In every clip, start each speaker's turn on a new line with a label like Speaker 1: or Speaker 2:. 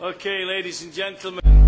Speaker 1: Okay, ladies and gentlemen.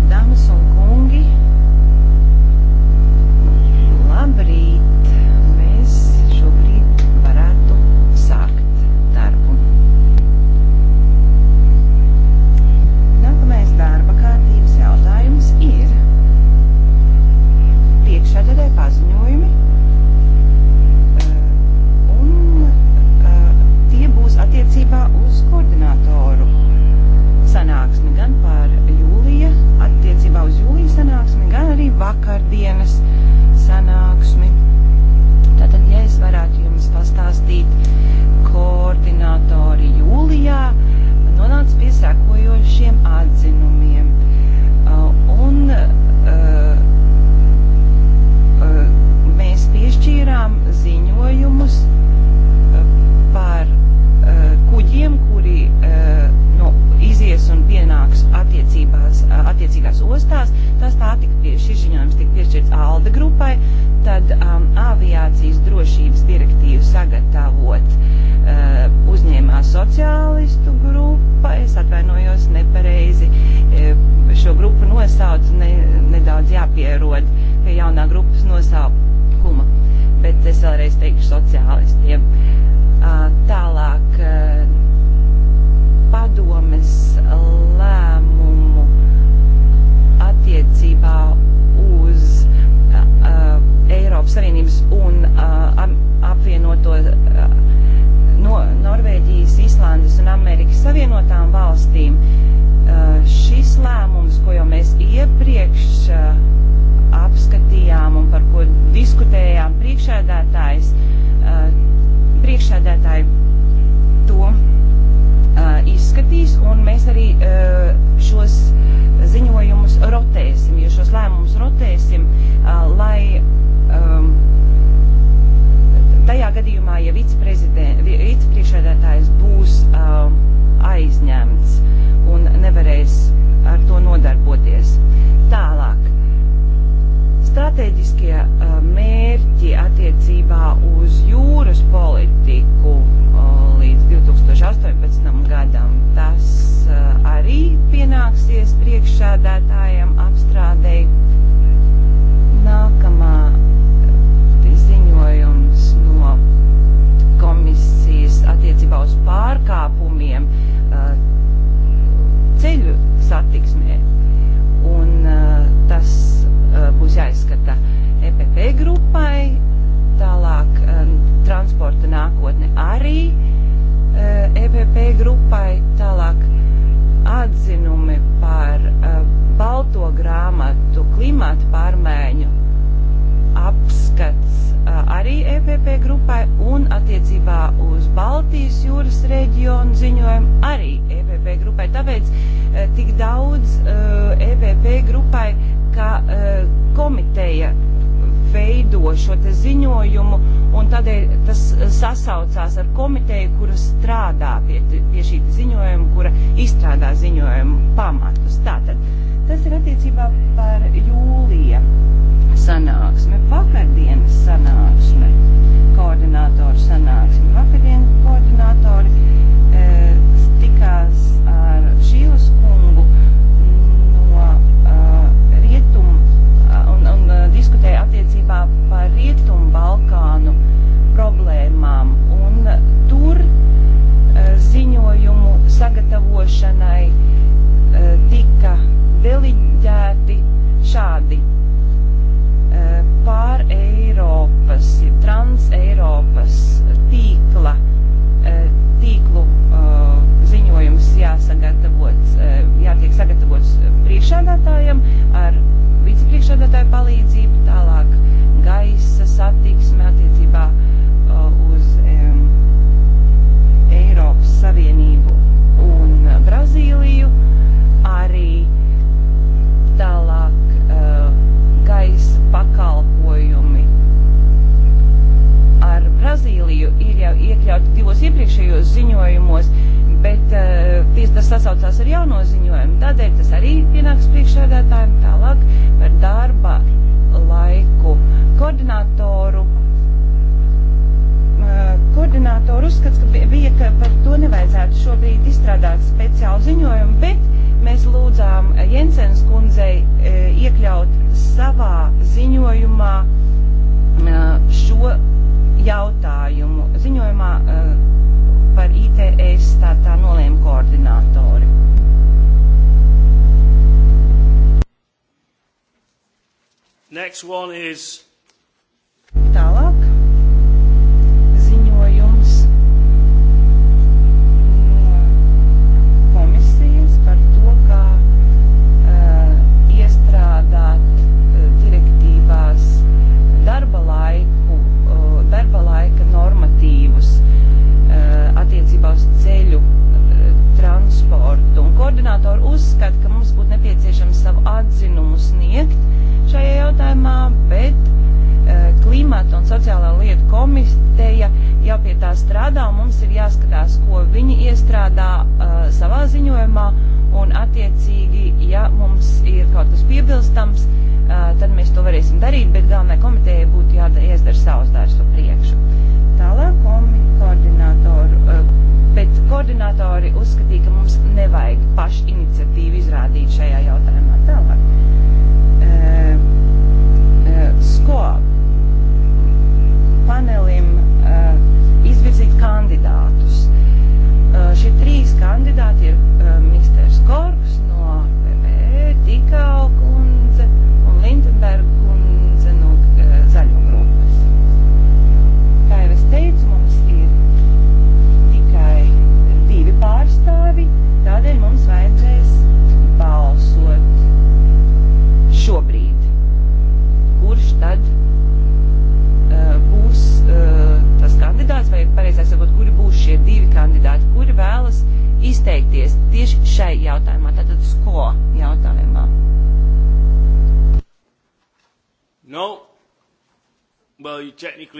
Speaker 2: Tātad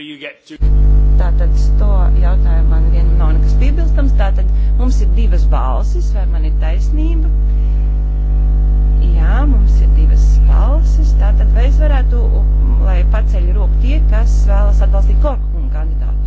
Speaker 2: to jautājumu man vienam nav nekas piebilstams. Tātad mums ir divas balsis, vai man ir taisnība? Jā, mums ir divas balsis. Tātad vai es varētu, lai paceļ roku tie, kas vēlas atbalstīt Korku kandidātu?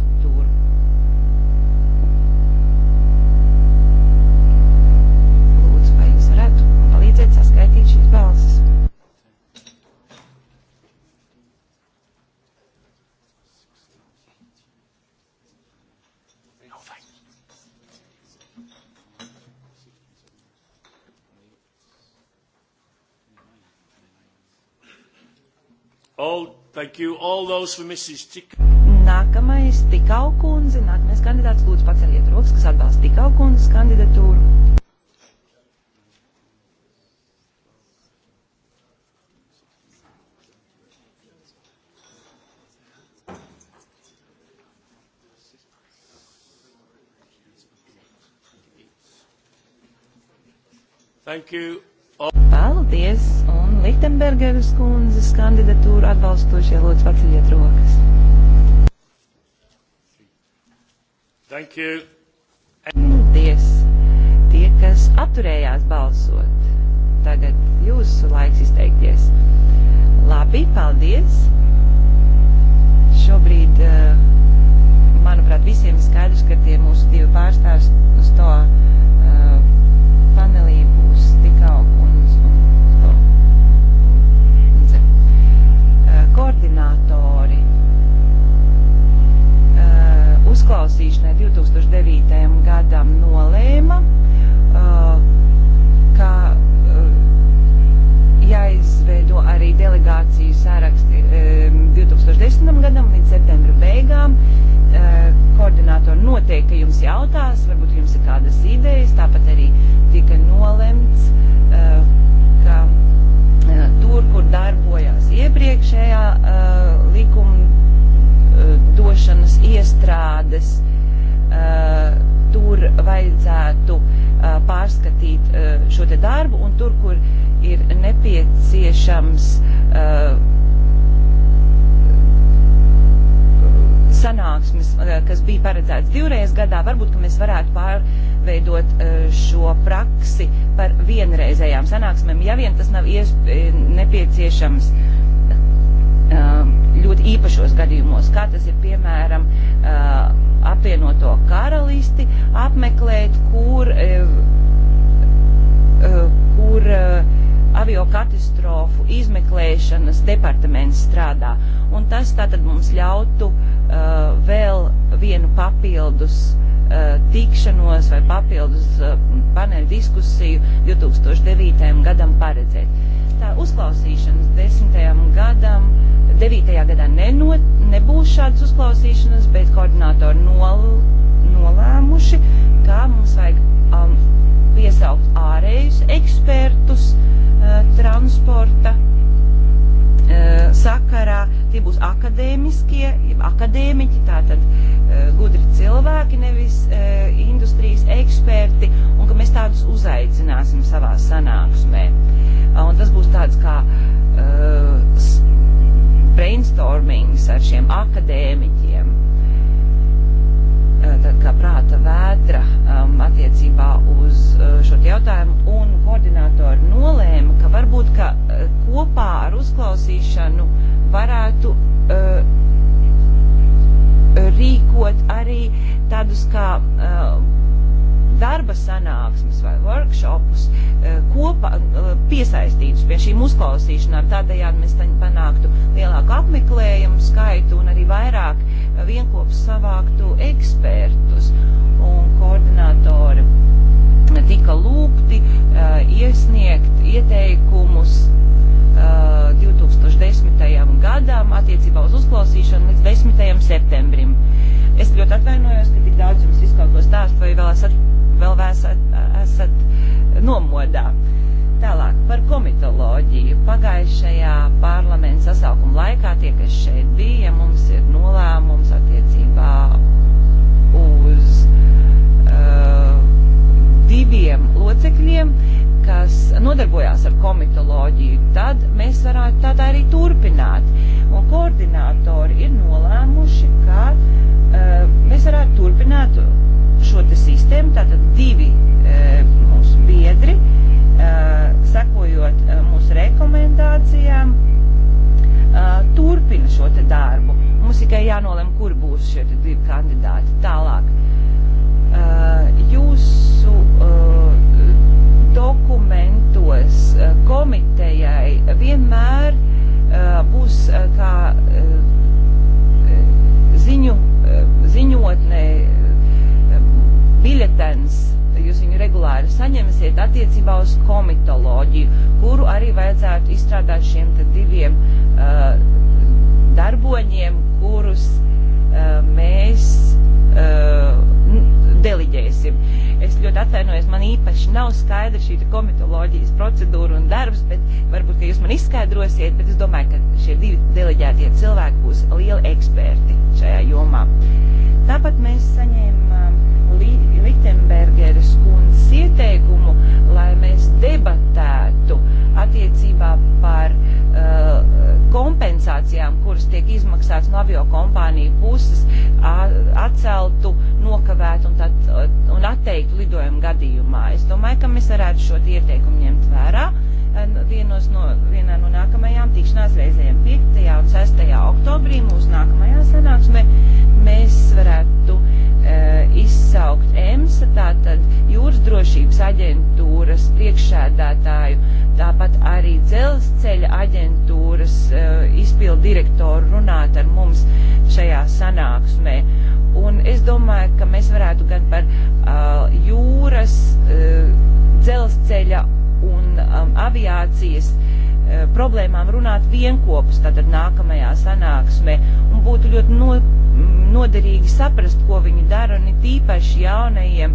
Speaker 2: All, thank you. All those for Mrs. Tik nākamais Tikau kundze, nākamais kandidāts, lūdzu paceliet rokas, kas atbalsta Tikau kundzes kandidatūru. Thank you. All... Paldies! Lichtenbergeras kundzes kandidatūru atbalstošie lūdzu paceļiet rokas. Thank you. Paldies. Tie, kas atturējās balsot, tagad jūsu laiks izteikties. Labi, paldies. Šobrīd, eh, manuprāt, visiem ir skaidrs, ka tie mūsu divi pārstāvs uz to. No uzklausīšanai 2009. gadam nolēma, uh, ka uh, jāizveido arī delegāciju sāraksti uh, um, 2010. gadam līdz septembra beigām. Uh, koordinātori noteikti, ka jums jautās, varbūt jums ir kādas idejas, tāpat arī tika nolemts, uh, ka uh, tur, kur darbojās iepriekšējā likuma Eh, došanas iestrādes. Eh, tur vajadzētu eh, pārskatīt šo te darbu un tur, kur ir nepieciešams sanāksmes, kas bija paredzēts divreiz gadā, varbūt mēs varētu pārveidot šo praksi par vienreizējām sanāksmēm, ja vien tas nav nepieciešams. Uh, ļoti īpašos gadījumos, kā tas ir piemēram apvienoto karalisti apmeklēt, kur, kur avio katastrofu izmeklēšanas departaments strādā. Un tas tātad mums ļautu uh, vēl vienu papildus uh, tikšanos vai papildus uh, paneļu diskusiju 2009. gadam paredzēt. Tā uzklausīšanas desmitajam gadam 9. gadā nenot, nebūs šādas uzklausīšanas, bet koordinātori nol, nolēmuši, ka mums vajag um, piesaukt ārējus ekspertus uh, transporta uh, sakarā. Tie būs akadēmiskie, akadēmiķi, tātad uh, gudri cilvēki, nevis uh, industrijas eksperti, un ka mēs tādus uzaicināsim savā sanāksmē. Uh, un tas būs tāds kā uh, brainstormings ar šiem akadēmiķiem, tad kā prāta vētra um, attiecībā uz uh, šo jautājumu, un koordinātori nolēma, ka varbūt ka, uh, kopā ar uzklausīšanu varētu uh, rīkot arī tādus kā uh, darba sanāksmes vai workshopus eh, kopā eh, piesaistītus pie šīm uzklausīšanām. Tādējādi mēs panāktu lielāku apmeklējumu skaitu un arī vairāk eh, vienkopus savāktu ekspertus un koordinātori tika lūgti uh, iesniegt ieteikumus uh, 2010. gadam attiecībā uz uzklausīšanu līdz 10. septembrim. Es ļoti atvainojos, ka tik daudz jums izkautos stāstu vai vēl esat vēl esat, esat nomodā. Tālāk par komitoloģiju. Pagājušajā parlamenta sasaukuma laikā tie, kas šeit bija, mums ir nolēmums attiecībā uz uh, diviem locekļiem, kas nodarbojās ar komitoloģiju, tad mēs varētu tādā arī turpināt. Un koordinātori ir nolēmuši, ka uh, mēs varētu turpināt šo te sistēmu, tātad divi e, mūsu biedri, e, sekojot e, mūsu rekomendācijām, e, turpina šo te darbu. Mums tikai jānolem, kur būs šie te divi kandidāti tālāk. E, jūsu e, dokumentos e, komitejai vienmēr e, būs e, kā e, e ziņu, e, ziņotnē biļetens, jūs viņu regulāri saņemsiet attiecībā uz komitoloģiju, kuru arī vajadzētu izstrādāt šiem diviem uh, darboņiem, kurus uh, mēs uh, deliģēsim. Es ļoti atvainojos, man īpaši nav skaidra šī komitoloģijas procedūra un darbs, bet varbūt, ka jūs man izskaidrosiet, bet es domāju, ka šie divi deliģētie cilvēki būs lieli eksperti šajā jomā. Tāpat mēs saņēmām līdzi Lichtenbergeres kundzes ieteikumu, lai mēs debatētu attiecībā par uh, kompensācijām, kuras tiek izmaksāts no avio kompāniju puses, atceltu, nokavētu un, tad, uh, un atteiktu lidojumu gadījumā. Es domāju, ka mēs varētu šo ieteikumu ņemt vērā uh, vienos no, vienā no nākamajām tikšanās reizēm 5. un 6. oktobrī mūsu nākamajā sanāksmē mēs varētu uh, Eh, izsaukt EMSA, tātad jūras drošības aģentūras priekšsēdētāju, tāpat arī dzelzceļa aģentūras eh, izpildu direktoru runāt ar mums šajā sanāksmē. Un es domāju, ka mēs varētu gan par eh, jūras, dzelzceļa un um, aviācijas problēmām runāt vienkopus, tātad nākamajā sanāksmē, un būtu ļoti nopietni noderīgi saprast, ko viņi dara, un it īpaši jaunajiem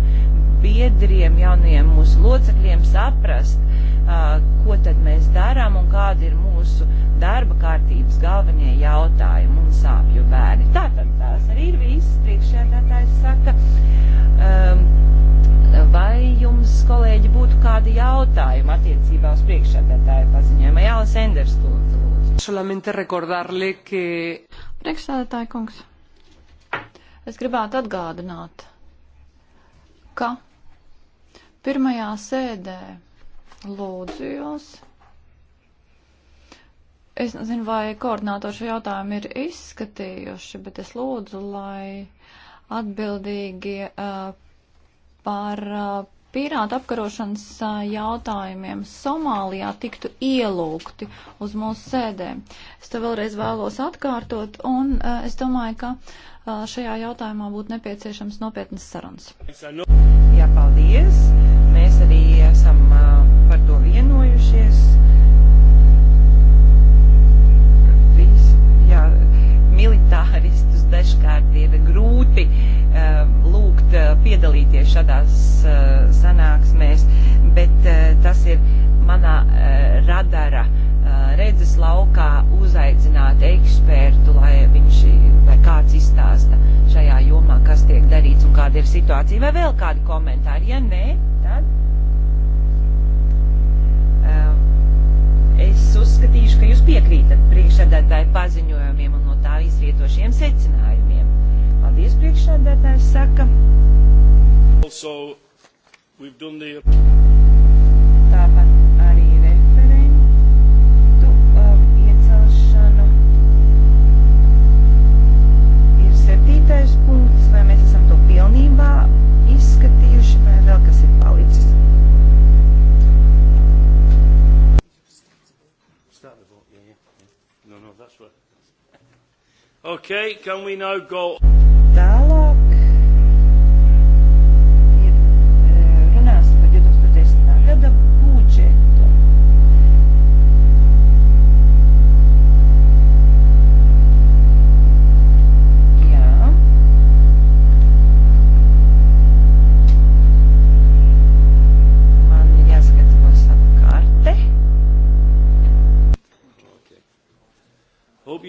Speaker 2: biedriem, jaunajiem mūsu locekļiem saprast, uh, ko tad mēs darām un kādi ir mūsu darba kārtības galvenie jautājumi un sāpju bērni. Tātad tās arī ir viss priekšēdētājs saka. Um, Vai jums, kolēģi, būtu kādi jautājumi attiecībā uz priekšsēdētāju paziņojumu? Jā, Sanders, lūdzu. Solamente recordarle que... Priekšsēdētāja kungs.
Speaker 3: Es gribētu atgādināt, ka pirmajā sēdē lūdzu jūs. Es nezinu, vai koordinātori šo jautājumu ir izskatījuši, bet es lūdzu, lai atbildīgie uh, par uh, pirāta apkarošanas uh, jautājumiem Somālijā tiktu ielūgti uz mūsu sēdēm. Es to vēlreiz vēlos atkārtot, un uh, es domāju, ka šajā jautājumā būtu nepieciešams nopietnas sarunas.
Speaker 2: Jā, paldies! Mēs arī esam par to vienojušies. militāristus dažkārt ir grūti uh, lūgt uh, piedalīties šādās uh, sanāksmēs, bet uh, tas ir manā uh, radara uh, redzes laukā uzaicināt ekspertu, lai viņš vai kāds izstāsta šajā jomā, kas tiek darīts un kāda ir situācija, vai vēl kādi komentāri. Ja nē, tad. Um, Es uzskatīšu, ka jūs piekrītat priekšsēdētāju paziņojumiem un no tā izvietošiem secinājumiem. Paldies, priekšsēdētājs saka.
Speaker 1: Also, we've done the...
Speaker 2: Tāpat arī referentu um, iecelšanu ir septītais punkts, vai mēs esam to pilnībā izskatījuši, vai vēl kas
Speaker 1: Okay, can we now go?
Speaker 2: Tālāk. Ir, eh, runās par 2010. gada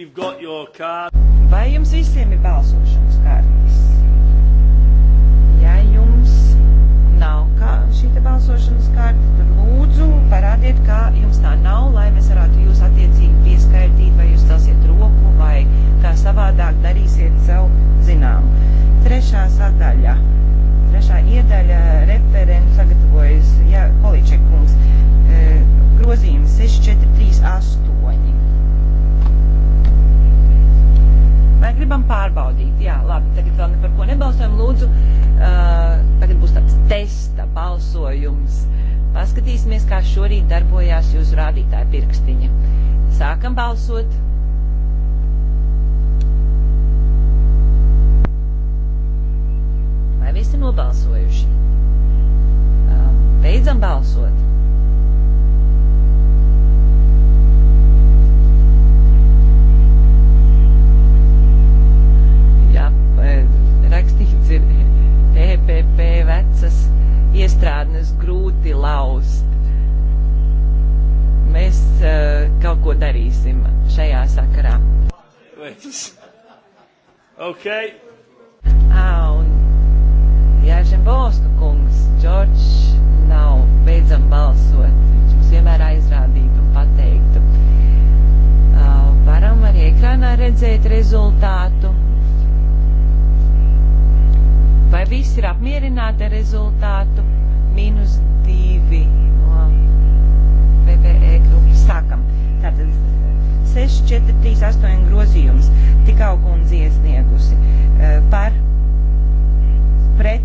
Speaker 2: you've got your card. Vai jums visiem ir balsošanas kartes? Ja jums nav kā šī balsošanas karte, tad lūdzu parādiet, kā jums tā nav, lai mēs varētu jūs attiecīgi pieskaitīt, vai jūs celsiet roku, vai kā savādāk darīsiet sev zinām. Trešā sadaļa, trešā iedaļa referents sagatavojas, ja kolīčekungs, eh, grozījums 6438. Vai gribam pārbaudīt? Jā, labi, tagad vēl ne par ko nebalsojam. Lūdzu, uh, tagad būs tāds testa balsojums. Paskatīsimies, kā šorīt darbojās jūsu rādītāja pirkstiņa. Sākam balsot. Vai visi nobalsojuši? Uh, beidzam balsot. EPP vecas iestrādnes grūti laust. Mēs uh, kaut ko darīsim šajā sakarā. Okay. À, un Jāžem Boska kungs, Džordžs nav beidzam balsot. Viņš mums vienmēr aizrādītu un pateiktu. Uh, varam arī ekrānā redzēt rezultātu. Vai visi ir apmierināti ar rezultātu? Minus divi no PPE grupas. Sākam. Tātad 6, 4, 3, 8 grozījums tik augundzi iesniegusi eh, par pret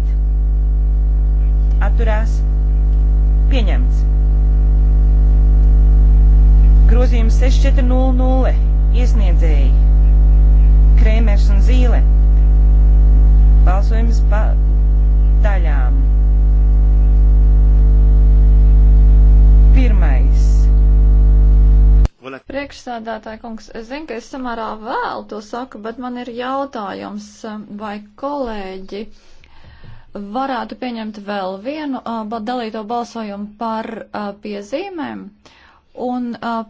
Speaker 2: atturās pieņemts. Grozījums 6400 iesniedzēji Krēmers un Zīle Balsojums pa daļām. Pirmais. Priekšsēdētāji
Speaker 3: kungs, es zinu, ka es samērā vēl to saku, bet man ir jautājums, vai kolēģi varētu pieņemt vēl vienu uh, dalīto balsojumu par uh, piezīmēm un uh,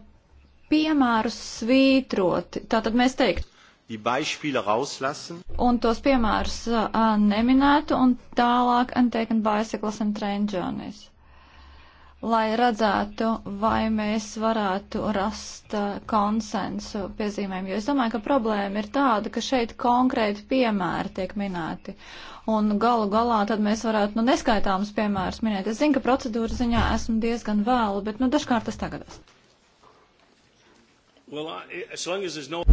Speaker 3: piemēru svītroti. Tātad mēs teiktu un tos piemērus uh, neminētu, un tālāk Antaken Bicycles and Train Journeys. Lai redzētu, vai mēs varētu rast uh, konsensu piezīmēm, jo es domāju, ka problēma ir tāda, ka šeit konkrēti piemēri tiek minēti. Un galu galā tad mēs varētu, nu, neskaitāmus piemērus minēt. Es zinu, ka procedūra
Speaker 2: ziņā esmu diezgan vēlu, bet, nu, dažkārt tas tagad esmu. Well, I, as long as there's no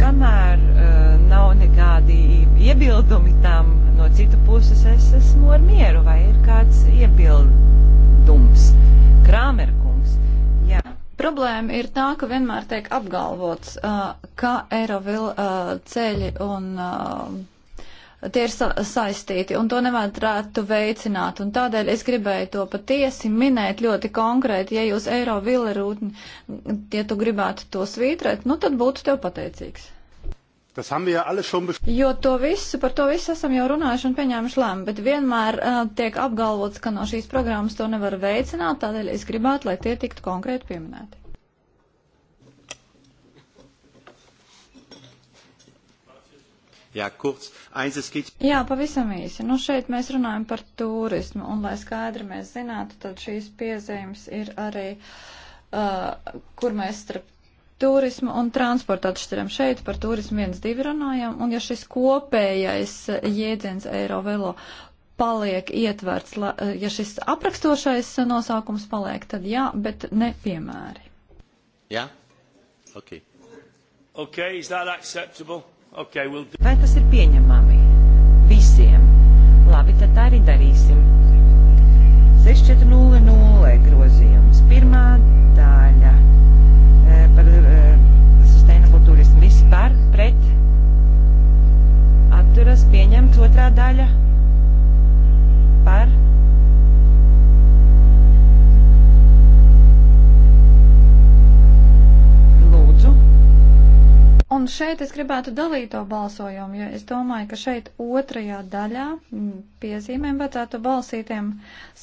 Speaker 2: kamēr uh, nav nekādi iebildumi tam no citu puses, es esmu ar mieru, vai ir kāds iebildums. Krāmerkungs. Jā.
Speaker 3: Problēma ir tā, ka vienmēr tiek apgalvots, uh, ka Eirovil uh, ceļi un. Uh, tie ir sa saistīti, un to nevajadzētu veicināt. Un tādēļ es gribēju to patiesi minēt ļoti konkrēti. Ja jūs eiro vilerūtni, ja tu gribētu to svītrēt, nu tad būtu tev pateicīgs. Jo to visu, par to visu esam jau runājuši un pieņēmuši lēmumu, bet vienmēr uh, tiek apgalvots, ka no šīs programmas to nevar veicināt, tādēļ es gribētu, lai tie tiktu konkrēti pieminēti. Jā, kurz. Aizes kits. Jā, pavisam īsi. Nu, šeit mēs runājam par turismu, un lai skaidri mēs zinātu, tad šīs piezīmes ir arī, uh, kur mēs starp turismu un transportu atšķiram. Šeit par turismu viens divi runājam, un ja šis kopējais jēdziens eiro velo paliek ietverts, ja šis aprakstošais nosaukums paliek, tad jā, bet ne piemēri.
Speaker 2: Jā? Yeah?
Speaker 1: Ok. Ok, is that acceptable? Okay, we'll do... Vai tas
Speaker 2: ir pieņemami? Visiem. Labi, tad tā arī darīsim. 6400 grozījums. Pirmā daļa e, par e, sustainable turismu. Visi par, pret, atturas, pieņemts. Otrā daļa par, pret
Speaker 3: Un šeit es gribētu dalīt to balsojumu, jo es domāju, ka šeit otrajā daļā mm, piezīmēm vajadzētu balsītiem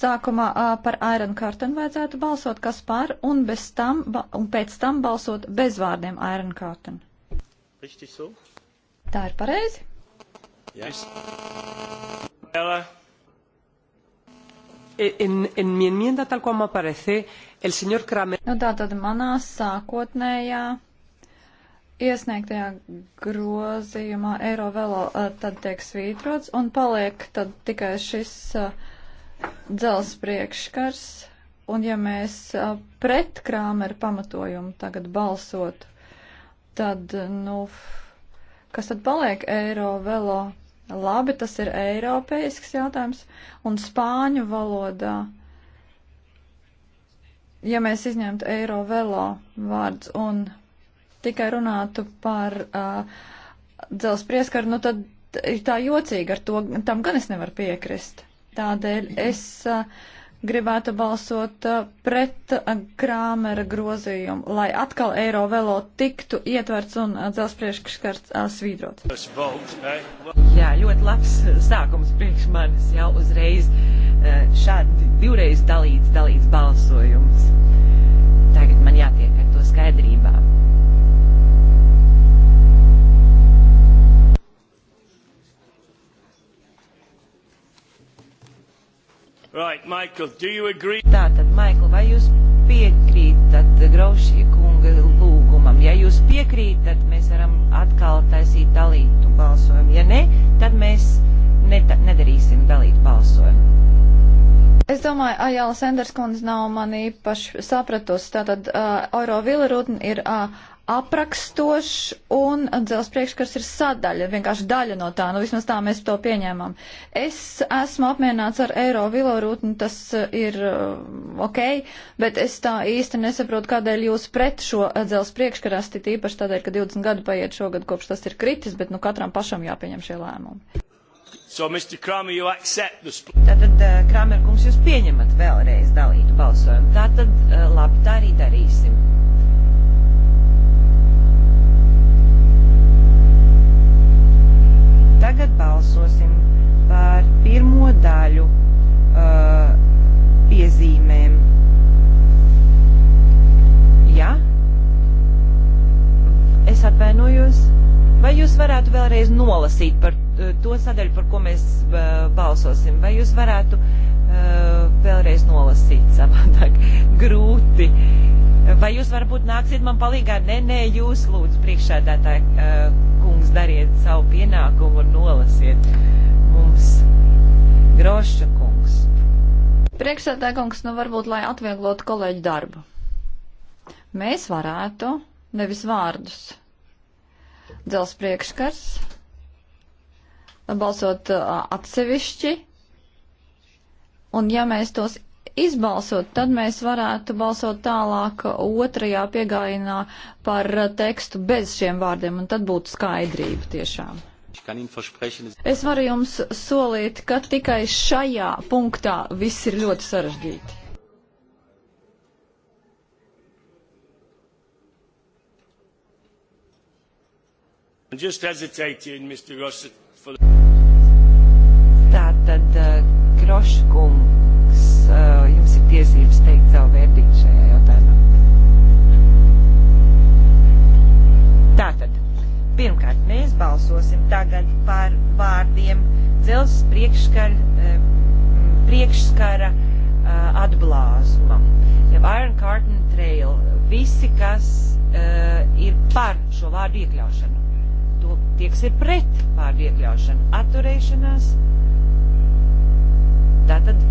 Speaker 3: sākumā par Iron Curtain vajadzētu balsot, kas par, un, tam, un pēc tam balsot bez vārdiem Iron Curtain. Richtig so? Tā ir pareizi?
Speaker 1: Jā. Yes. E, en, en mi
Speaker 2: enmienda, tal como aparece, el señor Kramer.
Speaker 3: Nu, tā tad manā sākotnējā iesniegtajā grozījumā eiro velo tad tiek svītrots un paliek tad tikai šis dzels priekškars. Un ja mēs pret krāmeru pamatojumu tagad balsotu, tad, nu, kas tad paliek eiro velo? Labi, tas ir eiropeisks jautājums. Un spāņu valodā ja mēs izņemtu eiro velo vārds un tikai runātu par uh, dzels prieskaru, nu tad ir tā jocīgi ar to, tam gan es nevaru piekrist. Tādēļ es uh, gribētu balsot uh, pret uh, krāmera grozījumu, lai atkal eiro velo tiktu ietverts un uh, dzels priekšskars uh, svīdrots.
Speaker 2: Eh? Jā, ļoti labs sākums priekš manis jau uzreiz uh, šādi divreiz dalīts, dalīts balsojums. Tagad man jātiek ar to skaidrībā. Right, Michael, do you agree? Tātad, Maikl, vai jūs piekrītat Graušī kunga lūgumam? Ja jūs piekrītat, mēs varam atkal taisīt dalītu balsojumu. Ja ne, tad mēs neta, nedarīsim dalītu balsojumu.
Speaker 3: Es domāju, Ajāla Senders kundze nav mani paši sapratusi. Tātad uh, Euro Vilerūtne ir uh, aprakstošs un dzels priekškars ir sadaļa, vienkārši daļa no tā, nu vismaz tā mēs to pieņēmām. Es esmu apmierināts ar eiro vilorūtni, tas uh, ir uh, ok, bet es tā īsti nesaprotu, kādēļ jūs pret šo uh, dzels priekškarasti, tīpaši tādēļ, ka 20 gadu paiet šogad kopš tas ir kritis, bet nu katram pašam jāpieņem šie lēmumi.
Speaker 2: So, Mr. Kramer, you accept the split. Tātad, uh, Kramer, kungs, jūs pieņemat vēlreiz dalītu balsojumu. Tātad, uh, labi, tā arī darīsim. Tagad balsosim par pirmo daļu uh, piezīmēm. Jā? Ja? Es atvainojos. Vai jūs varētu vēlreiz nolasīt par uh, to sadaļu, par ko mēs uh, balsosim? Vai jūs varētu uh, vēlreiz nolasīt savādāk? Grūti. Uh, Vai jūs varbūt nāksiet man palīgā? Nē, nē, jūs lūdzu priekšēdētāji, uh, eh, kungs, dariet savu pienākumu un nolasiet mums groša kungs.
Speaker 3: Priekšsēdētāji kungs, nu varbūt, lai atvieglotu kolēģi darbu. Mēs varētu, nevis vārdus, dzels priekškars, balsot eh, atsevišķi, un ja mēs tos izbalsot, tad mēs varētu balsot tālāk otrajā piegājienā par tekstu bez šiem vārdiem, un tad būtu skaidrība tiešām. Es varu jums solīt, ka tikai šajā punktā viss ir ļoti sarežģīti.
Speaker 1: Just hesitating, Mr. Rossett, for the...
Speaker 2: Tātad, uh, Groškungs, uh, tiesības teikt savu verdiktu šajā jautājumā. Tātad, pirmkārt, mēs balsosim tagad par vārdiem dzelzs eh, priekšskara, priekšskara eh, atblāzuma. Ja Iron Curtain Trail, visi, kas uh, ir par šo vārdu iekļaušanu, to tie, kas ir pret vārdu iekļaušanu, atturēšanās, tātad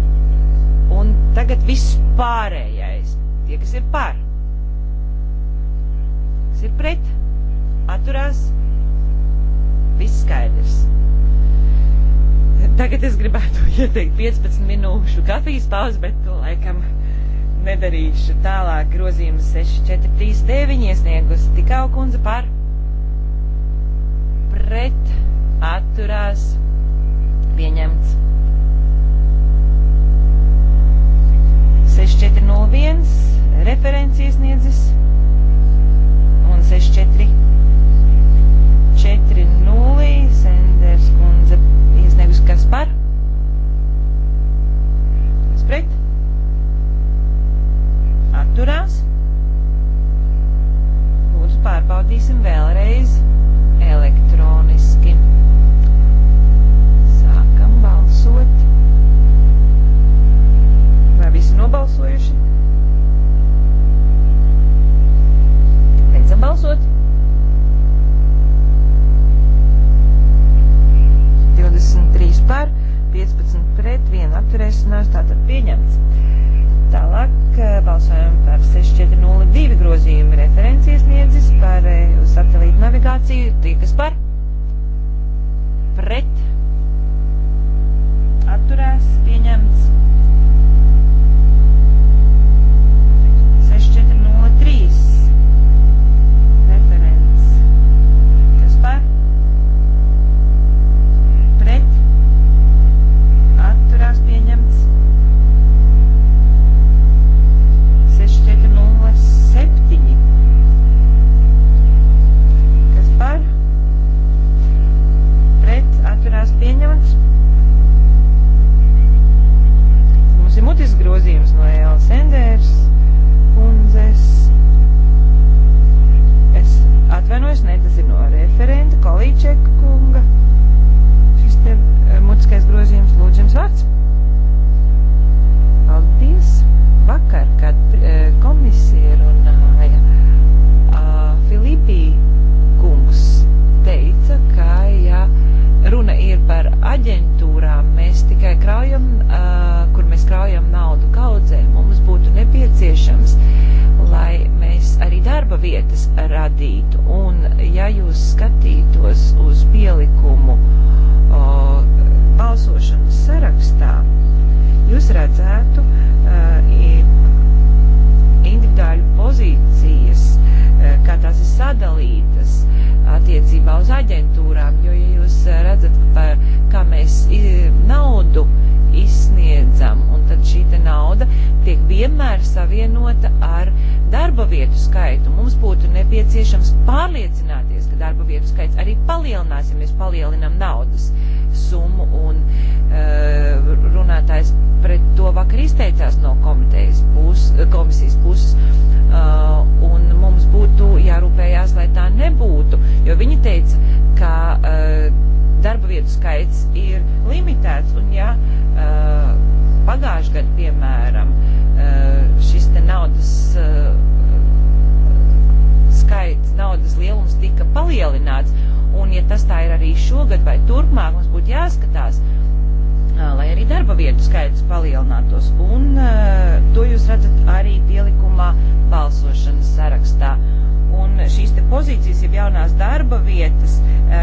Speaker 2: Un tagad viss pārējais. Tie, kas ir par, kas ir pret, atturās, viss skaidrs. Tagad es gribētu ieteikt 15 minūšu kafijas pauzi, bet to laikam nedarīšu. Tālāk grozījums 6439 iesniegus tikau kundze par pret atturās pieņemts. 6401 referents iesniedzis un 6440 Senders kundze iesniegus kas par. Kas pret? Atturās. Lūdzu pārbaudīsim vēlreiz elektroniski. Visi nobalsojuši. Beidzam balsot. 23 par, 15 pret, 1 atturēšanās, tātad pieņemts. Tālāk eh, balsojam par 6402 grozījumu referencijas niedzis par eh, satelītu navigāciju. Tie, kas par? Pret vietu skaitu. Mums būtu nepieciešams pārliecināties, ka darba vietu skaits arī palielinās, ja mēs palielinam naudas summu. Un uh, runātājs pret to vakar izteicās no pus, komisijas puses. Uh, un mums būtu jārūpējās, lai tā nebūtu, jo viņi teica, ka uh, darba vietu skaits ir limitēts. Un, ja, uh, pagājušajā gadā, piemēram, šis naudas skaits, naudas lielums tika palielināts. Un, ja tas tā ir arī šogad vai turpmāk, mums būtu jāskatās, lai arī darba vietu skaits palielinātos. Un to jūs redzat arī pielikumā balsošanas sarakstā. Un šīs te pozīcijas, ja jaunās darba vietas,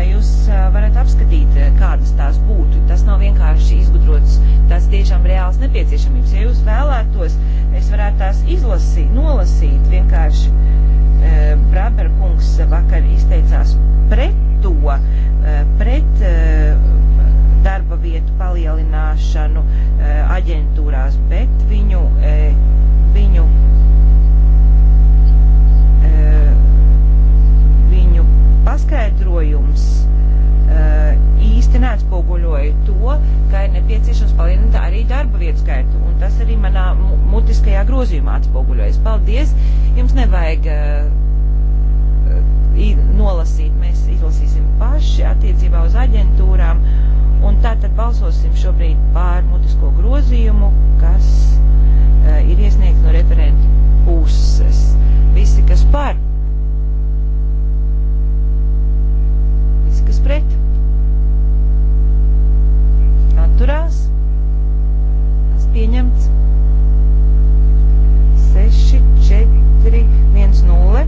Speaker 2: jūs varat apskatīt, kādas tās būtu. Tas nav vienkārši izgudrots, tas tiešām reāls nepieciešamības. Ja jūs vēlētos, es varētu tās izlasīt, nolasīt vienkārši Eh, Brāber kungs vakar izteicās pret to, eh, pret eh, darba vietu palielināšanu aģentūrās, bet viņu, viņu, viņu paskaidrojums īsti neatspoguļoja to, ka ir nepieciešams palielināt arī darba vietu skaitu. Un tas arī manā mutiskajā grozījumā atspoguļojas. Paldies! Jums nevajag uh, nolasīt, mēs izlasīsim paši attiecībā uz aģentūrām. Un tātad balsosim šobrīd pār mutisko grozījumu, kas uh, ir iesniegts no referenta puses. Visi, kas par, visi, kas pret atturās. Tas pieņemts 6, 4, 1, 0.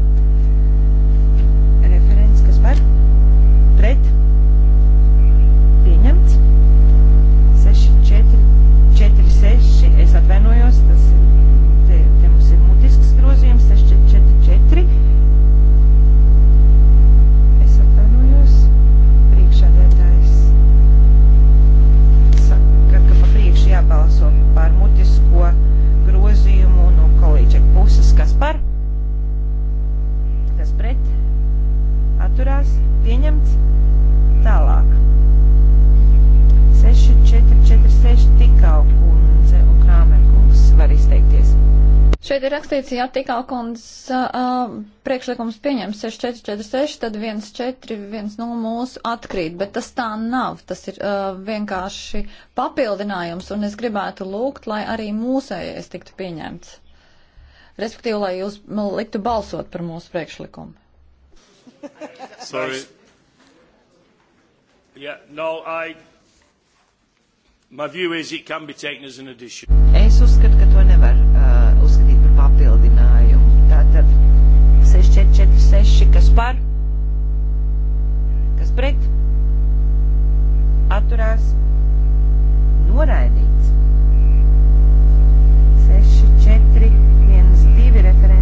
Speaker 3: ir rakstīts, ja tikā kundzes uh, priekšlikums pieņems 6446, tad 1410 mūsu atkrīt, bet tas tā nav. Tas ir uh, vienkārši papildinājums, un es gribētu lūgt, lai arī mūsējais tiktu pieņemts. Respektīvi, lai jūs liktu balsot par mūsu priekšlikumu.
Speaker 1: Sorry. Yeah, no, I...
Speaker 2: My view is it can be taken as an addition. Es uzskatu, ka to nevar par, kas pret, atturās, noraidīts. 6, 4, 1, 2 referenti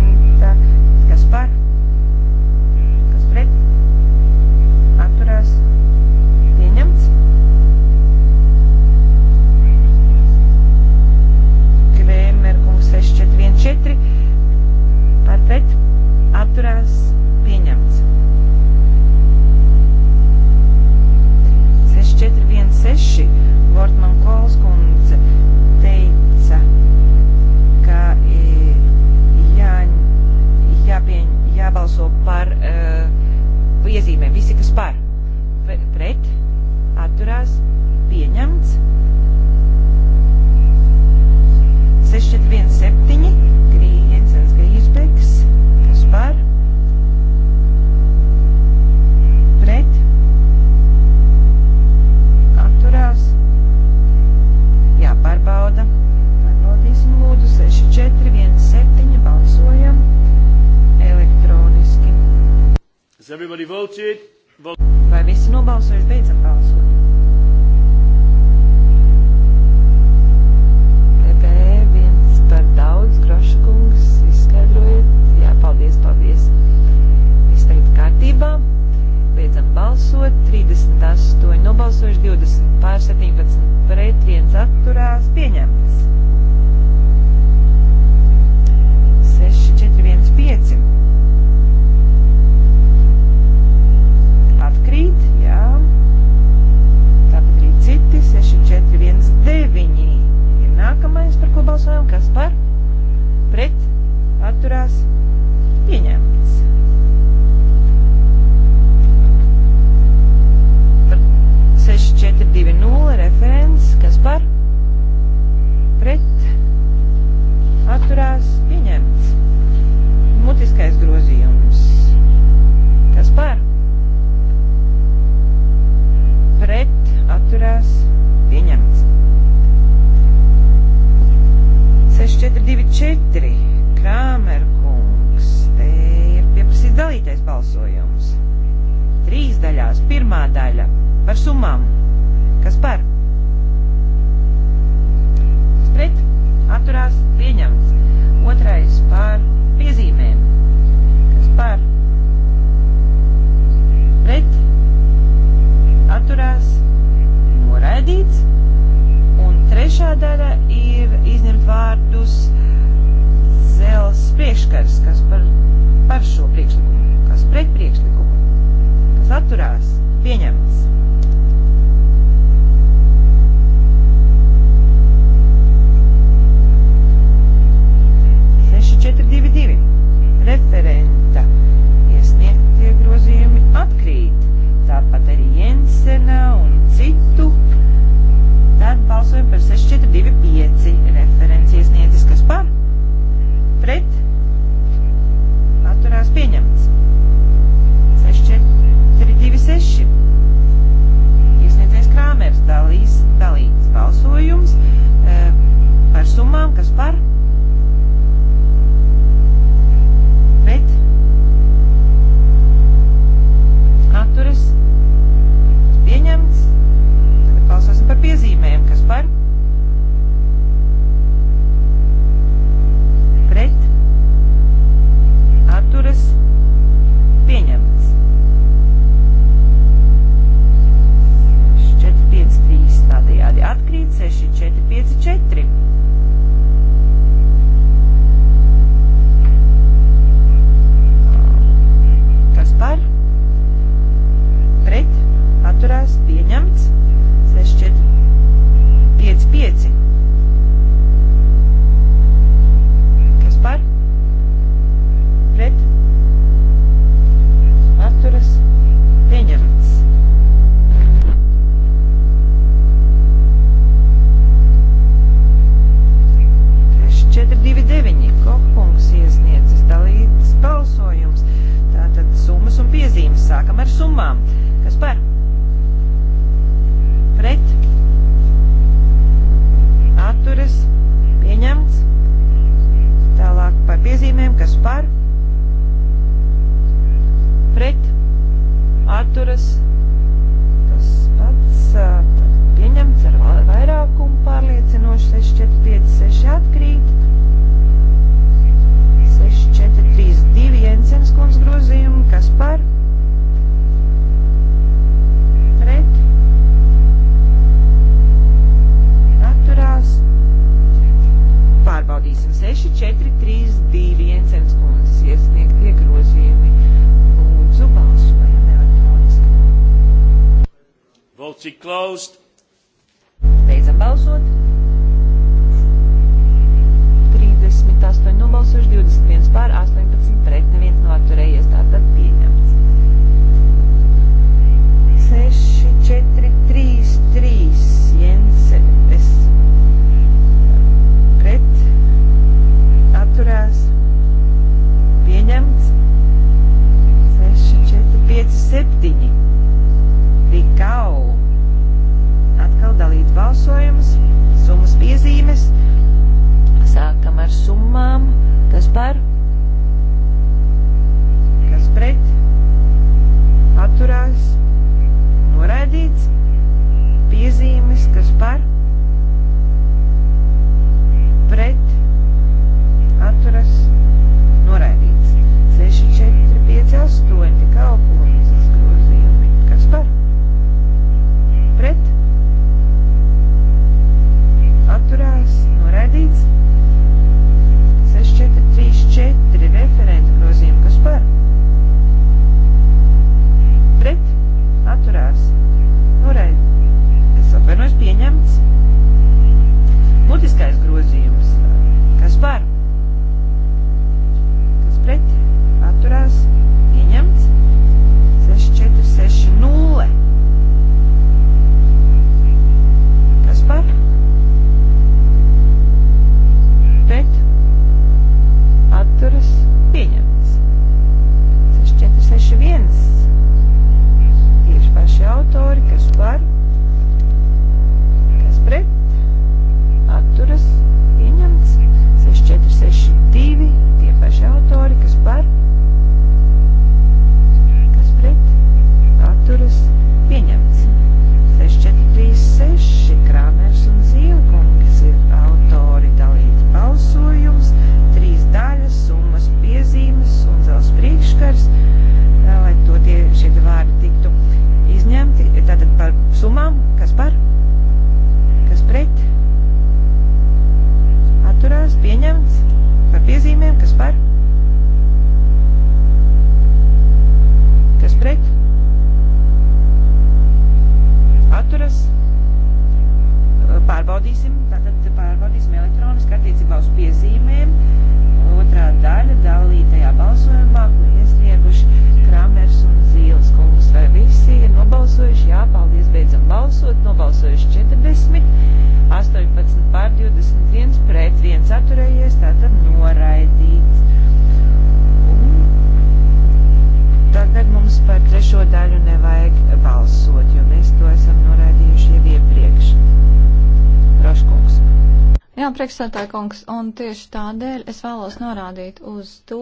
Speaker 3: priekšsētāja kungs, un tieši tādēļ es vēlos norādīt uz to,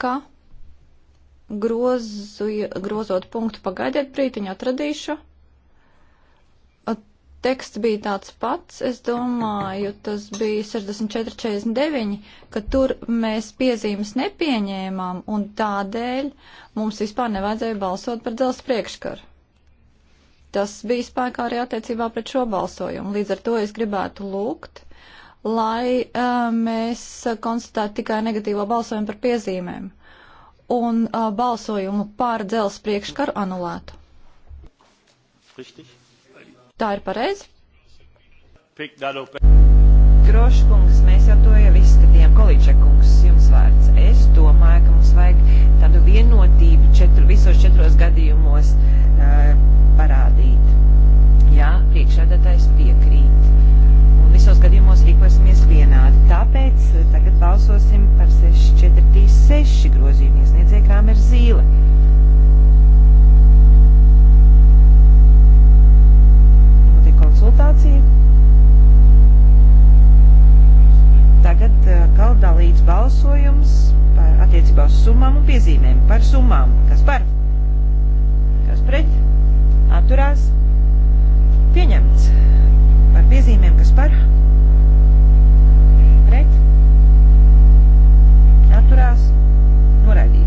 Speaker 3: ka grozu, grozot punktu pagaidiet brītiņu atradīšu. Teksts bija tāds pats, es domāju, tas bija 64.49, ka tur mēs piezīmes nepieņēmām un tādēļ mums vispār nevajadzēja balsot par dzels priekškaru. Tas bija spēkā arī attiecībā pret šo balsojumu. Līdz ar to es gribētu lūgt lai uh, mēs konstatētu tikai negatīvo balsojumu par piezīmēm un uh, balsojumu par dzels priekškaru anulētu. Richtig. Tā ir
Speaker 2: pareizi? Groškungs, mēs jau to jau izskatījām. Kolīčekungs, jums vārds. Es domāju, ka mums vajag tādu vienotību četru, visos četros gadījumos uh, parādīt. Jā, priekšādātais piekrīt visos gadījumos rīkosimies vienādi. Tāpēc eh, tagad balsosim par 6436 grozījumu iesniedzēju, kām ir zīle. Notiek konsultācija. Tagad atkal eh, dalīts balsojums par attiecībā uz summām un piezīmēm. Par summām. Kas par? Kas pret? Atturās? Pieņemts par piezīmēm, kas par pret atturās noraidīt.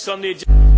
Speaker 2: next on the agenda.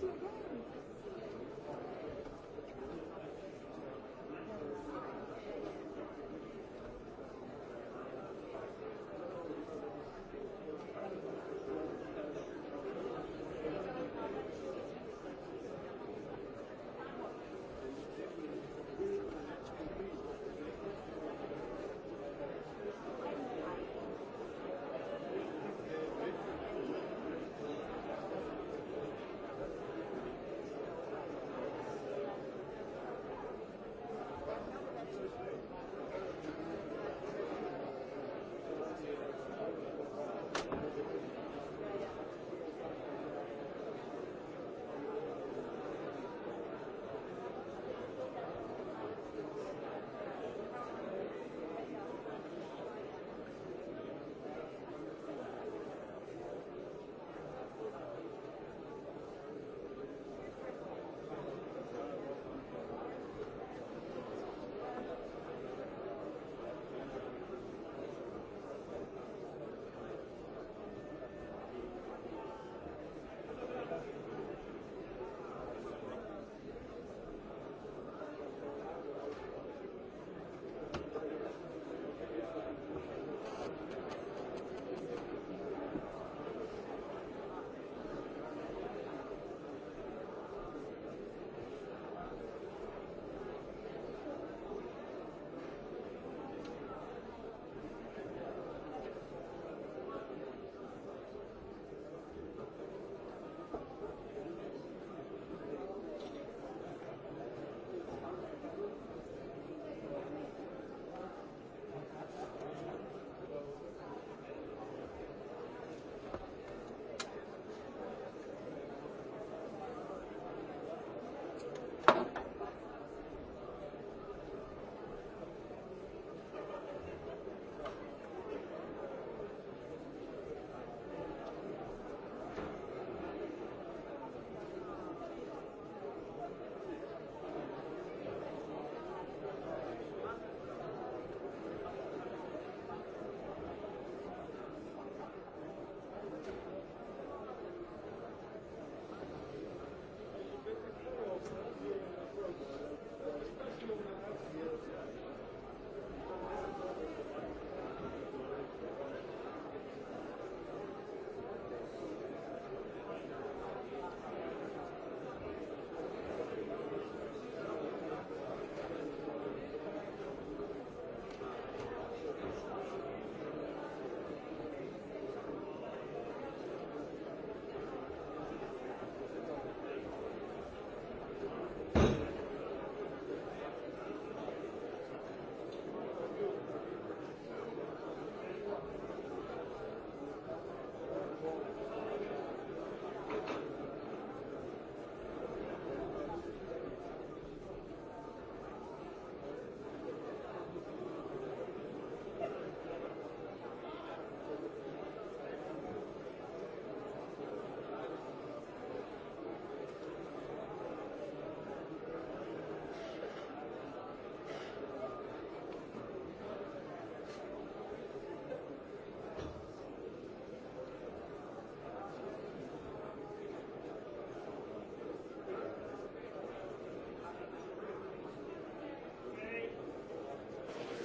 Speaker 2: Thank you.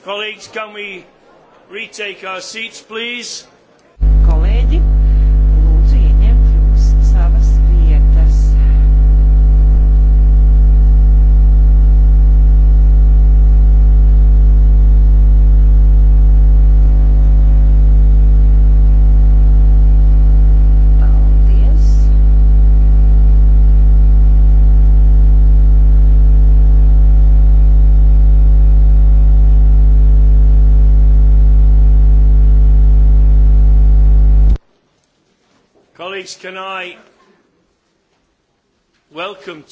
Speaker 2: Colleagues, can we retake our seats, please?
Speaker 1: Colleagues, can I welcome.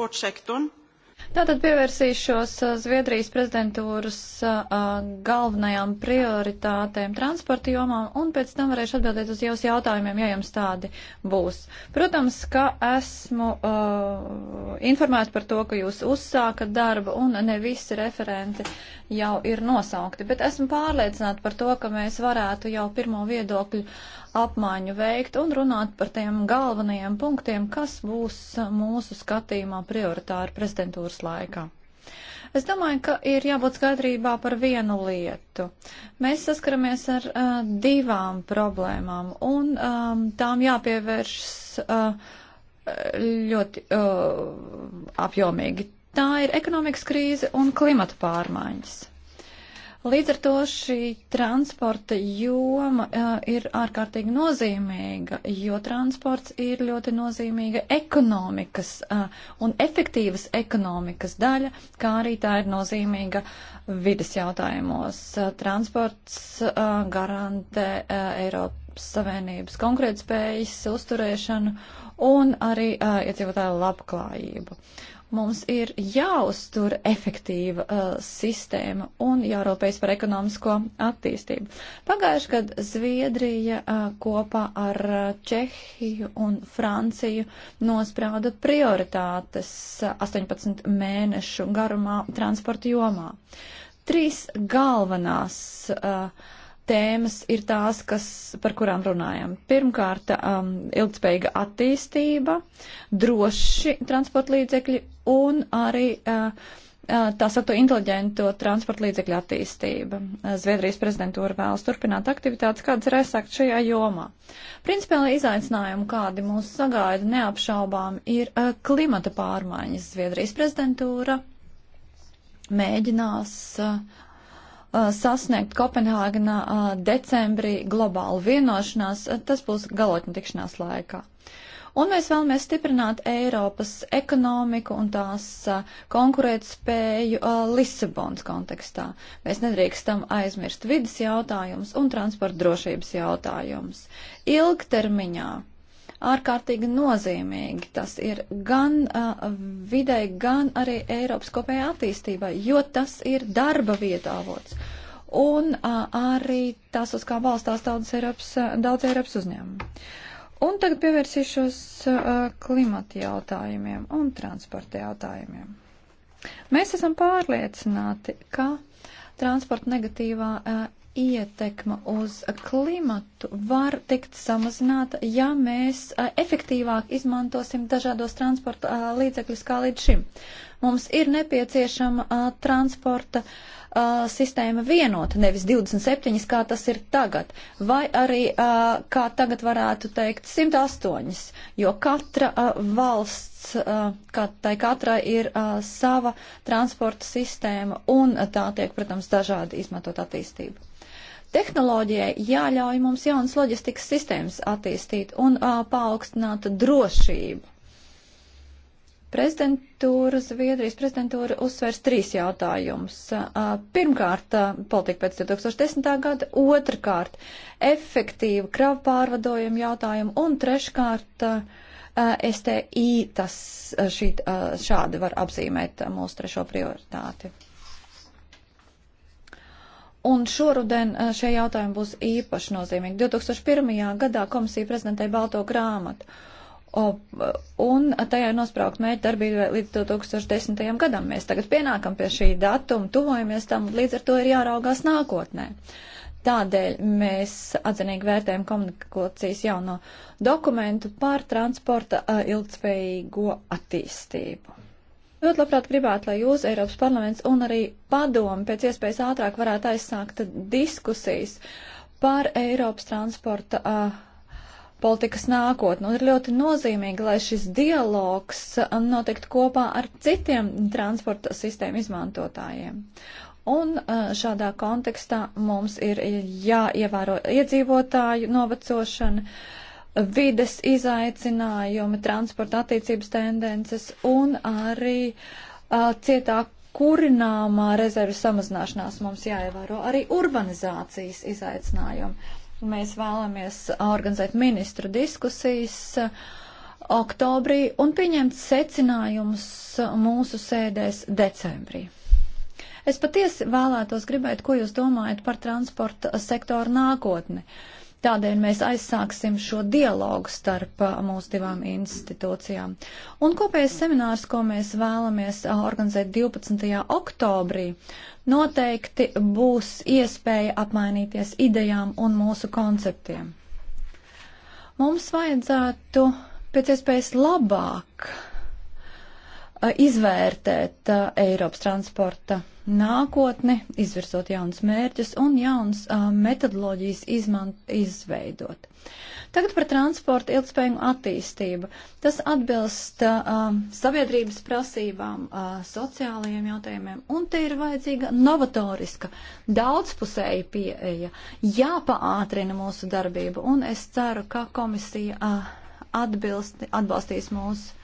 Speaker 2: transportsektorn.
Speaker 3: Tātad pievērsīšos Zviedrijas prezidentūras galvenajām prioritātēm transporta jomām un pēc tam varēšu atbildēt uz jūsu jautājumiem, ja jums tādi būs. Protams, ka esmu uh, informēta par to, ka jūs uzsākat darbu un ne visi referenti jau ir nosaukti, bet esmu pārliecināta par to, ka mēs varētu jau pirmo viedokļu apmaiņu veikt un runāt par tiem galvenajiem punktiem, kas būs mūsu skatījumā prioritāri prezidentūras laikā. Es domāju, ka ir jābūt skaidrībā par vienu lietu. Mēs saskaramies ar uh, divām problēmām, un um, tām jāpievēršas uh, ļoti uh, apjomīgi. Tā ir ekonomikas krīze un klimata pārmaiņas. Līdz ar to šī transporta joma uh, ir ārkārtīgi nozīmīga, jo transports ir ļoti nozīmīga ekonomikas uh, un efektīvas ekonomikas daļa, kā arī tā ir nozīmīga vidas jautājumos. Uh, transports uh, garantē uh, Eiropu Savienības konkurētspējas uzturēšanu un arī uh, iedzīvotāju labklājību. Mums ir jāuztur efektīva uh, sistēma un jārūpējas par ekonomisko attīstību. Pagājuši gadu Zviedrija uh, kopā ar uh, Čehiju un Franciju nosprauda prioritātes uh, 18 mēnešu garumā transporta jomā. Trīs galvenās. Uh, tēmas ir tās, kas, par kurām runājam. Pirmkārt, um, ilgspējīga attīstība, droši transporta līdzekļi un arī uh, tā saktu inteliģento transporta līdzekļu attīstība. Eh, Zviedrijas prezidentūra vēlas turpināt aktivitātes, kādas ir aizsākt šajā jomā. Principiāli izaicinājumi, kādi mūs sagaida neapšaubām, ir klimata pārmaiņas. Zviedrijas prezidentūra mēģinās sasniegt Kopenhāgenā decembrī globālu vienošanās. Tas būs galotņu tikšanās laikā. Uh, Un mēs vēlamies stiprināt Eiropas ekonomiku un tās konkurētspēju Lisabons kontekstā. Mēs nedrīkstam aizmirst vidas jautājumus un transporta drošības jautājumus. Ilgtermiņā ārkārtīgi nozīmīgi. Tas ir gan uh, videi, gan arī Eiropas kopējai attīstībai, jo tas ir darba vieta avots. Un uh, arī tas, uz kā balstās daudzas Eiropas, daudz Eiropas uzņēmumu. Un tagad pievērsīšos klimata jautājumiem un transporta jautājumiem. Mēs esam pārliecināti, ka transporta negatīvā ietekma uz klimatu var tikt samazināta, ja mēs a, efektīvāk izmantosim dažādos transporta līdzekļus kā līdz šim. Mums ir nepieciešama a, transporta uh, uh, sistēma vienota, nevis 27, kā tas ir tagad, vai arī, uh, kā tagad varētu teikt, 108, jo katra uh, valsts, uh, kā tai katrai ir uh, sava transporta sistēma un uh, tā tiek, protams, dažādi izmantot attīstību. Tehnoloģijai jāļauj mums jaunas loģistikas sistēmas attīstīt un uh, paaugstināt drošību Prezidentūra, Zviedrijas prezidentūra uzsvērs trīs jautājumus. Pirmkārt, politika pēc 2010. gada, otrkārt, efektīva kravu pārvadojuma jautājumu un treškārt, STI, tas šī, šādi var apzīmēt mūsu trešo prioritāti. Un šoruden šie jautājumi būs īpaši nozīmīgi. 2001. gadā komisija prezentēja balto grāmatu un tajā nospraukt mērķi darbībai līdz 2010. gadam. Mēs tagad pienākam pie šī datuma, tuvojamies tam, līdz ar to ir jāraugās nākotnē. Tādēļ mēs atzinīgi vērtējam komunikācijas jauno dokumentu par transporta ilgspējīgo attīstību. Ļoti labprāt gribētu, lai jūs, Eiropas parlaments un arī padomu, pēc iespējas ātrāk varētu aizsākt diskusijas par Eiropas transporta uh, politikas nākotni. Un ir ļoti nozīmīgi, lai šis dialogs notiktu kopā ar citiem transporta sistēmu izmantotājiem. Un šādā kontekstā mums ir jāievēro iedzīvotāju novecošana, vides izaicinājumi, transporta attīstības tendences un arī uh, cietāk kurināmā rezerves samazināšanās mums jāievēro arī urbanizācijas izaicinājumi. Mēs vēlamies organizēt ministru diskusijas uh, oktobrī un pieņemt secinājumus uh, mūsu sēdēs decembrī. Es patiesi vēlētos gribēt, ko jūs domājat par transporta sektoru nākotni. Uh, Tādēļ mēs aizsāksim šo dialogu starp uh, mūsu divām institūcijām. Un kopējais seminārs, ko mēs vēlamies uh, organizēt 12. oktobrī, noteikti būs iespēja apmainīties idejām un mūsu konceptiem. Mums vajadzētu pēc iespējas labāk izvērtēt Eiropas transporta nākotni, izvirsot jaunus mērķus un jaunas metodoloģijas izmant, izveidot. Tagad par transporta ilgspējumu attīstību. Tas atbilst uh, sabiedrības prasībām, uh, sociālajiem jautājumiem, un te ir vajadzīga novatoriska, daudzpusēja pieeja. Jāpaātrina mūsu darbība, un es ceru, ka komisija uh, atbilst, atbalstīs mūsu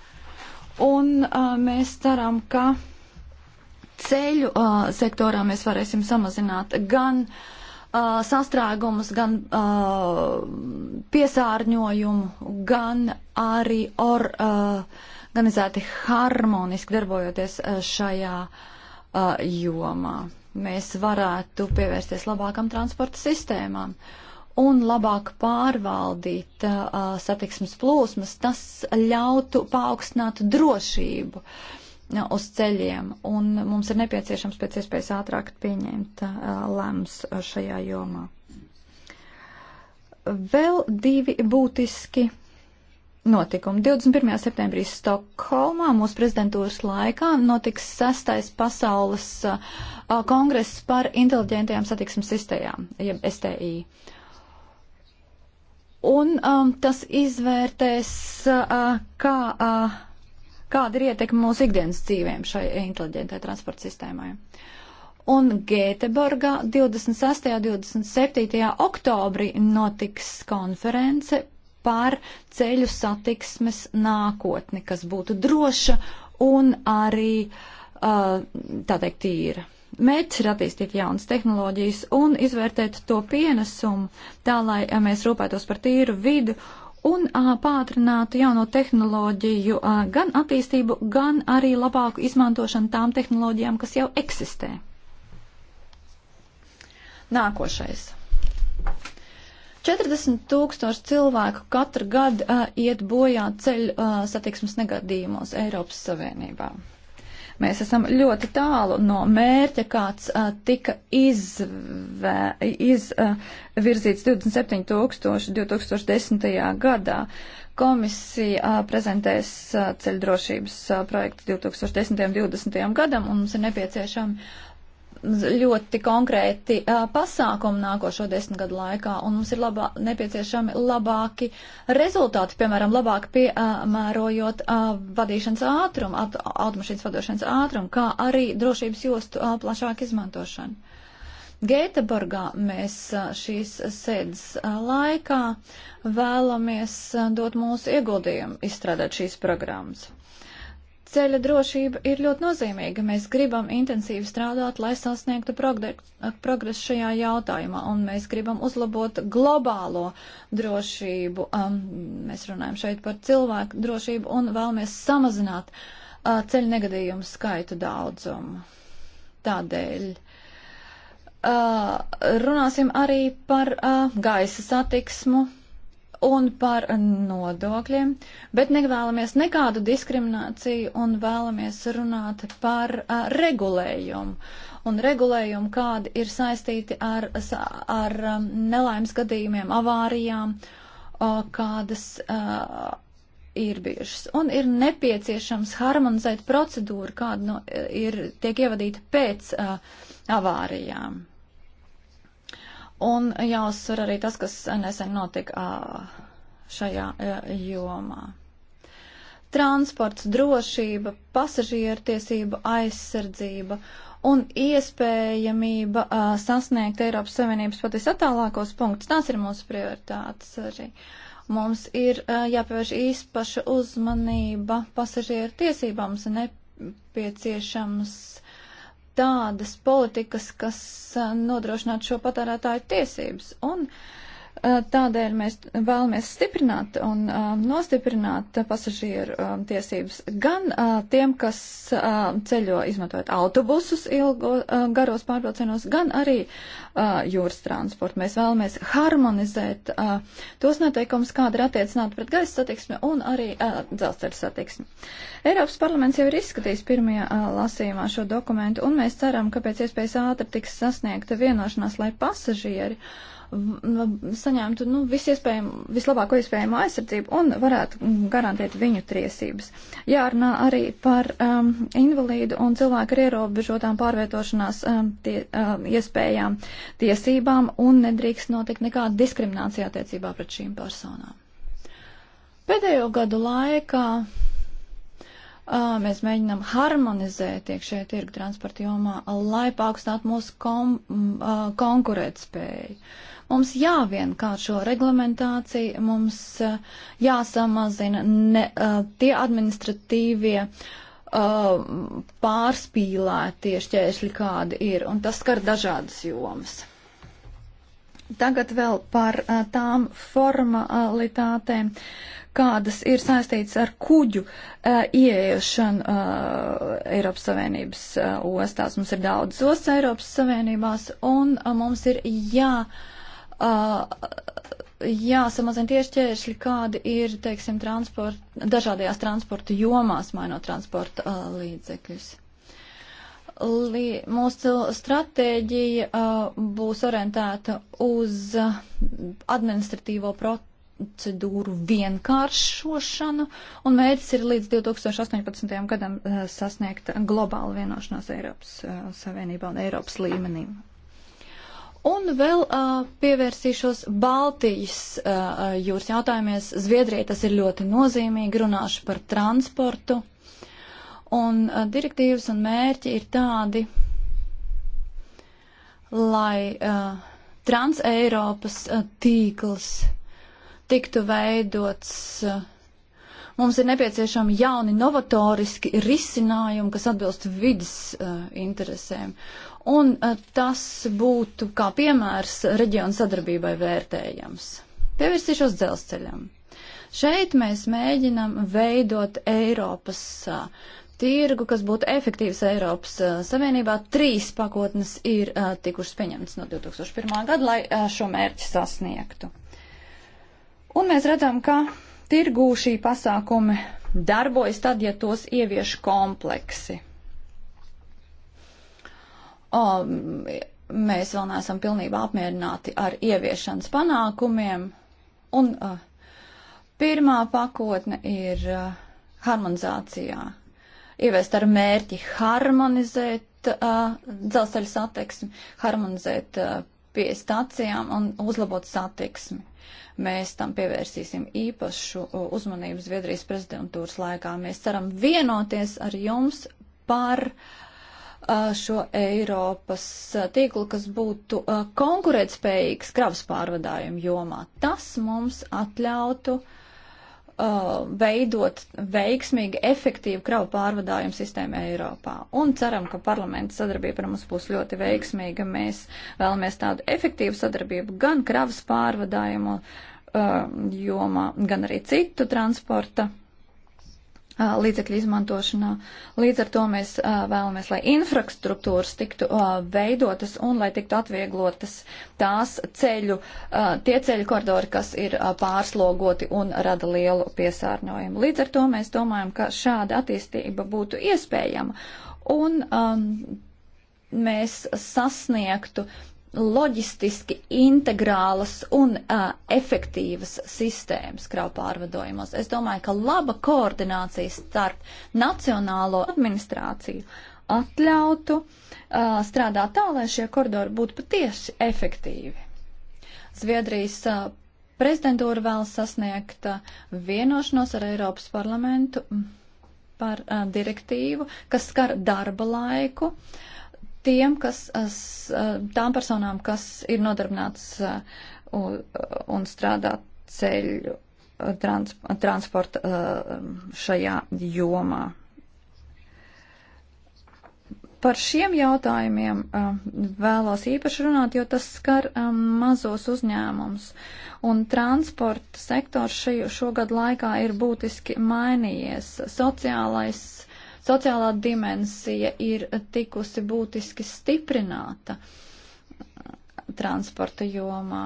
Speaker 3: Un uh, mēs ceram, ka ceļu uh, sektorā mēs varēsim samazināt gan uh, sastrēgumus, gan uh, piesārņojumu, gan arī or, uh, organizēti harmoniski darbojoties uh, šajā uh, jomā. Mēs varētu pievērsties labākam transporta sistēmām. Uh, un labāk pārvaldīt uh, satiksmes plūsmas, tas ļautu paaugstināt drošību uh, uz ceļiem, un mums ir nepieciešams pēc iespējas ātrāk pieņemt uh, lēmums uh, šajā jomā. Vēl divi būtiski notikumu. 21. septembrī Stokholmā mūsu prezidentūras laikā notiks sastais pasaules uh, kongress par inteliģentajām satiksmes sistējām, jeb STI un um, tas izvērtēs, uh, kā, uh, kāda ir ietekme mūsu ikdienas dzīvēm šai inteliģentai transporta sistēmai. Un Gēteborgā 26. un 27. oktobrī notiks konference par ceļu satiksmes nākotni, kas būtu droša un arī, uh, tā teikt, tīra. Mērķis ir attīstīt jaunas tehnoloģijas un izvērtēt to pienesumu, tā lai mēs rūpētos par tīru vidu un a, pātrinātu jauno tehnoloģiju a, gan attīstību, gan arī labāku izmantošanu tām tehnoloģijām, kas jau eksistē. Nākošais. 40 tūkstoši cilvēku katru gadu a, iet bojā ceļu a, satiksmes negadījumos Eiropas Savienībā. Mēs esam ļoti tālu no mērķa, kāds uh, tika izvirzīts uh, 27 tūkstoši 2010. gadā. Komisija uh, prezentēs uh, ceļdrošības uh, projektu 2010. un 2020. gadam, un mums ir nepieciešami ļoti konkrēti uh, pasākumi nākošo desmit gadu laikā, un mums ir labā, nepieciešami labāki rezultāti, piemēram, labāk piemērojot uh, vadīšanas ātrumu, aut automašīnas vadošanas ātrumu, kā arī drošības jostu uh, plašāku izmantošanu. Gēteborgā mēs uh, šīs sēdes uh, laikā vēlamies uh, dot mūsu ieguldījumu izstrādāt šīs programmas. Ceļa drošība ir ļoti nozīmīga. Mēs gribam intensīvi strādāt, lai sasniegtu progresu šajā jautājumā, un mēs gribam uzlabot globālo drošību. Um, mēs runājam šeit par cilvēku drošību un vēlamies samazināt uh, ceļu negadījumu skaitu daudzumu. Tādēļ. Uh, runāsim arī par uh, gaisa satiksmu, un par nodokļiem, bet nevēlamies nekādu diskrimināciju un vēlamies runāt par uh, regulējumu. Un regulējumu, kādi ir saistīti ar, ar um, nelaimes gadījumiem, avārijām, uh, kādas uh, ir bijušas. Un ir nepieciešams harmonizēt procedūru, kāda no, ir, tiek ievadīta pēc uh, avārijām. Un jāuzsver arī tas, kas nesen notika šajā jomā. Transports, drošība, pasažieru tiesība, aizsardzība un iespējamība uh, sasniegt Eiropas Savienības patīs attālākos punktus. Tās ir mūsu prioritātes arī. Mums ir uh, jāpievērš īpaša uzmanība pasažieru tiesībām. Mums ir nepieciešams tādas politikas, kas eh, nodrošinātu šo patērētāju tiesības. Un uh, Eh, tādēļ mēs vēlamies stiprināt un um, nostiprināt pasažieru um, tiesības gan uh, tiem, kas uh, ceļo izmantojot autobusus ilgo, uh, garos pārbraucienos, gan arī uh, jūras transportu. Mēs vēlamies harmonizēt uh, tos noteikumus, kāda ir attiecināta pret gaisa satiksmi un arī uh, dzelzceļa satiksmi. Eiropas parlaments jau ir izskatījis pirmajā uh, lasījumā šo dokumentu, un mēs ceram, ka pēc iespējas ātri tiks sasniegta vienošanās, lai pasažieri uh, Nu, saņemtu nu, vislabāko iespējamo aizsardzību un varētu mm, garantēt viņu tiesības. Jārunā arī par um, invalīdu un cilvēku ar ierobežotām pārvietošanās um, tie, um, iespējām, tiesībām un nedrīkst notikt nekāda diskriminācija attiecībā pret šīm personām. Pēdējo gadu laikā uh, mēs mēģinām harmonizēt iekšējā tirgu transporta jomā, lai paaugstinātu mūsu kom, mm, uh, konkurētspēju. Mums jāvienkāršo reglamentācija, mums eh, jāsamazina ne, eh, tie administratīvie eh, pārspīlētie šķēršļi, kādi ir, un tas skar dažādas jomas. Tagad vēl par tām formalitātēm, kādas ir saistītas ar kuģu ieiešanu Eiropas Savienības ostās. Mums ir daudz ostas Eiropas Savienībās, un mums ir jā. Ja jāsamazina tie šķēršļi, kādi ir, teiksim, transport, dažādajās transporta jomās, mainot transporta uh, līdzekļus. Li, mūsu stratēģija uh, būs orientēta uz uh, administratīvo procedūru vienkāršošanu, un mērķis ir līdz 2018. gadam uh, sasniegt globālu vienošanos Eiropas uh, Savienībā un Eiropas līmenī. Un vēl uh, pievērsīšos Baltijas uh, jūras jautājumies. Zviedrija tas ir ļoti nozīmīgi, runāšu par transportu. Un uh, direktīvas un mērķi ir tādi, lai uh, Transeiropas uh, tīkls tiktu veidots. Uh, mums ir nepieciešami jauni, novatoriski risinājumi, kas atbilst vidas uh, interesēm. Uh, un eh, tas būtu kā piemērs reģionu sadarbībai vērtējams. Pievērsīšos dzelzceļam. Šeit mēs mēģinam veidot Eiropas uh, tirgu, kas būtu efektīvs Eiropas uh, Savienībā. Trīs pakotnes ir uh, tikušas pieņemtas no 2001. gada, lai šo mērķi sasniegtu. Un mēs redzam, ka tirgū šī pasākumi darbojas tad, ja tos ievieš kompleksi o, mēs vēl neesam pilnībā apmierināti ar ieviešanas panākumiem. Un o, pirmā pakotne ir o, harmonizācijā. Ieviest ar mērķi harmonizēt o, dzelzceļa satiksmi, harmonizēt o, pie stācijām un uzlabot satiksmi. Mēs tam pievērsīsim īpašu uzmanību Zviedrijas prezidentūras laikā. Mēs ceram vienoties ar jums par uh, šo Eiropas tīklu, kas būtu konkurētspējīgs kravas pārvadājumu jomā. Tas mums atļautu veidot veiksmīgi, efektīvu kravu pārvadājumu sistēmu Eiropā. Un ceram, ka parlamenta sadarbība ar mums būs ļoti veiksmīga. Mēs vēlamies tādu efektīvu sadarbību gan kravas pārvadājumu jomā, gan arī citu transporta līdzekļu izmantošanā. Līdz ar to mēs vēlamies, lai infrastruktūras tiktu veidotas un lai tiktu atvieglotas tās ceļu, tie ceļu koridori, kas ir pārslogoti un rada lielu piesārņojumu. Līdz ar to mēs domājam, ka šāda attīstība būtu iespējama. Un, um, mēs sasniegtu loģistiski integrālas un uh, efektīvas sistēmas kravu pārvadojumos. Es domāju, ka laba koordinācija starp nacionālo administrāciju atļautu uh, strādāt tā, lai šie koridori būtu patiesi efektīvi. Zviedrijas uh, prezidentūra vēl sasniegt uh, vienošanos ar Eiropas parlamentu par uh, direktīvu, kas skar darba laiku. Uh, tiem, kas, tām personām, kas ir nodarbināts un strādā ceļu trans, transporta šajā jomā. Par šiem jautājumiem vēlos īpaši runāt, jo tas skar mazos uzņēmums. Un transporta sektors šogad laikā ir būtiski mainījies. Sociālais Sociālā dimensija ir tikusi būtiski stiprināta uh, transporta jomā.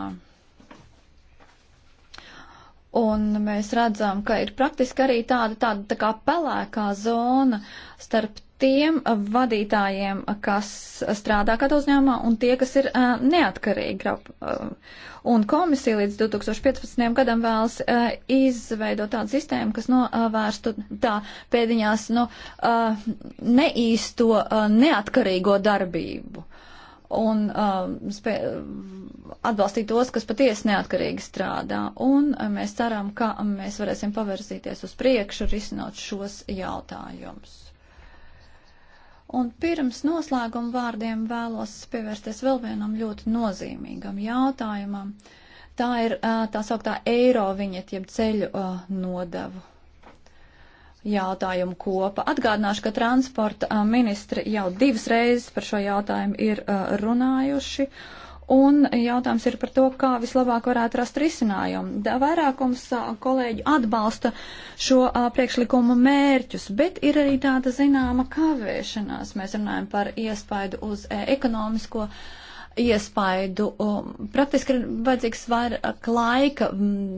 Speaker 3: Un mēs redzam, ka ir praktiski arī tāda, tāda tā kā pelēkā zona starp tiem vadītājiem, kas strādā kādā uzņēmumā, un tie, kas ir uh, neatkarīgi. Un komisija līdz 2015. gadam vēlas uh, izveidot tādu sistēmu, kas novērstu tā pēdiņās no nu, uh, neīsto uh, neatkarīgo darbību un uh, spē, atbalstīt tos, kas patiesi neatkarīgi strādā. Un uh, mēs ceram, ka mēs varēsim pavirzīties uz priekšu, risinot šos jautājumus. Un pirms noslēguma vārdiem vēlos pievērsties vēl vienam ļoti nozīmīgam jautājumam. Tā ir tā sauktā eiro viņet, jeb ceļu uh, nodevu jautājumu kopa. Atgādināšu, ka transporta ministri jau divas reizes par šo jautājumu ir uh, runājuši. Uh, Un jautājums ir par to, kā vislabāk varētu rast risinājumu. Da vairākums kolēģi atbalsta šo a, priekšlikumu mērķus, bet ir arī tāda zināma kavēšanās. Mēs runājam par iespaidu uz e, ekonomisko iespaidu. Praktiski ir vajadzīgs vairāk laika,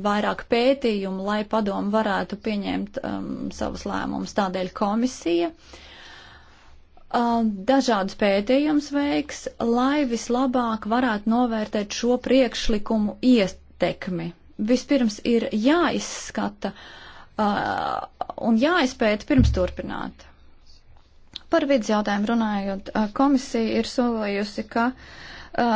Speaker 3: vairāk pētījumu, lai padomu varētu pieņemt um, savus lēmumus. Tādēļ komisija uh, Um, dažādus pētījumus veiks, lai vislabāk varētu novērtēt šo priekšlikumu ietekmi. Vispirms ir jāizskata uh, un jāizpēta pirms turpināt. Par vidas jautājumu runājot, uh, komisija ir solījusi, ka uh,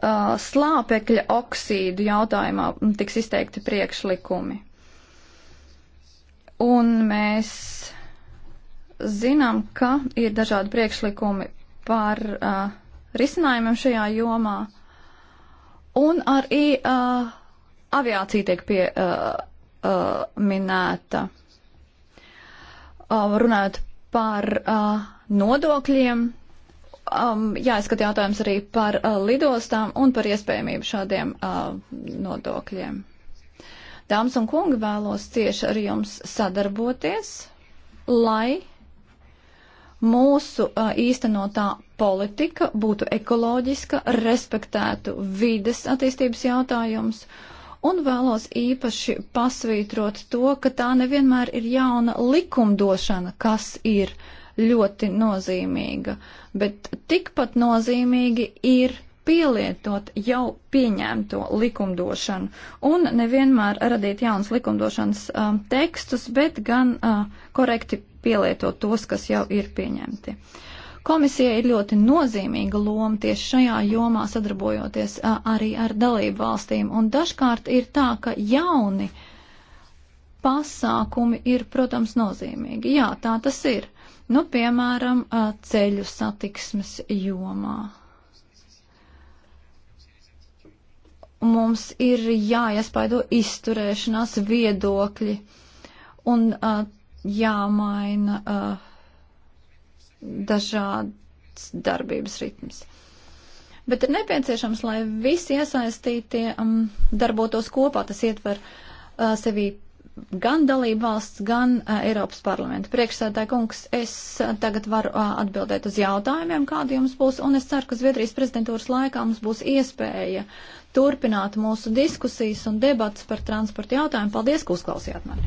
Speaker 3: uh, slāpekļa oksīdu jautājumā tiks izteikti priekšlikumi. Un mēs zinām, ka ir dažādi priekšlikumi par uh, risinājumiem šajā jomā, un arī uh, aviācija tiek pieminēta. Uh, uh, minēta. uh, runājot par uh, nodokļiem, um, jāizskat jautājums arī par uh, lidostām un par iespējamību šādiem uh, nodokļiem. Dāmas un kungi, vēlos cieši ar jums sadarboties, lai mūsu uh, īstenotā politika būtu ekoloģiska, respektētu vides attīstības jautājumus. Un vēlos īpaši pasvītrot to, ka tā nevienmēr ir jauna likumdošana, kas ir ļoti nozīmīga, bet tikpat nozīmīgi ir pielietot jau pieņemto likumdošanu un nevienmēr radīt jaunas likumdošanas um, tekstus, bet gan uh, korekti pielietot tos, kas jau ir pieņemti. Komisija ir ļoti nozīmīga loma tieši šajā jomā sadarbojoties arī ar dalību valstīm, un dažkārt ir tā, ka jauni pasākumi ir, protams, nozīmīgi. Jā, tā tas ir. Nu, piemēram, ceļu satiksmes jomā. Mums ir jāiespaido izturēšanās viedokļi, un jāmaina uh, dažāds darbības ritms. Bet ir nepieciešams, lai visi iesaistītie um, darbotos kopā. Tas ietver uh, sevī gan dalību valsts, gan uh, Eiropas parlamenta. Priekšsēdētāji kungs, es uh, tagad varu uh, atbildēt uz jautājumiem, kādi jums būs, un es ceru, ka Zviedrijas prezidentūras laikā mums būs iespēja turpināt mūsu diskusijas un debats par transporta jautājumu. Paldies, ka uzklausījāt mani!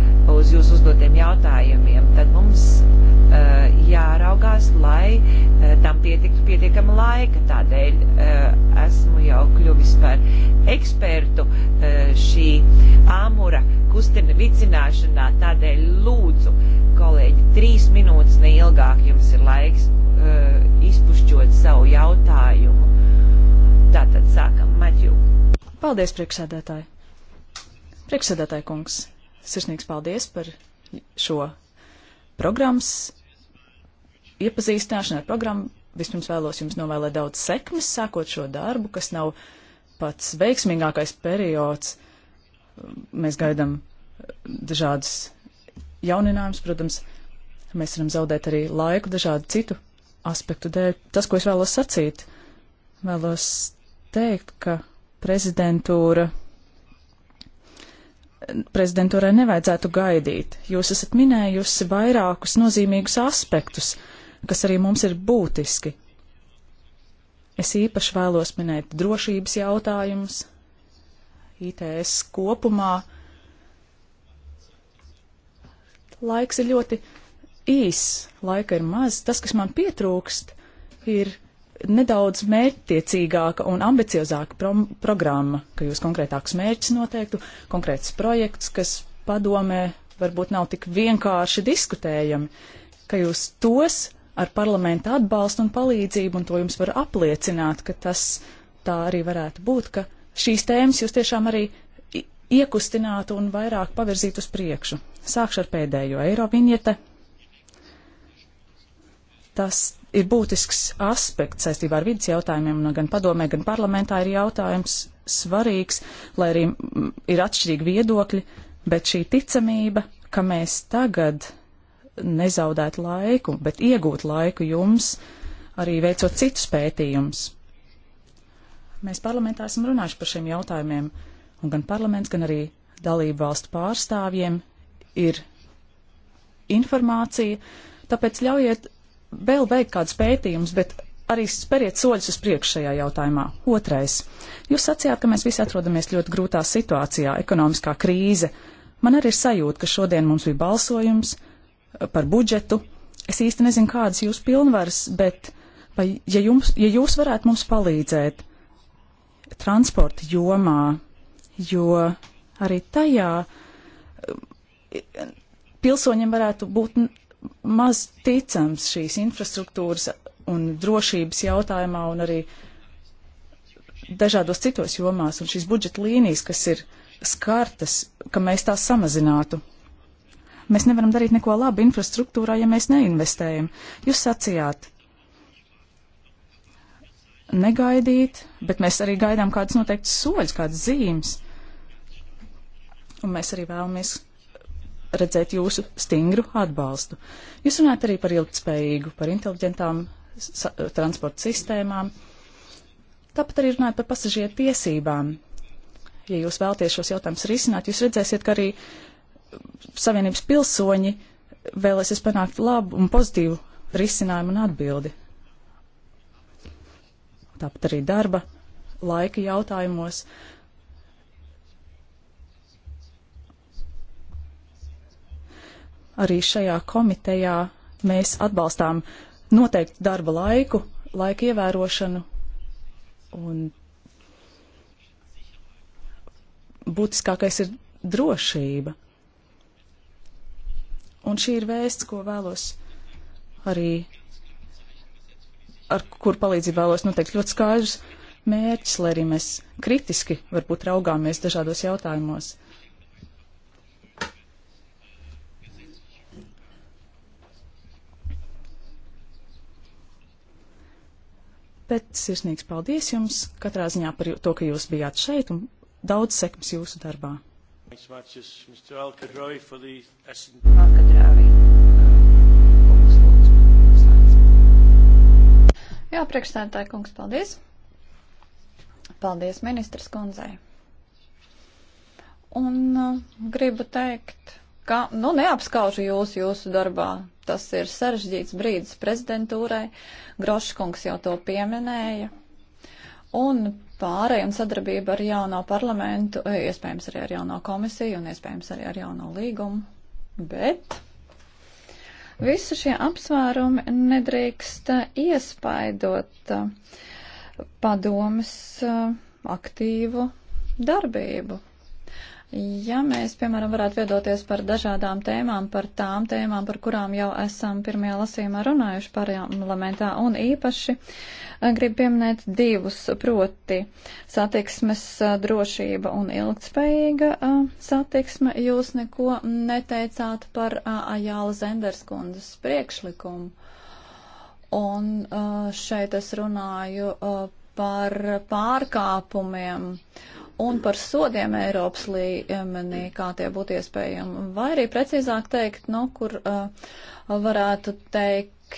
Speaker 2: uz jūsu uzdotiem jautājumiem, tad mums uh, jāraugās, lai uh, tam pietiktu pietiekama laika. Tādēļ uh, esmu jau kļuvis par ekspertu uh, šī āmura kustina vicināšanā. Tādēļ lūdzu, kolēģi, trīs minūtes neilgāk jums ir laiks uh, izpušķot savu jautājumu. Tātad sākam, Maķu.
Speaker 4: Paldies, priekšsēdētāji. Priekšsēdētāji kungs. Sirsnīgs paldies par šo programmas iepazīstināšanu ar programmu. Vispirms vēlos jums novēlēt daudz sekmes, sākot šo darbu, kas nav pats veiksmīgākais periods. Mēs gaidām dažādas jauninājumus, protams, mēs varam zaudēt arī laiku dažādu citu aspektu dēļ. Tas, ko es vēlos sacīt, vēlos teikt, ka prezidentūra prezidentūrai nevajadzētu gaidīt. Jūs esat minējusi vairākus nozīmīgus aspektus, kas arī mums ir būtiski. Es īpaši vēlos minēt drošības jautājumus, ITS kopumā. Laiks ir ļoti īs, laika ir maz. Tas, kas man pietrūkst, ir nedaudz mērķtiecīgāka un ambiciozāka pro programma, ka jūs konkrētāks mērķis noteiktu, konkrēts projekts, kas padomē varbūt nav tik vienkārši diskutējami, ka jūs tos ar parlamentu atbalstu un palīdzību, un to jums var apliecināt, ka tas tā arī varētu būt, ka šīs tēmas jūs tiešām arī iekustinātu un vairāk pavirzītu uz priekšu. Sākšu ar pēdējo Eiroviniete. Tas ir būtisks aspekts saistībā ar vidas jautājumiem, no gan padomē, gan parlamentā ir jautājums svarīgs, lai arī mm, ir atšķirīgi viedokļi, bet šī ticamība, ka mēs tagad nezaudētu laiku, bet iegūt laiku jums, arī veicot citus pētījumus. Mēs parlamentā esam runājuši par šiem jautājumiem, un gan parlaments, gan arī dalību valstu pārstāvjiem ir informācija, tāpēc ļaujiet vēl veikt kādus pētījumus, bet arī spēriet soļus uz priekšu šajā jautājumā. Otrais. Jūs sacījāt, ka mēs visi atrodamies ļoti grūtā situācijā, ekonomiskā krīze. Man arī ir sajūta, ka šodien mums bija balsojums eh, par budžetu. Es īsti nezinu, kādas jūs pilnvaras, bet vai, ja, jums, ja jūs varētu mums palīdzēt transporta jomā, jo arī tajā eh, pilsoņiem varētu būt maz ticams šīs infrastruktūras un drošības jautājumā un arī dažādos citos jomās un šīs budžeta līnijas, kas ir skartas, ka mēs tās samazinātu. Mēs nevaram darīt neko labu infrastruktūrā, ja mēs neinvestējam. Jūs sacījāt, negaidīt, bet mēs arī gaidām kādus noteiktus soļus, kādas zīmes. Un mēs arī vēlamies redzēt jūsu stingru atbalstu. Jūs runājat arī par ilgtspējīgu, par inteliģentām transporta sistēmām. Tāpat arī runājat par pasažieru tiesībām. Ja jūs vēlaties šos jautājumus risināt, jūs redzēsiet, ka arī Savienības pilsoņi vēlēsies panākt labu un pozitīvu risinājumu un atbildi. Tāpat arī darba laika jautājumos. Uh, arī šajā komitejā mēs atbalstām noteiktu darba laiku, laika ievērošanu un būtiskākais ir drošība. Un šī ir vēsts, ko vēlos arī, ar kur palīdzību vēlos noteikt ļoti skaidrs mērķis, lai arī mēs kritiski varbūt raugāmies dažādos jautājumos. bet sirsnīgs paldies jums katrā ziņā par to, ka jūs bijāt šeit un daudz sekmes jūsu darbā.
Speaker 2: Thanks much, Mr. Alcadrawi, for the Alcadrawi.
Speaker 3: Jā, priekšstādātāji kungs, paldies. Paldies ministras kundzei. Un uh, gribu teikt, ka, nu, neapskaužu jūs jūsu darbā tas ir sarežģīts brīdis prezidentūrai. Groškungs jau to pieminēja. Un pārēj un sadarbība ar jauno parlamentu, e, iespējams arī ar jauno komisiju un iespējams arī ar jauno līgumu. Bet visi šie apsvērumi nedrīkst iespaidot e, padomas e, aktīvu darbību Ja mēs, piemēram, varētu viedoties par dažādām tēmām, par tām tēmām, par kurām jau esam pirmajā lasījumā runājuši parlamentā, un īpaši eh, gribu pieminēt divus, proti satiksmes eh, drošība un ilgtspējīga eh, satiksme. Jūs neko neteicāt par Ajāla Zenderskundas priekšlikumu. Un šeit es runāju par pārkāpumiem. Uh, un par sodiem Eiropas līmenī, kā tie būtu iespējami. Vai arī precīzāk teikt, no kur uh, varētu teikt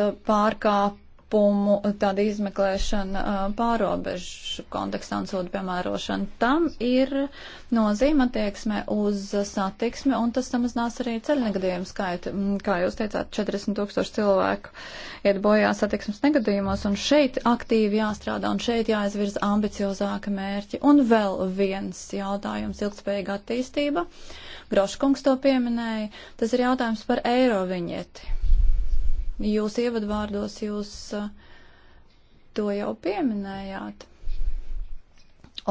Speaker 3: uh, pārkāp pārkāpumu, tāda izmeklēšana pārobežu kontekstā un sodu piemērošana. Tam ir nozīme attieksme uz satiksmi, un tas samazinās arī ceļnegadījumu skaitu. Mm, kā jūs teicāt, 40 tūkstoši cilvēku iet bojā satiksmes negadījumos, un šeit aktīvi jāstrādā, un šeit jāizvirza ambiciozāka mērķi. Un vēl viens jautājums - ilgspējīga attīstība. Groškungs to pieminēja. Tas ir jautājums par eiro viņieti Jūs ievadvārdos jūs uh, to jau pieminējāt.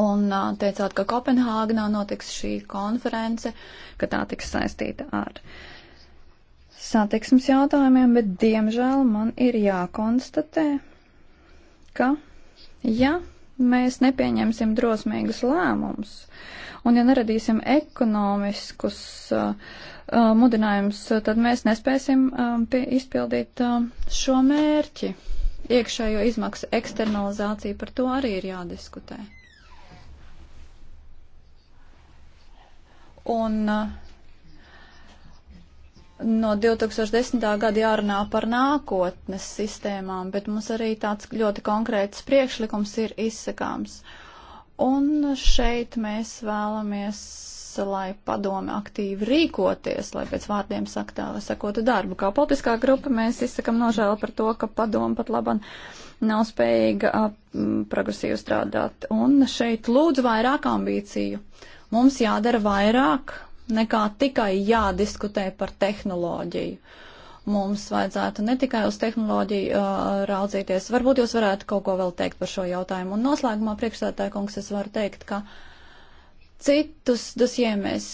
Speaker 3: Un uh, teicāt, ka Kopenhāgenā notiks šī konference, ka tā tiks saistīta ar satiksmes jautājumiem, bet diemžēl man ir jākonstatē, ka ja mēs nepieņemsim drosmīgus lēmumus un ja neradīsim ekonomiskus uh, uh, mudinājums, tad mēs nespēsim um, pie, izpildīt um, šo mērķi. Iekšējo izmaksu eksternalizācija par to arī ir jādiskutē. Un uh, no 2010. gada jārunā par nākotnes sistēmām, bet mums arī tāds ļoti konkrēts priekšlikums ir izsakāms. Un šeit mēs vēlamies lai padome aktīvi rīkoties, lai pēc vārdiem saktā, sakotu darbu. Kā politiskā grupa mēs izsakam nožēlu par to, ka padome pat laban nav spējīga a, m, progresīvi strādāt. Un šeit lūdzu vairāk ambīciju. Mums jādara vairāk nekā tikai jādiskutē par tehnoloģiju mums vajadzētu ne tikai uz tehnoloģiju uh, raudzīties. Varbūt jūs varētu kaut ko vēl teikt par šo jautājumu. Un noslēgumā priekšstādātāja kungs es varu teikt, ka uh, Citus dosjē mēs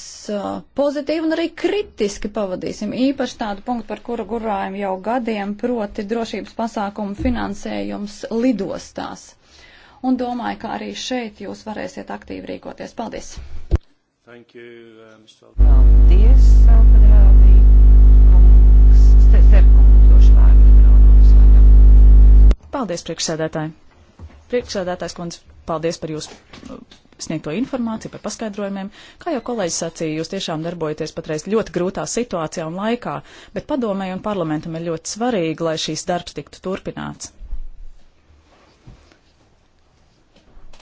Speaker 3: pozitīvi un arī kritiski pavadīsim. Īpaši tādu punktu, par kuru gurājam jau gadiem, proti drošības pasākumu finansējums lidostās. Un domāju, ka arī šeit jūs varēsiet aktīvi rīkoties. Paldies!
Speaker 2: Thank you, uh, Mr. Paldies, Salvadorādi.
Speaker 4: Paldies, priekšsēdētāji. Priekšsēdētājs kundze paldies par jūsu uh, sniegto informāciju, par paskaidrojumiem. Kā jau kolēģis sacīja, jūs tiešām darbojaties patreiz ļoti grūtā situācijā un laikā, bet padomēji un parlamentam ir ļoti svarīgi, lai šīs darbs tiktu turpināts.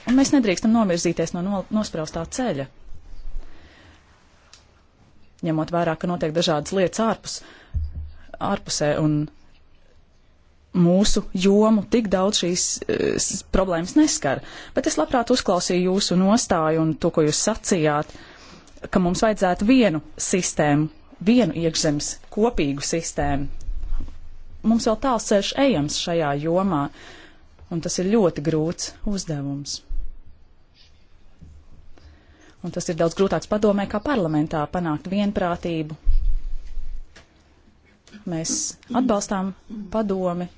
Speaker 4: Un mēs nedrīkstam novirzīties no nospraustā ceļa. Ņemot vērā, ka notiek dažādas lietas ārpus, ārpusē un mūsu jomu tik daudz šīs uh, problēmas neskar. Bet es labprāt uzklausīju jūsu nostāju un to, ko jūs sacījāt, ka mums vajadzētu vienu sistēmu, vienu iekšzemes kopīgu sistēmu. Mums vēl tāls ceļš ejams šajā jomā, un tas ir ļoti grūts uzdevums. Un tas ir daudz grūtāks padomē kā parlamentā panākt vienprātību. Mēs atbalstām padomi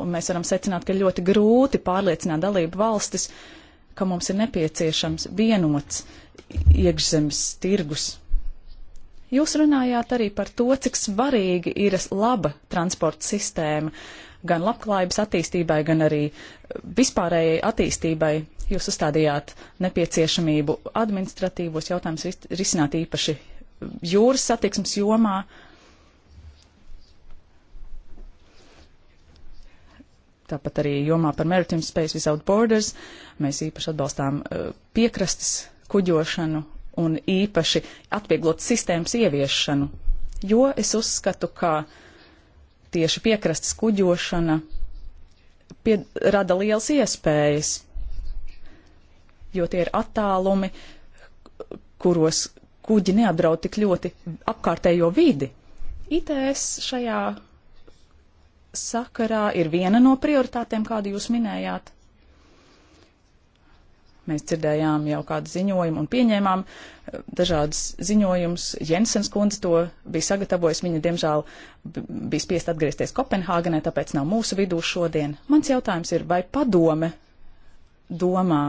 Speaker 4: un mēs varam secināt, ka ļoti grūti pārliecināt dalību valstis, ka mums ir nepieciešams vienots iekšzemes tirgus. Jūs runājāt arī par to, cik svarīgi ir laba transporta sistēma gan labklājības attīstībai, gan arī vispārējai attīstībai. Jūs uzstādījāt nepieciešamību administratīvos jautājumus risināt īpaši jūras satiksmes jomā. Uh, Tāpat arī jomā par Maritime Space Without Borders mēs īpaši atbalstām e, piekrastes kuģošanu un īpaši atvieglot sistēmas ieviešanu, jo es uzskatu, ka tieši piekrastes kuģošana pie, rada liels iespējas, jo tie ir attālumi, kuros kuģi neapdraud tik ļoti apkārtējo vidi. ITS šajā sakarā ir viena no prioritātēm, kādu jūs minējāt. Mēs dzirdējām jau kādu ziņojumu un pieņēmām eh, dažādas ziņojumus. Jensens kundze to bija sagatavojis. Viņa, diemžēl, bija spiest atgriezties Kopenhāgenē, tāpēc nav mūsu vidū šodien. Mans jautājums ir, vai padome domā,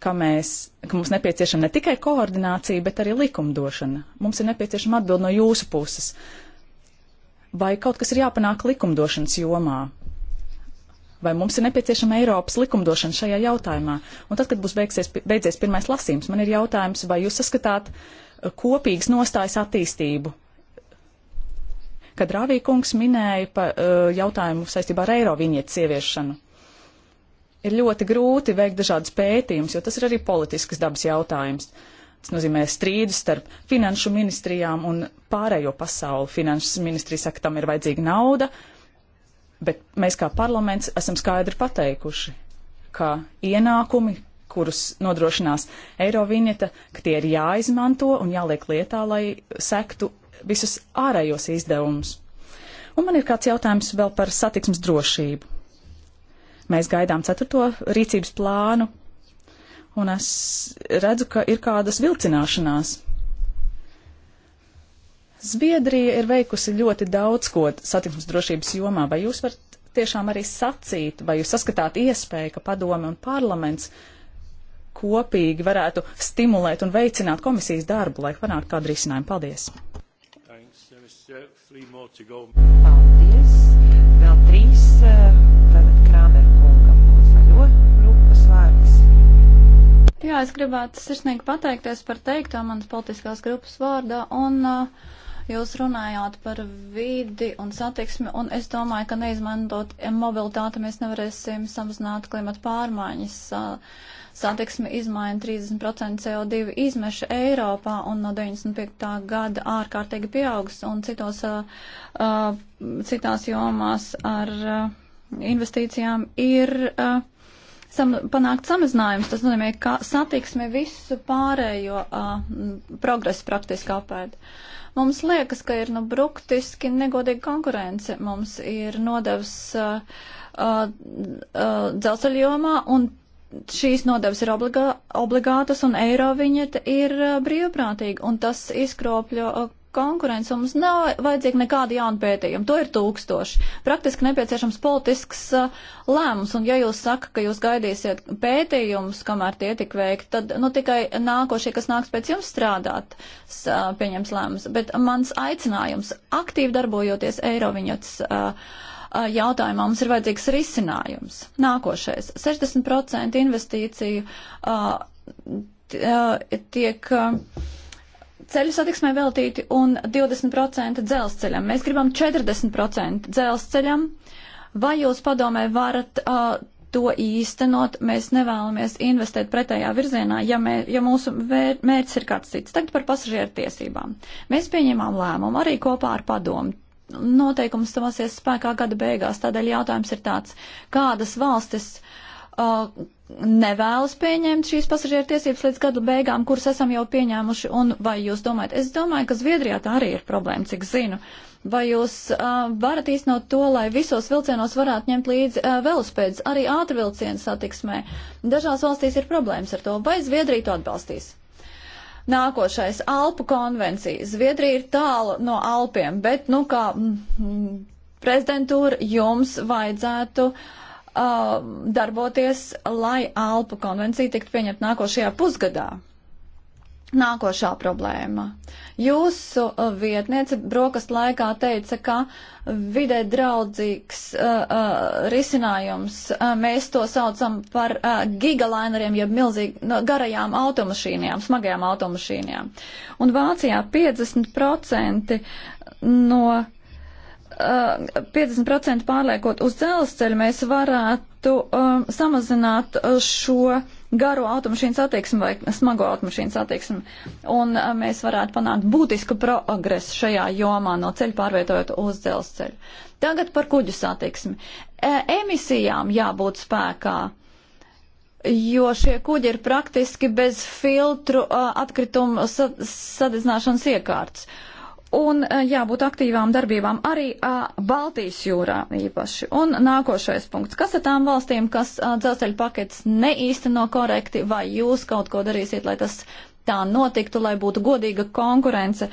Speaker 4: ka, mēs, ka mums nepieciešama ne tikai koordinācija, bet arī likumdošana? Mums ir nepieciešama atbild no jūsu puses. Uh, vai kaut kas ir jāpanāk likumdošanas jomā. Vai mums ir nepieciešama Eiropas likumdošana šajā jautājumā? Un tad, kad būs beigsies, beidzies pirmais lasījums, man ir jautājums, vai jūs saskatāt uh, kopīgas nostājas attīstību? Kad Rāvīkungs minēja pa, uh, jautājumu saistībā ar eiro viņietas ieviešanu, ir ļoti grūti veikt dažādas pētījumus, jo tas ir arī politisks dabas jautājums. Uh, Tas nozīmē strīdu starp finanšu ministrijām un pārējo pasauli. Finanšu ministrija saka, tam ir vajadzīga nauda, bet mēs kā parlaments esam skaidri pateikuši, ka ienākumi, kurus nodrošinās Eirovinieta, ka tie ir jāizmanto un jāliek lietā, lai sektu visus ārējos izdevumus. Un man ir kāds jautājums vēl par satiksmes drošību. Mēs gaidām ceturto rīcības plānu un es redzu, ka ir kādas vilcināšanās. Zviedrija ir veikusi ļoti daudz ko satiksmes drošības jomā, vai jūs varat tiešām arī sacīt, vai jūs saskatāt iespēju, ka padome un parlaments kopīgi varētu stimulēt un veicināt komisijas darbu, lai panāktu kādu risinājumu. Paldies!
Speaker 2: Paldies! Vēl trīs. Tad eh,
Speaker 3: Jā, es gribētu sirsnīgi pateikties par teikto manas politiskās grupas vārdā, un uh, jūs runājāt par vidi un satiksmi, un es domāju, ka neizmantot mobilitāti mēs nevarēsim samazināt klimata pārmaiņas. Uh, satiksmi izmaina 30% CO2 izmeša Eiropā un no 95. gada ārkārtīgi pieaugs un citos, uh, uh, citās jomās ar uh, investīcijām ir uh, sam, panākt samazinājums. Tas nozīmē, ka satiksme visu pārējo uh, progresu praktiski apēd. Mums liekas, ka ir nu bruktiski negodīga konkurence. Mums ir nodevs uh, uh, uh, dzelceļjomā un šīs nodevs ir obligā, obligātas un eiro viņa ir uh, brīvprātīga un tas izkropļo uh, konkurence, mums nav vajadzīga nekāda jauna pētījuma. To ir tūkstoši. Praktiski nepieciešams politisks uh, lēmums, un ja jūs saka, ka jūs gaidīsiet pētījumus, kamēr tie tik veikti, tad nu, tikai nākošie, kas nāks pēc jums strādāt, uh, pieņems lēmums. Bet mans aicinājums - aktīvi darbojoties Eiroviņots uh, uh, jautājumā mums ir vajadzīgs risinājums. Nākošais - 60% investīciju uh, uh, tiek ceļu satiksmē veltīti un 20% dzelzceļam. Mēs gribam 40% dzelzceļam. Vai jūs padomē varat uh, to īstenot? Mēs nevēlamies investēt pretējā virzienā, ja, mē, ja mūsu vēr, mērķis ir kāds cits. Tagad par pasažieru tiesībām. Mēs pieņemām lēmumu arī kopā ar padomu. Noteikums stāsies spēkā gada beigās, tādēļ jautājums ir tāds, kādas valstis uh, nevēlas pieņemt šīs pasažieru tiesības līdz gadu beigām, kuras esam jau pieņēmuši, un vai jūs domājat, es domāju, ka Zviedrijā tā arī ir problēma, cik zinu, vai jūs uh, varat īstenot to, lai visos vilcienos varētu ņemt līdzi uh, velospēdas, arī ātrvilcienu satiksmē. Dažās valstīs ir problēmas ar to, vai Zviedrija to atbalstīs. Nākošais - Alpu konvencija. Zviedrija ir tālu no Alpiem, bet, nu, kā mm, prezidentūra jums vajadzētu uh, Uh, darboties, lai Alpu konvencija tiktu pieņemta nākošajā pusgadā. Nākošā problēma. Jūsu uh, vietniece brokastu laikā teica, ka vidē draudzīgs uh, uh, risinājums, uh, mēs to saucam par uh, gigalaineriem, jeb milzīgi no, garajām automašīnām, smagajām automašīnām. Un Vācijā 50% no 50% uh, pārliekot uz dzelzceļu, mēs varētu um, samazināt uh, šo garo automašīnu satiksmi vai smago automašīnu satiksmi. Un um, mēs varētu panākt būtisku progresu šajā jomā no ceļa pārvietojot uz dzelzceļu. Tagad par kuģu satiksmi. E, emisijām jābūt spēkā. Jo šie kuģi ir praktiski bez filtru uh, atkritumu sadedzināšanas iekārtas. Uh, un e, jābūt aktīvām darbībām arī a, e, Baltijas jūrā īpaši. Un nākošais punkts. Kas ir tām valstīm, kas e, dzelzceļa paketes neīsteno korekti, vai jūs kaut ko darīsiet, lai tas tā notiktu, lai būtu godīga konkurence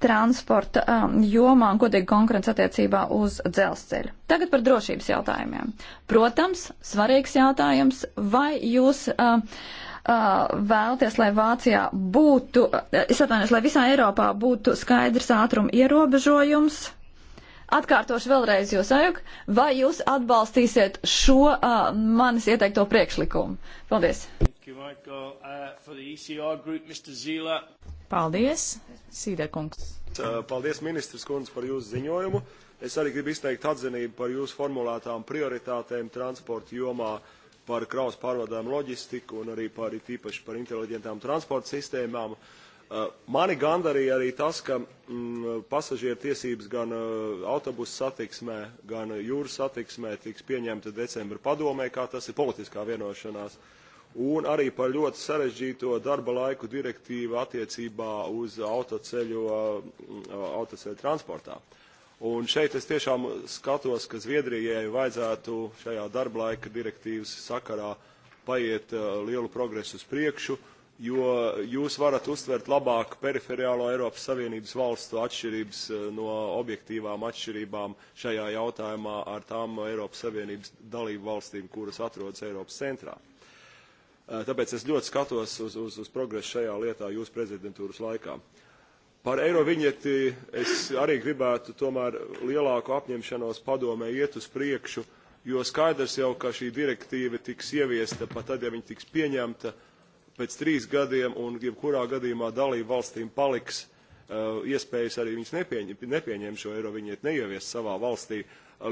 Speaker 3: transporta um, jomā un godīga konkurence attiecībā uz dzelzceļu. Tagad par drošības jautājumiem. Protams, svarīgs jautājums, vai jūs uh, vēlties, lai Vācijā būtu, es atvainojos, lai visā Eiropā būtu skaidrs ātruma ierobežojums? Atkārtošu vēlreiz jūs ajūk, vai jūs atbalstīsiet šo uh, manis ieteikto priekšlikumu?
Speaker 1: Paldies! Uh, e paldies, Sīdekungs! Uh, paldies, ministrs kundze, par jūsu ziņojumu. Es arī gribu izteikt atzinību par jūsu formulētām prioritātēm transporta jomā. Uh, par kraus pārvadājumu loģistiku un arī par tīpaši par inteliģentām transporta sistēmām. Eh, mani gandarīja arī tas, ka mm, pasažieru tiesības gan uh, autobusu satiksmē, gan jūras satiksmē tiks pieņemta decembra padomē, kā tas ir politiskā vienošanās, un arī par ļoti sarežģīto darba laiku direktīvu attiecībā uz autoceļu, uh, autoceļu transportā. Uh, Un šeit es tiešām skatos, ka Zviedrijai vajadzētu šajā darblaika direktīvas sakarā paiet uh, lielu progresu uz priekšu, jo jūs varat uztvert labāk periferiālo Eiropas Savienības valstu atšķirības uh, no objektīvām atšķirībām šajā jautājumā ar tām Eiropas Savienības dalību valstīm, kuras atrodas Eiropas centrā. Uh, tāpēc es ļoti skatos uz, uz, uz progresu šajā lietā jūsu prezidentūras laikā. Uh, Par eiro viņeti es arī gribētu tomēr lielāku apņemšanos padomē iet uz priekšu, jo skaidrs jau, ka šī direktīva tiks ieviesta pat tad, ja viņa tiks pieņemta pēc trīs gadiem, un jebkurā gadījumā dalību valstīm paliks uh, iespējas arī viņas nepieņem, nepieņem šo eiro viņiet neievies savā valstī.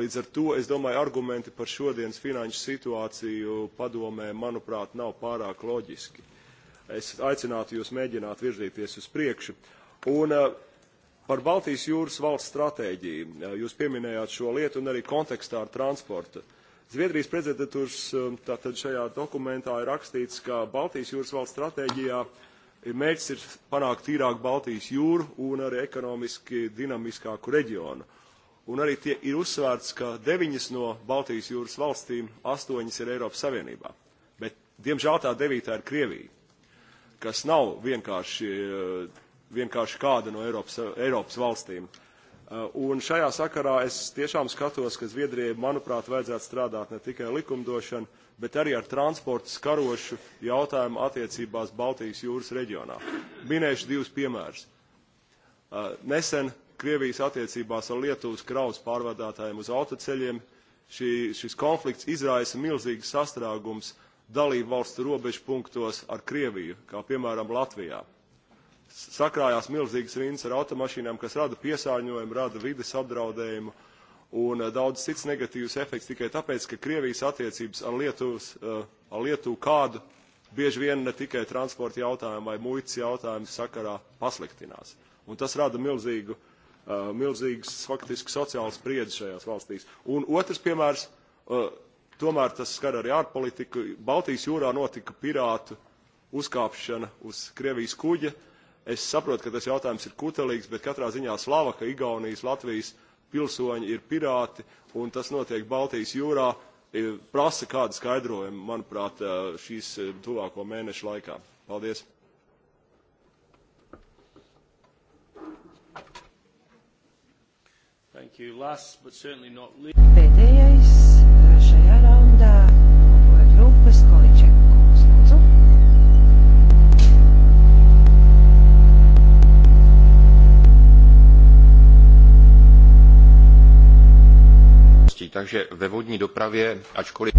Speaker 1: Līdz ar to, es domāju, argumenti par šodienas finanšu situāciju padomē, manuprāt, nav pārāk loģiski. Es aicinātu jūs mēģināt virzīties uz priekšu. Uh, Un eh, par Baltijas jūras valsts stratēģiju. Eh, jūs pieminējāt šo lietu un arī kontekstā ar transportu. Zviedrijas prezidentūras eh, tātad šajā dokumentā ir rakstīts, ka Baltijas jūras valsts stratēģijā ir mērķis ir panākt tīrāku Baltijas jūru un arī ekonomiski dinamiskāku reģionu. Un arī tie ir uzsvērts, ka deviņas no Baltijas jūras valstīm astoņas ir Eiropas Savienībā. Bet, diemžēl, tā devītā ir Krievija, kas nav vienkārši vienkārši kāda no Eiropas, Eiropas valstīm. Uh, un šajā sakarā es tiešām skatos, ka Zviedrijai, manuprāt, vajadzētu strādāt ne tikai likumdošanu, bet arī ar transportu skarošu jautājumu attiecībās Baltijas jūras reģionā. Minēšu divus piemērus. Uh, nesen Krievijas attiecībās ar Lietuvas kravas pārvadātājiem uz autoceļiem šī, šis konflikts izraisa milzīgas sastrāgums dalību valstu robežu punktos ar Krieviju, kā piemēram Latvijā. Uh, sakrājās milzīgas rindas ar automašīnām, kas rada piesārņojumu, rada vides apdraudējumu un eh, daudz cits negatīvs efekts tikai tāpēc, ka Krievijas attiecības ar, Lietuvas, eh, ar Lietuvu kādu bieži vien ne tikai transporta jautājumu vai muitas jautājumu sakarā pasliktinās. Un tas rada milzīgu, eh, milzīgas faktiski sociālas spriedzes šajās valstīs. Un otrs piemērs, tomēr tas skar arī ārpolitiku, Baltijas jūrā notika pirātu uzkāpšana uz Krievijas kuģa, uh, Es saprotu, ka tas jautājums ir kutelīgs, bet katrā ziņā Slavaka, Igaunijas, Latvijas pilsoņi ir pirāti, un tas notiek Baltijas jūrā, e, prasa kādu skaidrojumu, manuprāt, e, šīs e, tuvāko mēnešu laikā. Paldies! Thank you. Last, but certainly not least.
Speaker 2: Pēdējais
Speaker 3: Takže ve vodní dopravě, ačkoliv.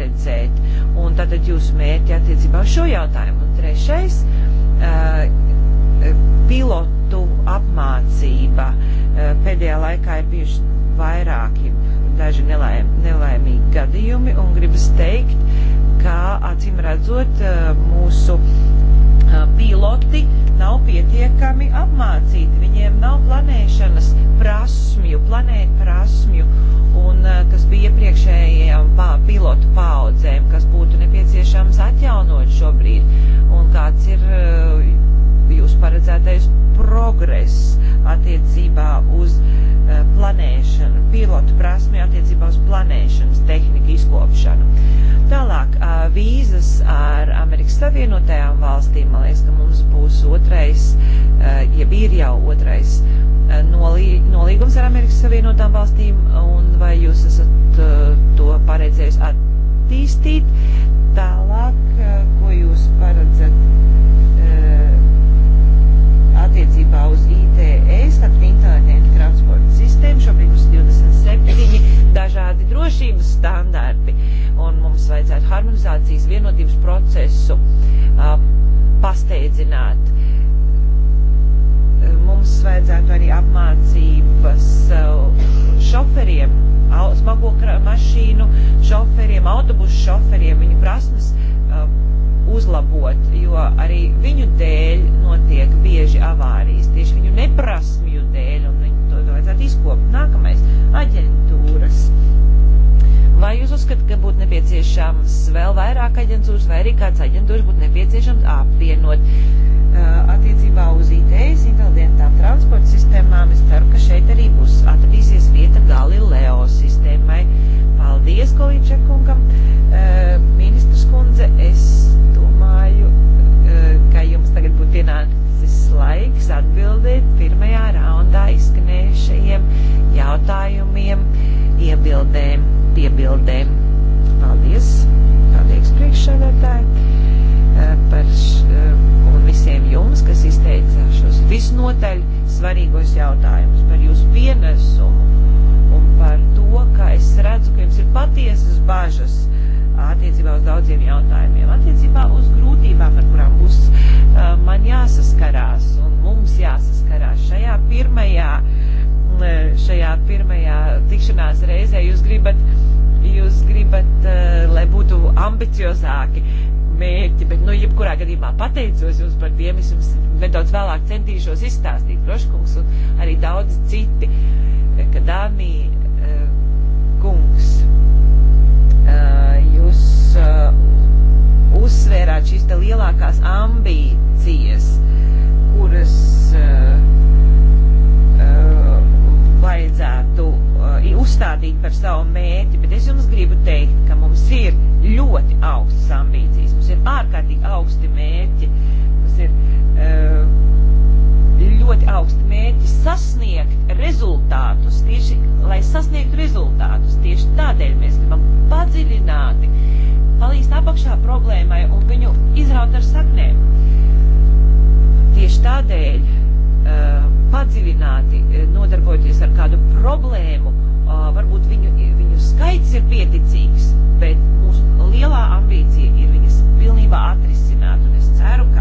Speaker 2: paredzēt. Un tātad jūsu mērķi attiecībā uz šo jautājumu. Un trešais uh, - uh, pilotu apmācība. Uh, pēdējā laikā ir bijuši vairāki daži nelaim, nelaimīgi gadījumi un gribas teikt, ka acīm redzot mūsu piloti nav pietiekami apmācīti, viņiem nav planēšanas prasmju, planēt prasmju, un eh, kas bija iepriekšējiem pā, pilotu paudzēm, kas būtu nepieciešams atjaunot šobrīd, un kāds ir eh, jūs paredzētais progress attiecībā uz uh, Eh, planēšana, pilotu prasmi attiecībā uz planēšanas tehniku izkopšanu. Tālāk eh, vīzas ar Amerikas Savienotajām valstīm, man liekas, ka mums būs otrais, eh, jeb ir jau otrais nolī, nolīgums ar Amerikas Savienotām valstīm, un vai jūs esat to paredzējis attīstīt? Tālāk, ko jūs paredzat? attiecībā uz ITS, tātad e internetiem transporta sistēmu. Šobrīd mums ir 27 dažādi drošības standarti, un mums vajadzētu harmonizācijas vienotības procesu uh, pasteidzināt. Um, mums vajadzētu arī apmācības uh, šoferiem, smago mašīnu šoferiem, autobusu šoferiem, viņu prasmes uh, uzlabot, jo arī viņu dēļ notiek bieži avārijas, tieši viņu neprasmju dēļ un varētu izkopt. Nākamais - aģentūras. Vai jūs uzskatāt, ka būtu nepieciešams vēl vairāk aģentūras, vai arī kāds aģentūras būtu nepieciešams apvienot? Uh, attiecībā uz ITS, inteliģentām transporta sistēmām, es ceru, ka šeit arī būs atradīsies vieta Galileo sistēmai. Paldies, Kolīčekungam! Uh, ministrs kundze, es domāju, uh, ka jums tagad būtu pienākums laiks atbildēt pirmajā raundā izskanējušajiem jautājumiem, iebildēm, piebildēm. Paldies! Paldies priekšsēdētāji eh, par š, eh, un visiem jums, kas izteica šos visnotaļ svarīgos jautājumus par jūsu pienesumu un par to, ka es redzu, ka jums ir patiesas bažas attiecībā uz daudziem jautājumiem, attiecībā uz grūtībām, ar kurām būs uh, Uh, man jāsaskarās un mums jāsaskarās šajā pirmajā, uh, šajā pirmajā tikšanās reizē. Jūs gribat, jūs gribat, uh, lai būtu ambiciozāki mērķi, bet, nu, jebkurā gadījumā pateicos jums par tiem, es jums nedaudz vēlāk centīšos izstāstīt, Roškungs un arī daudz citi, ka Dāmī kungs, jūs uzsvērāt šīs te lielākās ambīcijas, kuras uh, uh, vajadzētu uh, uzstādīt par savu mērķi, bet es jums gribu teikt, ka mums ir ļoti augstas ambīcijas, mums ir ārkārtīgi augsti mērķi, mums ir ļoti augsti mērķi sasniegt rezultātus, tieši lai sasniegtu rezultātus. Tieši tādēļ mēs gribam padziļināti palīst apakšā problēmai un viņu izraut ar saknēm. Tieši tādēļ uh, padziļināti eh, nodarbojoties ar kādu problēmu, uh, varbūt viņu, viņu skaits ir pieticīgs, bet mūsu lielā ambīcija ir viņas pilnībā atrisināt. Un es ceru, ka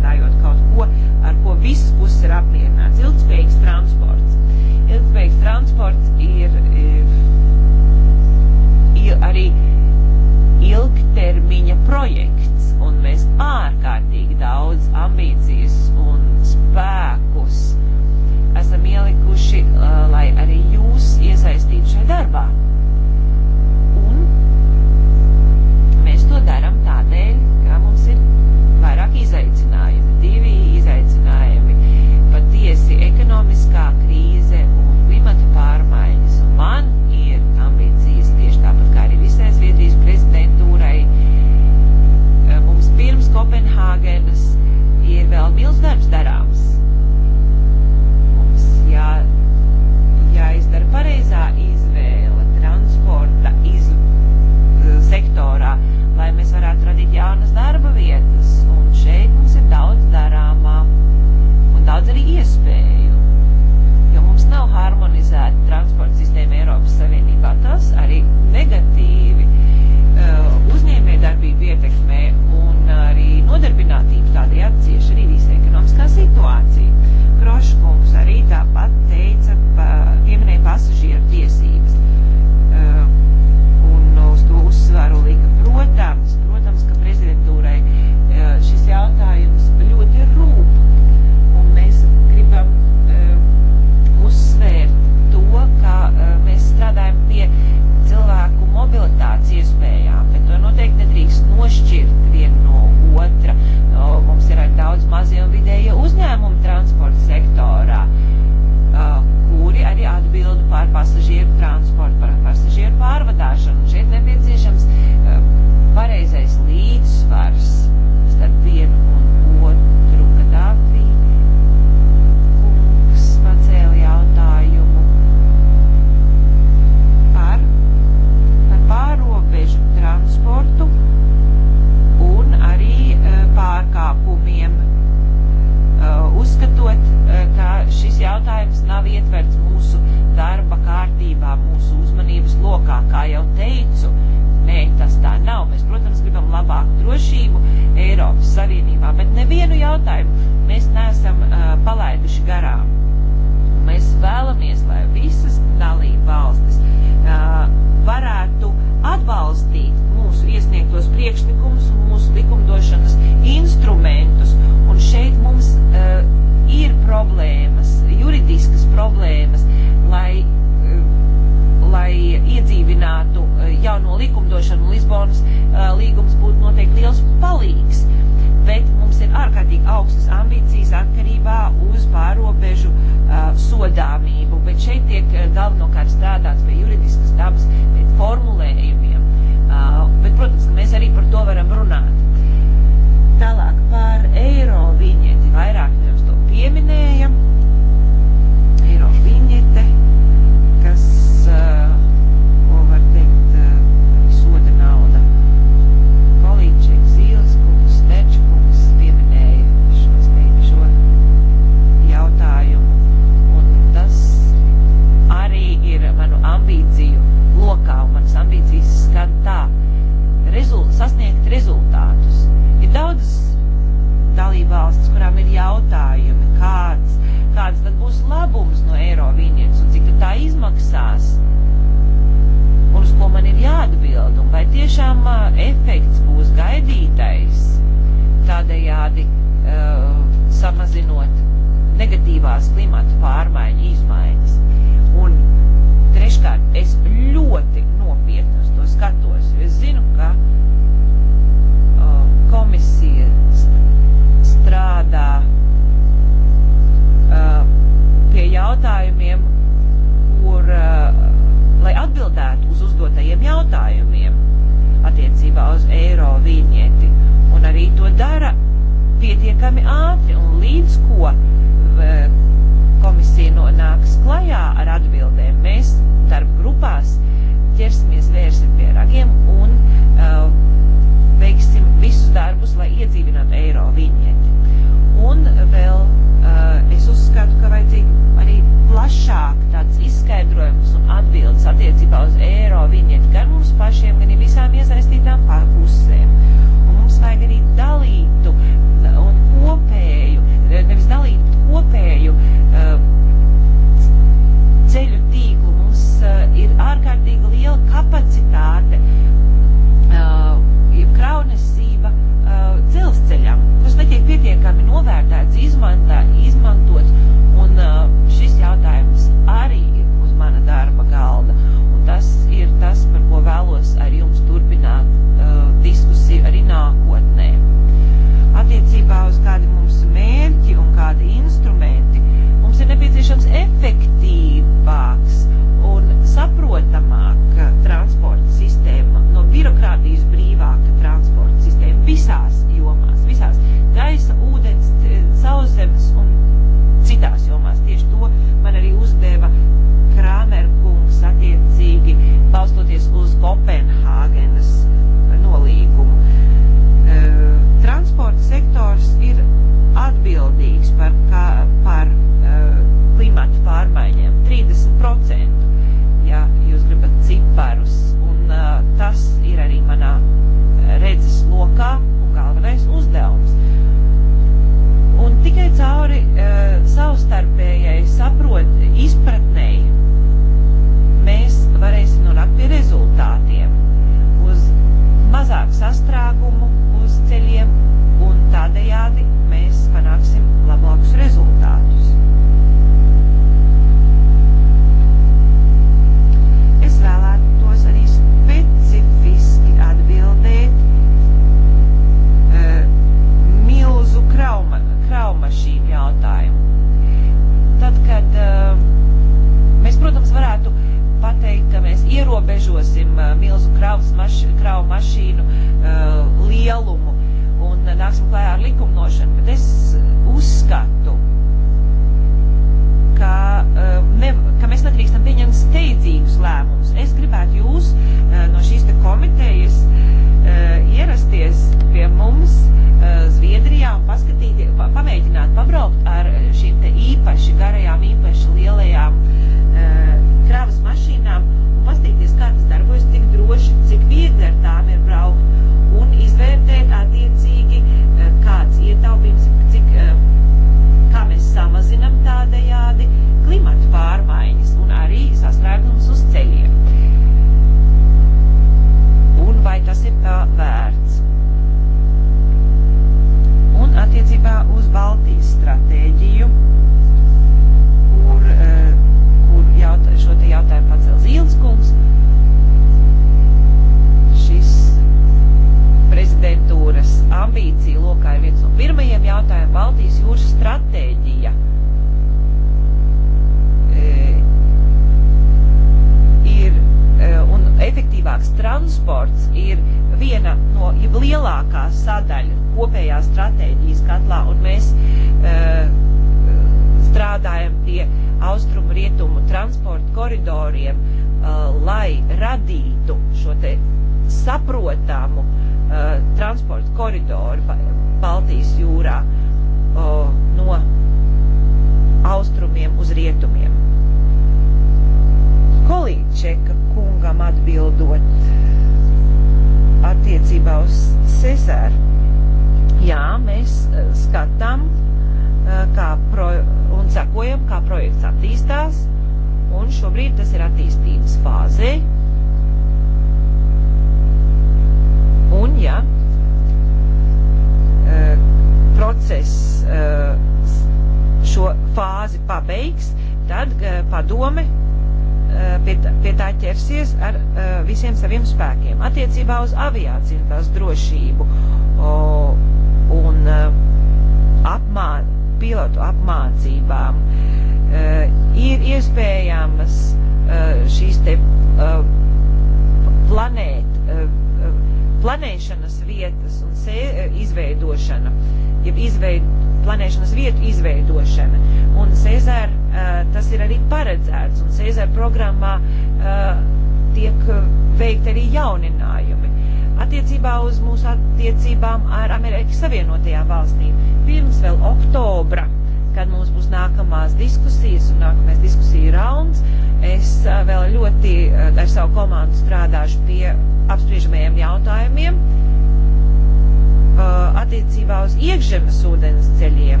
Speaker 2: attiecībā uz iekšzemes ūdens ceļiem.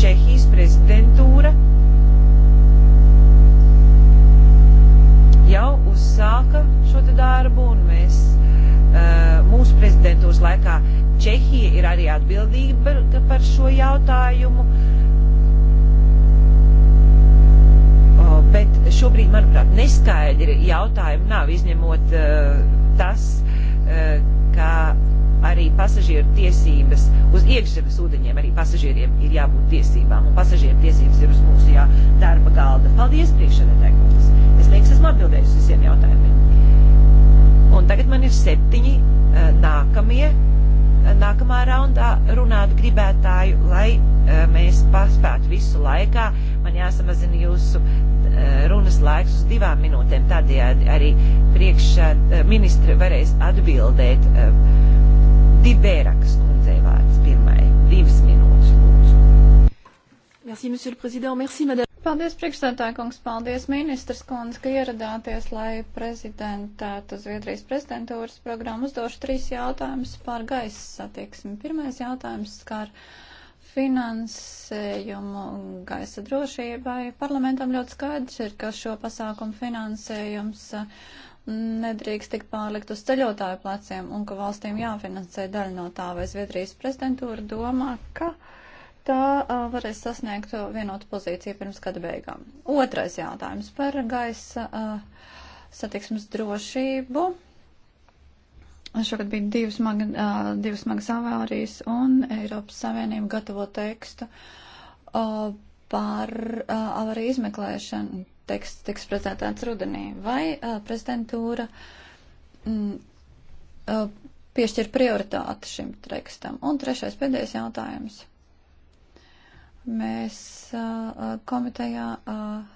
Speaker 2: Čehijas prezidentūra jau uzsāka šo darbu, un mēs eh, mūsu prezidentūras laikā Čehija ir arī atbildība par šo jautājumu. Bet šobrīd, manuprāt, neskaidri jautājumi nav izņemot eh, tas, eh, ka arī pasažieru tiesības uz iekšzemes ūdeņiem, arī pasažieriem ir jābūt tiesībām, un pasažieru tiesības ir uz mūsu jā, darba galda. Paldies, priekšsēdētāji kungs! Es liekas, esmu atbildējis uz visiem jautājumiem. Un tagad man ir septiņi uh, nākamie, uh, nākamā raundā runāt gribētāju, lai uh, mēs paspētu visu laikā. Man jāsamazina jūsu runas laiks uz divām minūtēm. Tādējādi arī priekšā ministri varēs atbildēt Dibērakas kundzei vārds pirmai. Divas minūtes, lūdzu.
Speaker 3: Merci, monsieur le président. Merci, madame. Paldies, priekšsētāja kungs, paldies, ministrs kundze, ka ieradāties, lai prezidentētu Zviedrijas prezidentūras programmu. Uzdošu trīs jautājumus par gaisa satiksmi. Pirmais jautājums skar finansējumu gaisa drošībai. Parlamentam ļoti skaidrs ir, ka šo pasākumu finansējums. Uh, nedrīkst tik pārlikt uz ceļotāju pleciem un ka valstīm jāfinansē daļa no tā, vai Zviedrijas prezidentūra domā, ka tā uh, varēs sasniegt vienotu pozīciju pirms gada beigām. Otrais jautājums par gaisa uh, satiksmes drošību. Šogad bija divas, maga, uh, divas smagas avārijas un Eiropas Savienība gatavo tekstu uh, par uh, avariju izmeklēšanu teksts tiks prezentēts rudenī, vai uh, prezidentūra mm, uh, piešķir prioritāti šim tekstam? Un trešais, pēdējais jautājums. Mēs uh, komitejā uh,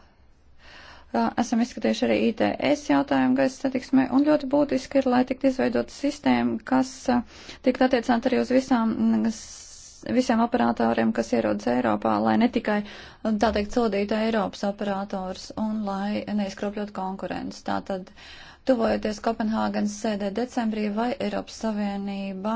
Speaker 3: esam izskatījuši arī ITS jautājumu gaisa satiksmē, un ļoti būtiski ir, lai tiktu izveidota sistēma, kas tiktu attiecināta arī uz visām mm, visiem operatoriem, kas ierodas Eiropā, lai ne tikai, tā teikt, sodītu Eiropas operators un lai neizkropļot konkurences. Tātad, tuvojoties Kopenhāgenes sēdē decembrī, vai Eiropas Savienība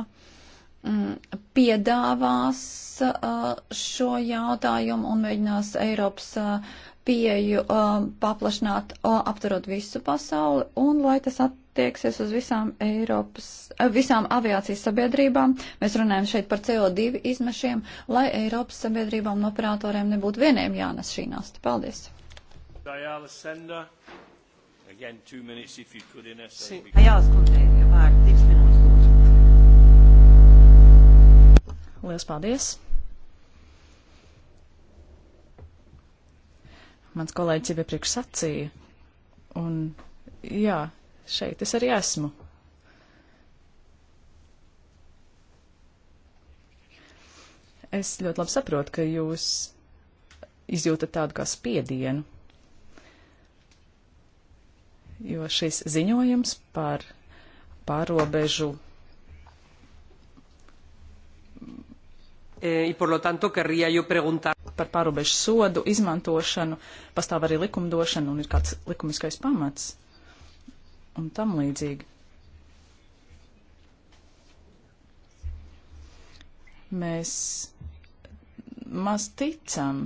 Speaker 3: mm, piedāvās uh, šo jautājumu un mēģinās Eiropas uh, pieju uh, paplašināt, uh, aptverot visu pasauli, un lai tas at, attieksies uz visām Eiropas, eh, visām aviācijas sabiedrībām. Mēs runājam šeit par CO2 izmešiem, lai Eiropas sabiedrībām un operatoriem nebūtu vieniem jānes šī nasta. Paldies!
Speaker 4: Lielas paldies! Mans kolēģis jau iepriekš sacīja, un jā, Šeit es arī esmu. Es ļoti labi saprotu, ka jūs izjūtat tādu kā spiedienu, jo šis ziņojums par pārobežu eh, y por lo tanto querría yo preguntar. Par pārobežu sodu izmantošanu pastāv arī likumdošana un ir kāds likumiskais pamats un tam līdzīgi. Mēs maz ticam,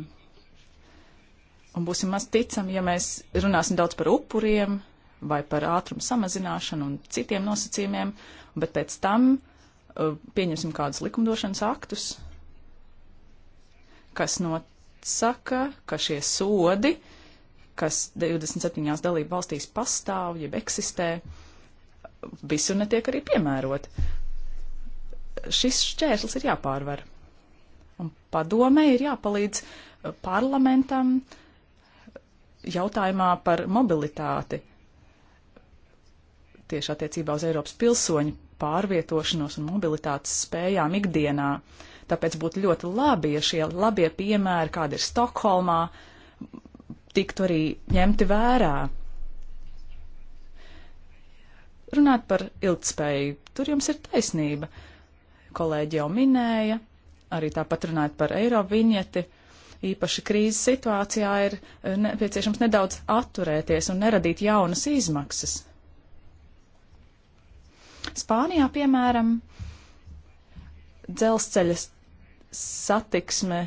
Speaker 4: un būsim maz ticami, ja mēs runāsim daudz par upuriem vai par ātrumu samazināšanu un citiem nosacījumiem, bet pēc tam uh, pieņemsim kādus likumdošanas aktus, kas notiek saka, ka šie sodi kas 27 dalību valstīs pastāv, jeb eksistē, visur netiek arī piemērot. Šis šķērslis ir jāpārvar. Un padomē ir jāpalīdz uh, parlamentam jautājumā par mobilitāti tieši attiecībā uz Eiropas pilsoņu pārvietošanos un mobilitātes spējām ikdienā. Tāpēc būtu ļoti labi, ja šie labie piemēri, kāda ir Stokholmā, uh, tiktu arī ņemti vērā. Runāt par ilgspēju, tur jums ir taisnība. Kolēģi jau minēja, arī tāpat runāt par eiro viņeti. Īpaši krīzes situācijā ir nepieciešams nedaudz atturēties un neradīt jaunas izmaksas. Spānijā, piemēram, dzelzceļa satiksme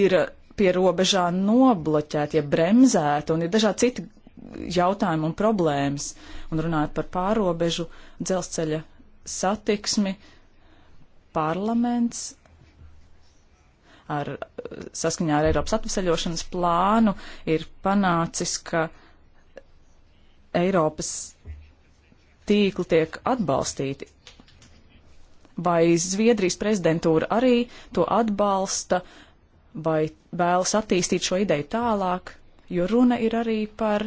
Speaker 4: ir pie robežā nobloķēti, ja bremzēti, un ir dažādi citi jautājumi un problēmas. Un runājot par pārobežu dzelzceļa satiksmi, parlaments ar, saskaņā ar Eiropas atveseļošanas plānu ir panācis, ka Eiropas tīkli tiek atbalstīti. Vai Zviedrijas prezidentūra arī to atbalsta? Uh, vai vēlas attīstīt šo ideju tālāk, jo runa ir arī par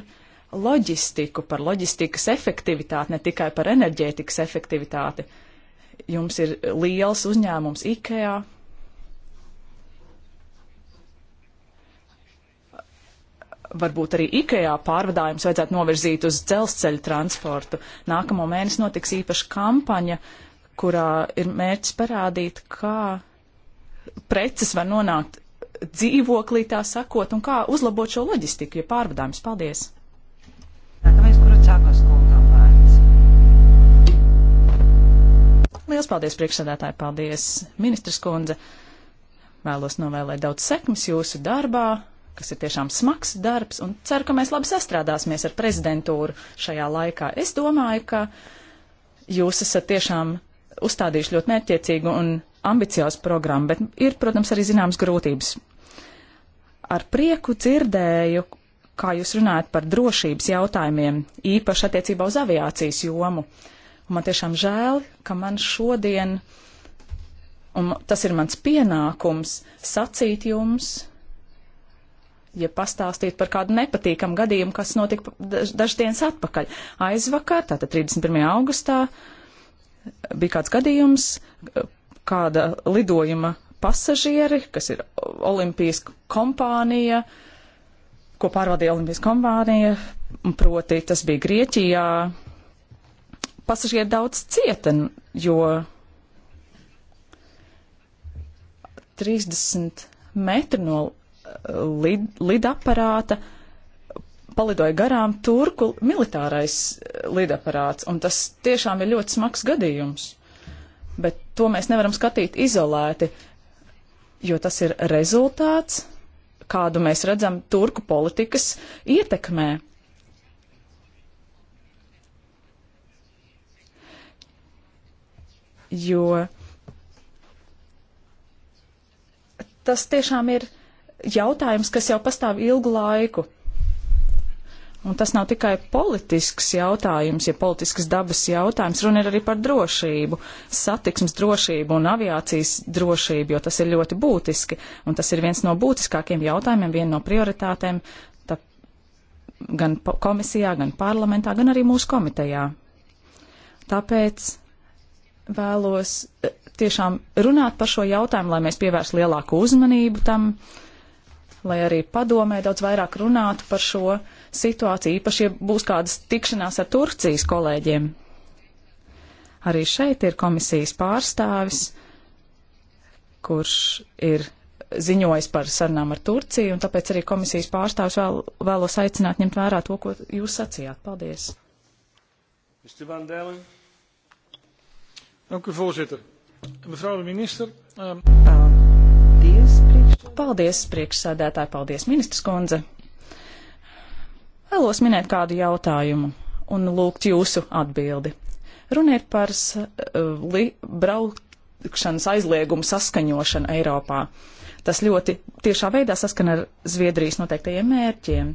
Speaker 4: loģistiku, par loģistikas efektivitāti, ne tikai par enerģētikas efektivitāti. Jums ir liels uzņēmums IKEA. Varbūt arī IKEA pārvadājums vajadzētu novirzīt uz dzelzceļa transportu. Nākamo mēnesi notiks īpaša kampaņa, kurā ir mērķis parādīt, kā preces var nonākt dzīvoklī, tā sakot, un kā uzlabot šo loģistiku, ja pārvadājums. Paldies! Nākamais, kuru cākos
Speaker 2: kungam vārds.
Speaker 4: Liels paldies, priekšsēdētāji, paldies, ministrs kundze. Vēlos novēlēt daudz sekmes jūsu darbā, kas ir tiešām smags darbs, un ceru, ka mēs labi sastrādāsimies ar prezidentūru šajā laikā. Es domāju, ka jūs esat tiešām uzstādījuši ļoti mērķiecīgu un ambiciozu programmu, bet ir, protams, arī zināmas grūtības. Ar prieku dzirdēju, kā jūs runājat par drošības jautājumiem, īpaši attiecībā uz aviācijas jomu. Un man tiešām žēl, ka man šodien, un tas ir mans pienākums, sacīt jums, ja pastāstīt par kādu nepatīkamu gadījumu, kas notika dažas dienas atpakaļ. Aizvakar, tātad 31. augustā, uh, bija kāds gadījums, kāda lidojuma pasažieri, kas ir Olimpijas kompānija, ko pārvaldīja Olimpijas kompānija, proti tas bija Grieķijā, pasažieri daudz cieta, jo 30 metri no lid, lidaparāta lid palidoja garām turku militārais eh, lidaparāts, un tas tiešām ir ļoti smags gadījums. Bet to mēs nevaram skatīt izolēti, jo tas ir rezultāts, kādu mēs redzam turku politikas ietekmē. Jo tas tiešām ir jautājums, kas jau pastāv ilgu laiku. Un tas nav tikai politisks jautājums, ja politisks dabas jautājums, runa ir arī par drošību, satiksmes drošību un aviācijas drošību, jo tas ir ļoti būtiski. Un tas ir viens no būtiskākiem jautājumiem, viena no prioritātēm tā, gan komisijā, gan parlamentā, gan arī mūsu komitejā. Tāpēc vēlos eh, tiešām runāt par šo jautājumu, lai mēs pievērstu lielāku uzmanību tam, lai arī padomē daudz vairāk runātu par šo jautājumu situācija, īpaši, ja būs kādas tikšanās ar Turcijas kolēģiem. Arī šeit ir komisijas pārstāvis, kurš ir ziņojis par sarunām ar Turciju, un tāpēc arī komisijas pārstāvis vēl, vēlos aicināt ņemt vērā to, ko jūs sacījāt. Paldies!
Speaker 1: Dank u, voorzitter. Mevrouw de minister. Um...
Speaker 4: Paldies, priekšsēdētāji, paldies, ministrs kundze. Vēlos minēt kādu jautājumu un lūgt jūsu atbildi. Runa ir par uh, braukšanas aizliegumu saskaņošanu Eiropā. Tas ļoti tiešā veidā saskan ar Zviedrijas noteiktajiem mērķiem,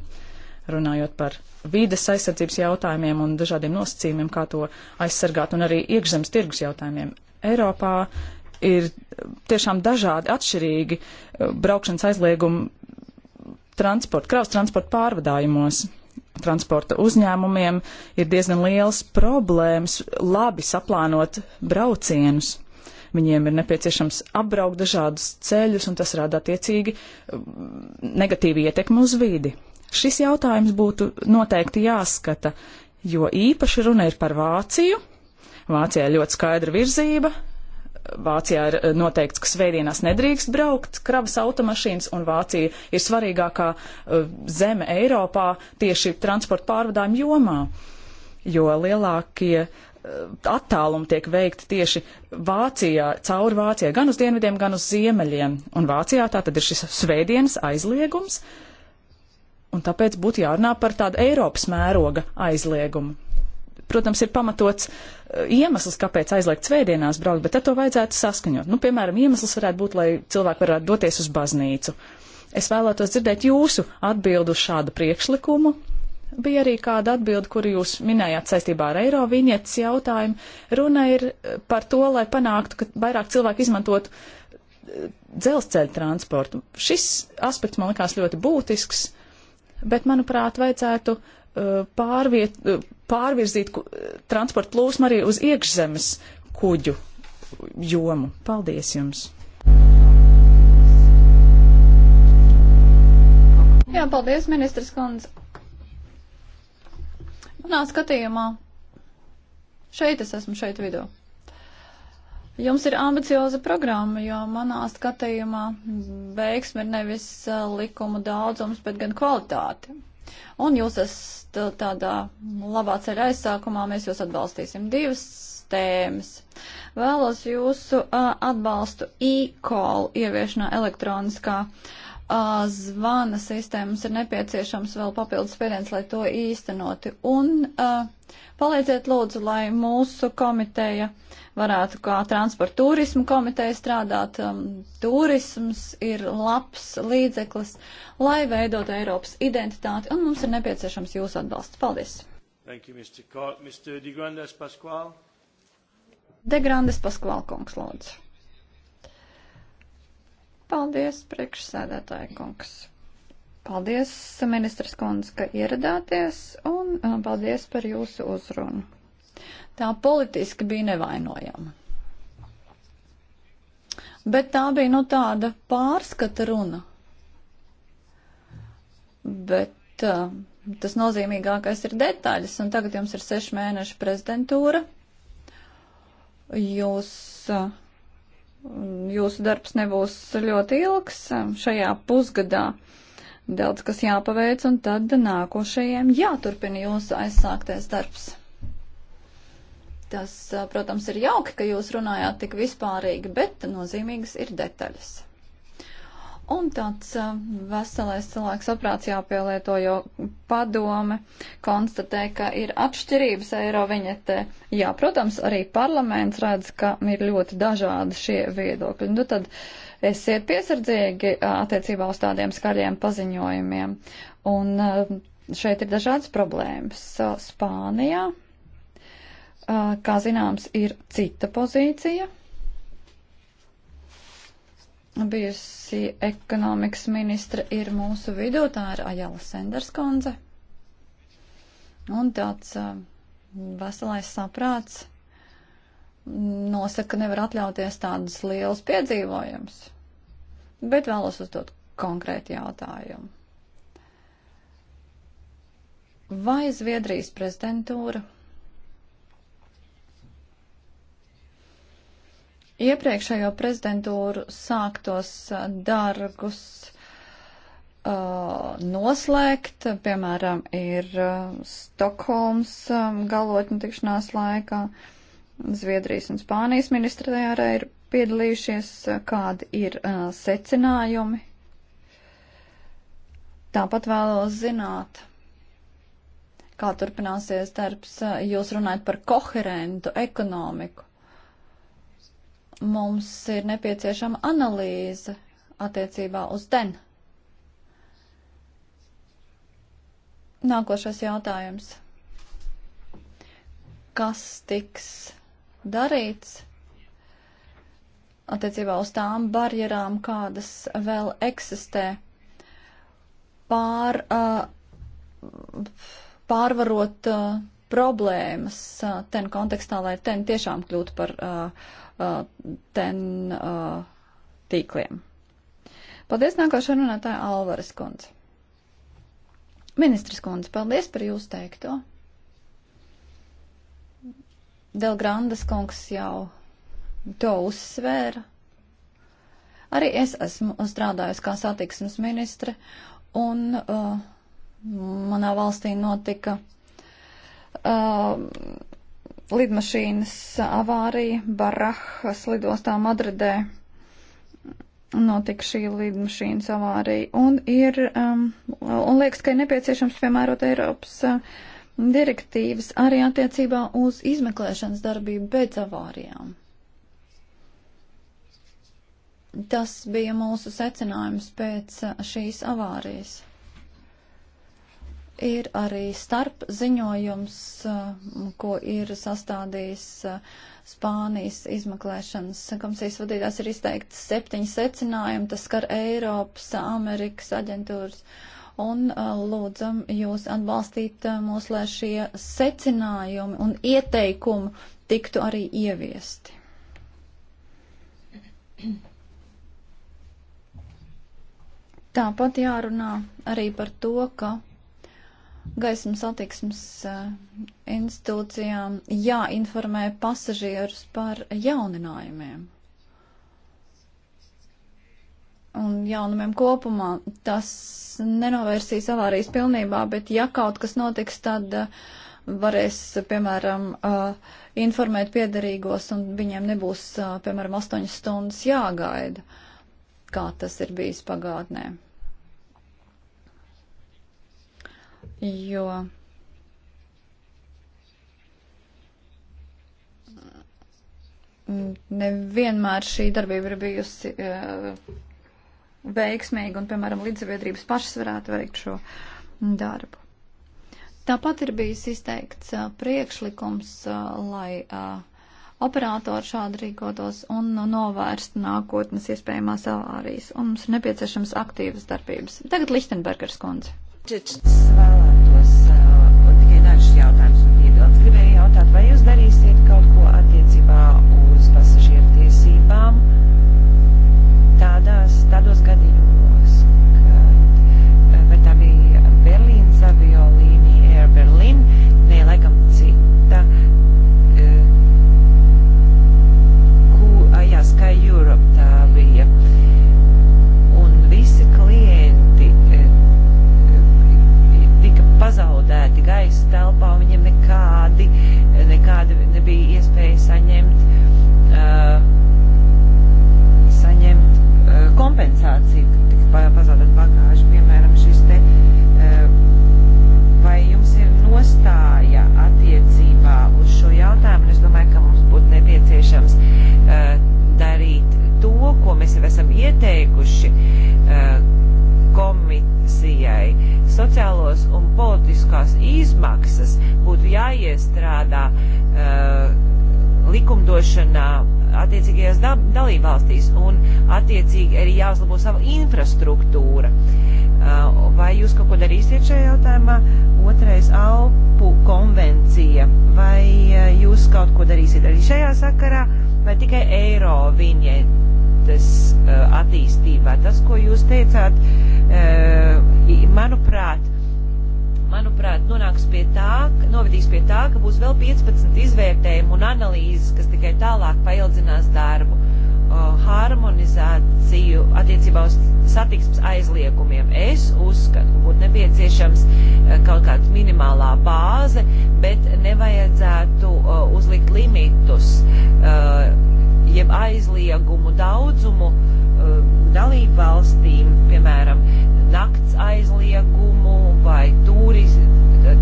Speaker 4: runājot par vīdes aizsardzības jautājumiem un dažādiem nosacījumiem, kā to aizsargāt, un arī iekšzemes tirgus jautājumiem. Eiropā ir tiešām dažādi atšķirīgi e, braukšanas aizliegumi transporta, kraus transporta pārvadājumos transporta uzņēmumiem ir diezgan liels problēmas labi saplānot braucienus. Viņiem ir nepieciešams apbraukt dažādus ceļus, un tas rada attiecīgi mm, negatīvu ietekmi uz vidi. Šis jautājums būtu noteikti jāskata, jo īpaši runa ir par Vāciju. Vācijā ļoti skaidra virzība, Vācijā ir eh, noteikts, ka svētdienās nedrīkst braukt kravas automašīnas, un Vācija ir svarīgākā eh, zeme Eiropā tieši transporta pārvadājuma jomā, jo lielākie eh, attālumi tiek veikti tieši Vācijā, cauri Vācijai, gan uz dienvidiem, gan uz ziemeļiem. Un Vācijā tā tad ir šis svētdienas aizliegums, un tāpēc būtu jārunā par tādu Eiropas mēroga aizliegumu protams, ir pamatots eh, iemesls, kāpēc aizliegt svētdienās braukt, bet tad to vajadzētu saskaņot. Nu, piemēram, iemesls varētu būt, lai cilvēki varētu doties uz baznīcu. Es vēlētos dzirdēt jūsu atbildu uz šādu priekšlikumu. Bija arī kāda atbilde, kuru jūs minējāt saistībā ar eiro viņietas jautājumu. Runa ir eh, par to, lai panāktu, ka vairāk cilvēku izmantotu eh, dzelzceļa transportu. Šis aspekts man likās ļoti būtisks, bet, manuprāt, vajadzētu uh, Uh, pārviet, uh, pārvirzīt uh, transporta plūsmu arī uz iekšzemes kuģu jomu. Paldies jums!
Speaker 3: Jā, paldies, ministrs Kundze. Manā skatījumā šeit es esmu, šeit vidū. Jums ir ambicioza programma, jo manā skatījumā veiksme ir nevis likuma daudzums, bet gan kvalitāte. Un jūs esat uh, tādā labā ceļa aizsākumā, mēs jūs atbalstīsim divas tēmas. Vēlos jūsu uh, atbalstu e-call ieviešanā elektroniskā uh, zvana sistēmas ir nepieciešams vēl papildus spiediens, lai to īstenoti. Un uh, palīdziet lūdzu, lai mūsu komiteja uh, varētu kā transporta turismu komiteja strādāt. Um, turisms ir labs līdzeklis, lai veidot Eiropas identitāti, un mums ir nepieciešams jūsu atbalsts. Paldies!
Speaker 2: Thank you, Mr. Cor Mr. De Grandes Pasquale.
Speaker 3: De Grandes Pasquale kungs, lūdzu. Paldies, priekšsēdētāja kungs. Paldies, ministrs kundze, ka ieradāties, un um, paldies par jūsu uzrunu. Tā politiski bija nevainojama. Bet tā bija nu tāda pārskata runa. Bet uh, tas nozīmīgākais ir detaļas, un tagad jums ir sešu mēnešu prezidentūra. Jūs, uh, jūsu darbs nebūs ļoti ilgs šajā pusgadā. Daudz kas jāpaveic, un tad nākošajiem jāturpina jūsu aizsāktais darbs. Tas, protams, ir jauki, ka jūs runājāt tik vispārīgi, bet nozīmīgas ir detaļas. Un tāds veselais cilvēks saprāts jāpielieto, jo padome konstatē, ka ir atšķirības eiro viņetē. Jā, protams, arī parlaments redz, ka ir ļoti dažādi šie viedokļi. Nu tad esiet piesardzīgi attiecībā uz tādiem skariem paziņojumiem. Un šeit ir dažādas problēmas. Spānijā kā zināms, ir cita pozīcija. Bijusi ekonomikas ministra ir mūsu vidū, tā ir Ajala Senders kundze. Un tāds veselais saprāts nosaka, nevar atļauties tādus lielus piedzīvojumus. Bet vēlos uzdot konkrēti jautājumu. Vai Zviedrijas prezidentūra iepriekšējo prezidentūru sāktos uh, dargus uh, noslēgt, piemēram, ir uh, Stokholms um, galotņu tikšanās laikā, Zviedrijas un Spānijas ministri tajā ir piedalījušies, uh, kādi ir uh, secinājumi. Tāpat vēlos zināt, kā turpināsies darbs. Jūs runājat par koherentu ekonomiku mums ir nepieciešama analīze attiecībā uz ten. Nākošais jautājums. Kas tiks darīts attiecībā uz tām barjerām, kādas vēl eksistē pār, uh, pārvarot uh, problēmas uh, ten kontekstā, lai ten tiešām kļūtu par uh, Uh, ten uh, tīkliem. Paldies nākošā runātāja Alvaras kundze. Ministras kundze, paldies par jūsu teikto. Delgrandes kungs jau to uzsvēra. Arī es esmu strādājusi kā satiksmes ministre, un uh, manā valstī notika uh, lidmašīnas avārija Barahas lidostā Madridē notika šī lidmašīnas avārija. Un, ir, um, un liekas, ka ir nepieciešams piemērot Eiropas uh, direktīvas arī attiecībā uz izmeklēšanas darbību pēc avārijām. Tas bija mūsu secinājums pēc uh, šīs avārijas. Ir arī starp ziņojums, uh, ko ir sastādījis uh, Spānijas izmeklēšanas komisijas vadītājs, ir izteikti septiņi secinājumi, tas skar Eiropas, Amerikas aģentūras, un uh, lūdzam jūs atbalstīt mūs, lai šie secinājumi un ieteikumi tiktu arī ieviesti. Tāpat jārunā arī par to, ka gaismas attieksmes eh, institūcijām jāinformē pasažierus par jauninājumiem. Un jaunumiem kopumā tas nenovērsīs avārijas pilnībā, bet ja kaut kas notiks, tad eh, varēs, piemēram, eh, informēt piedarīgos un viņiem nebūs, piemēram, astoņas stundas jāgaida, kā tas ir bijis pagātnē. jo nevienmēr šī darbība ir bijusi uh, veiksmīga un, piemēram, līdzsaviedrības pašas varētu veikt šo darbu. Tāpat ir bijis izteikts uh, priekšlikums, uh, lai operatori šādi rīkotos un novērst nākotnes iespējamās avārijas. Un mums ir nepieciešams aktīvas darbības. Tagad Lichtenbergers kundze.
Speaker 2: Vēlāk. Vai jūs darīsiet kaut ko attiecībā uz pasažieru tiesībām tādās, tādos gadījumos? dalībvalstīs un attiecīgi arī jāuzlabo savu infrastruktūra. Uh, vai jūs kaut ko darīsiet šajā jautājumā? Otrais Alpu konvencija. Vai uh, jūs kaut ko darīsiet arī šajā sakarā vai tikai eiro viņietes uh, attīstībā? Tas, ko jūs teicāt, manuprāt, manuprāt, nonāks pie tā, novedīs pie tā, ka būs vēl 15 izvērtējumu un analīzes, kas tikai tālāk paildzinās darbu. Uh, harmonizāciju attiecībā uz satiksmes aizliegumiem. Es uzskatu, ka būtu nepieciešams uh, kaut kāda minimālā bāze, bet nevajadzētu uh, uzlikt limitus, jeb aizliegumu daudzumu dalību valstīm, piemēram, nakts aizliegumu vai turis,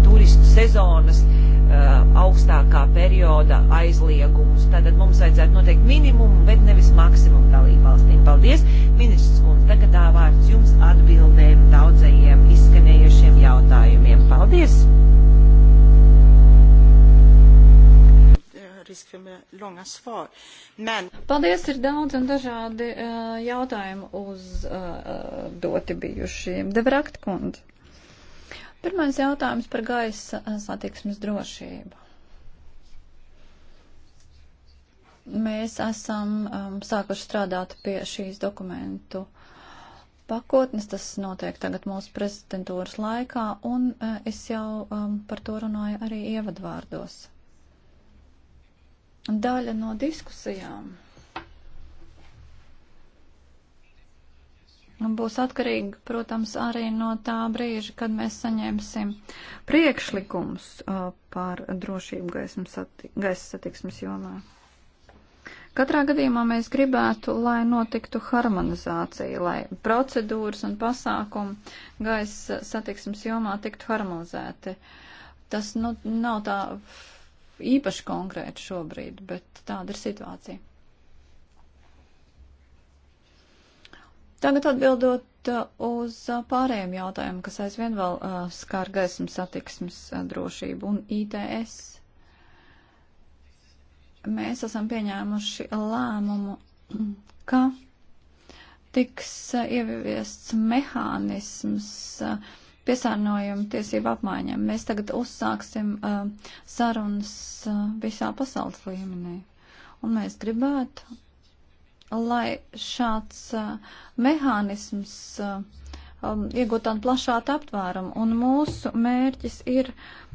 Speaker 2: turistu sezonas uh, Uh, augstākā perioda aizliegumus. Tātad mums vajadzētu noteikt minimumu, bet nevis maksimumu dalību valstīm. Paldies, ministrs kundze, tagad tā vārds jums atbildēm daudzajiem izskanējušiem jautājumiem. Paldies! Paldies, ir
Speaker 3: daudz un dažādi uh, jautājumi uzdoti uh, uh bijušiem. Devraktkundze. Pirmais jautājums par gaisa eh, satiksmes drošību. Mēs esam um, sākuši strādāt pie šīs dokumentu pakotnes, tas notiek tagad mūsu prezidentūras laikā, un uh, es jau um, par to runāju arī ievadvārdos. Daļa no diskusijām būs atkarīga, protams, arī no tā brīža, kad mēs saņemsim priekšlikums uh, par drošību gaisa sati satiksmes jomā. Katrā gadījumā mēs gribētu, lai notiktu harmonizācija, lai procedūras un pasākumi gaisa satiksmes jomā tiktu harmonizēti. Tas nu, nav tā īpaši konkrēti šobrīd, bet tāda ir situācija. Tagad atbildot uh, uz uh, pārējiem jautājumiem, kas aizvien vēl uh, skar gaismas satiksmes drošību un ITS. Mēs esam pieņēmuši lēmumu, ka tiks ieviests mehānisms piesārņojuma tiesību apmaiņam. Mēs tagad uzsāksim uh, sarunas uh, visā pasaules līmenī. Un mēs gribētu, lai šāds uh, mehānisms uh, um, iegūt tādu plašāku aptvērumu. Un mūsu mērķis ir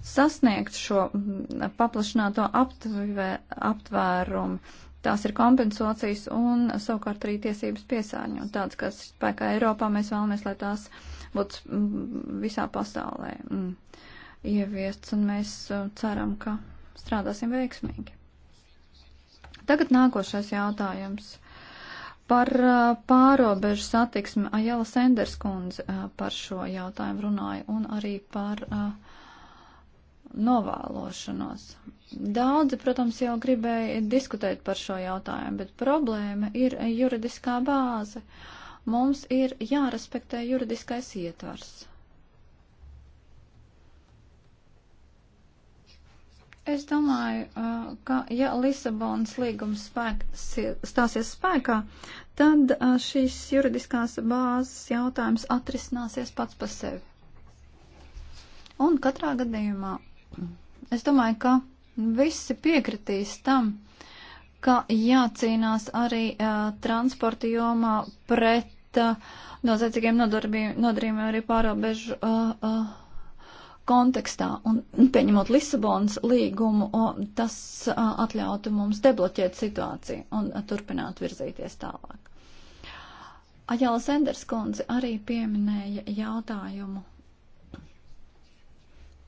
Speaker 3: sasniegt šo mm, paplašināto aptvē, aptvērumu. Tās ir kompensācijas un savukārt arī tiesības piesārņot. Tādas, kas spēkā Eiropā, mēs vēlamies, lai tās būtu mm, visā pasaulē mm, ieviests, un mēs uh, ceram, ka strādāsim veiksmīgi. Tagad nākošais jautājums Par eh, pārobežu satiksmi Ajala Senders kundze eh, par šo jautājumu runāja un arī par eh, novēlošanos. Daudzi, protams, jau gribēja diskutēt par šo jautājumu, bet problēma ir juridiskā bāze. Mums ir jārespektē juridiskais ietvars. Es domāju, ka ja Lisabonas līgums spēk, stāsies spēkā, tad šīs juridiskās bāzes jautājums atrisināsies pats par sevi. Un katrā gadījumā es domāju, ka visi piekritīs tam, ka jācīnās arī uh, transporta jomā pret uh, noziedzīgiem nodarījumiem arī pārobežu. Uh, uh, kontekstā un nu, pieņemot Lisabonas līgumu, o, tas a, atļautu mums debloķēt situāciju un a, turpināt virzīties tālāk. Aģēla Senders kundze arī pieminēja jautājumu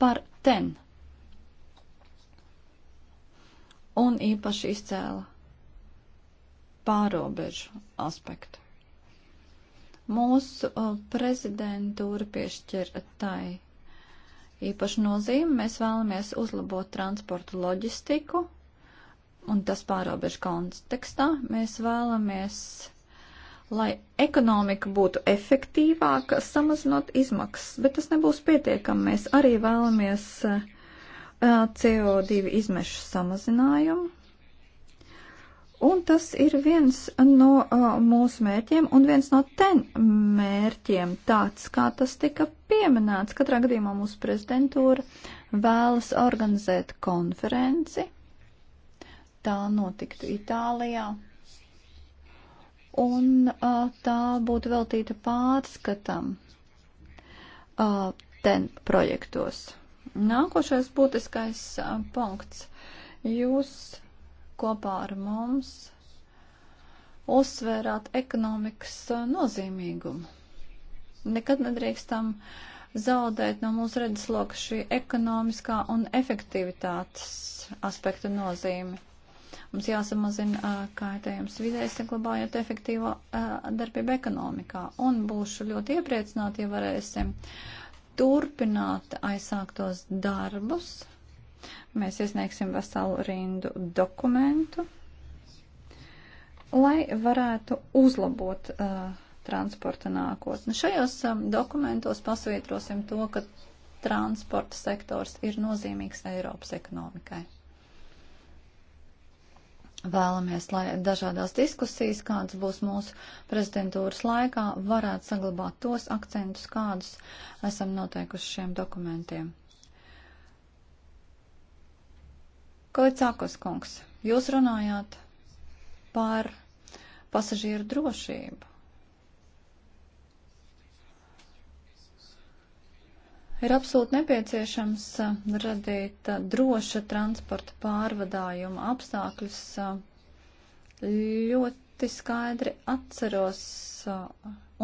Speaker 3: par ten un īpaši izcēla pārobežu aspektu. Mūsu prezidentūra piešķir tai īpašu nozīmi. Mēs vēlamies uzlabot transportu loģistiku, un tas pārobežu kontekstā. Mēs vēlamies, lai ekonomika būtu efektīvāka, samazinot izmaksas, bet tas nebūs pietiekami. Mēs arī vēlamies eh, CO2 izmešu samazinājumu Un tas ir viens no uh, mūsu mērķiem un viens no ten mērķiem, tāds kā tas tika pieminēts. Katrā gadījumā mūsu prezidentūra vēlas organizēt konferenci. Tā notiktu Itālijā. Un uh, tā būtu veltīta pārskatam uh, ten projektos. Nākošais būtiskais uh, punkts. Jūs kopā ar mums uzsvērāt ekonomikas eh, nozīmīgumu. Nekad nedrīkstam zaudēt no mūsu redzesloka šī ekonomiskā un efektivitātes aspekta nozīme. Mums jāsamazina eh, kaitējums vidē, saglabājot efektīvo eh, darbību ekonomikā. Un būšu ļoti iepriecināti, ja varēsim turpināt aizsāktos darbus, Mēs iesniegsim veselu rindu dokumentu, lai varētu uzlabot uh, transporta nākotni. Šajos um, dokumentos pasvietrosim to, ka transporta sektors ir nozīmīgs Eiropas ekonomikai. Vēlamies, lai dažādās diskusijas, kādas būs mūsu prezidentūras laikā, varētu saglabāt tos akcentus, kādus esam noteikuši šiem dokumentiem. Kolicākos kungs, jūs runājāt par pasažieru drošību. Ir absolūti nepieciešams uh, radīt uh, droša transporta pārvadājuma apstākļus. Uh, ļoti skaidri atceros,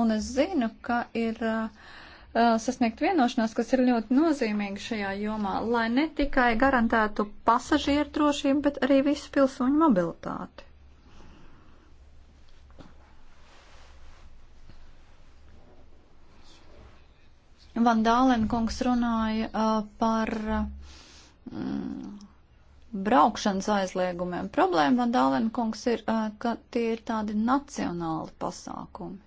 Speaker 3: un es zinu, ka ir uh, Uh, sasniegt vienošanās, kas ir ļoti nozīmīga šajā jomā, lai ne tikai garantētu pasažieru drošību, bet arī visu pilsoņu mobilitāti. Van Dālen kungs runāja uh, par mm, braukšanas aizliegumiem. Problēma Van Dālen kungs ir, uh, ka tie ir tādi nacionāli pasākumi.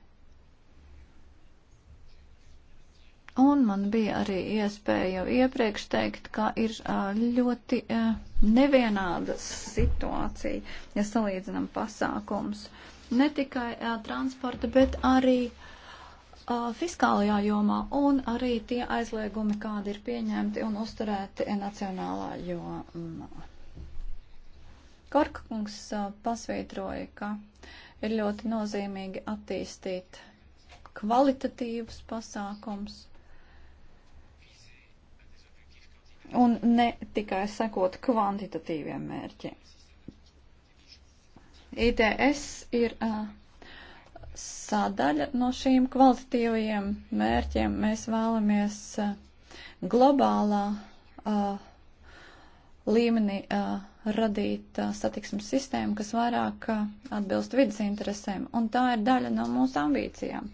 Speaker 3: Un man bija arī iespēja jau iepriekš teikt, ka ir ļoti nevienāda situācija, ja salīdzinām pasākums. Ne tikai transporta, bet arī fiskālajā jomā un arī tie aizliegumi, kādi ir pieņemti un uzturēti nacionālā jomā. Korka kungs pasvītroja, ka ir ļoti nozīmīgi attīstīt kvalitatīvus pasākums un ne tikai sekot kvantitatīviem mērķiem. ITS ir uh, sadaļa no šīm kvalitatīvajiem mērķiem. Mēs vēlamies uh, globālā uh, līmenī uh, radīt uh, satiksmes sistēmu, kas vairāk uh, atbilst vidas interesēm, un tā ir daļa no mūsu ambīcijām.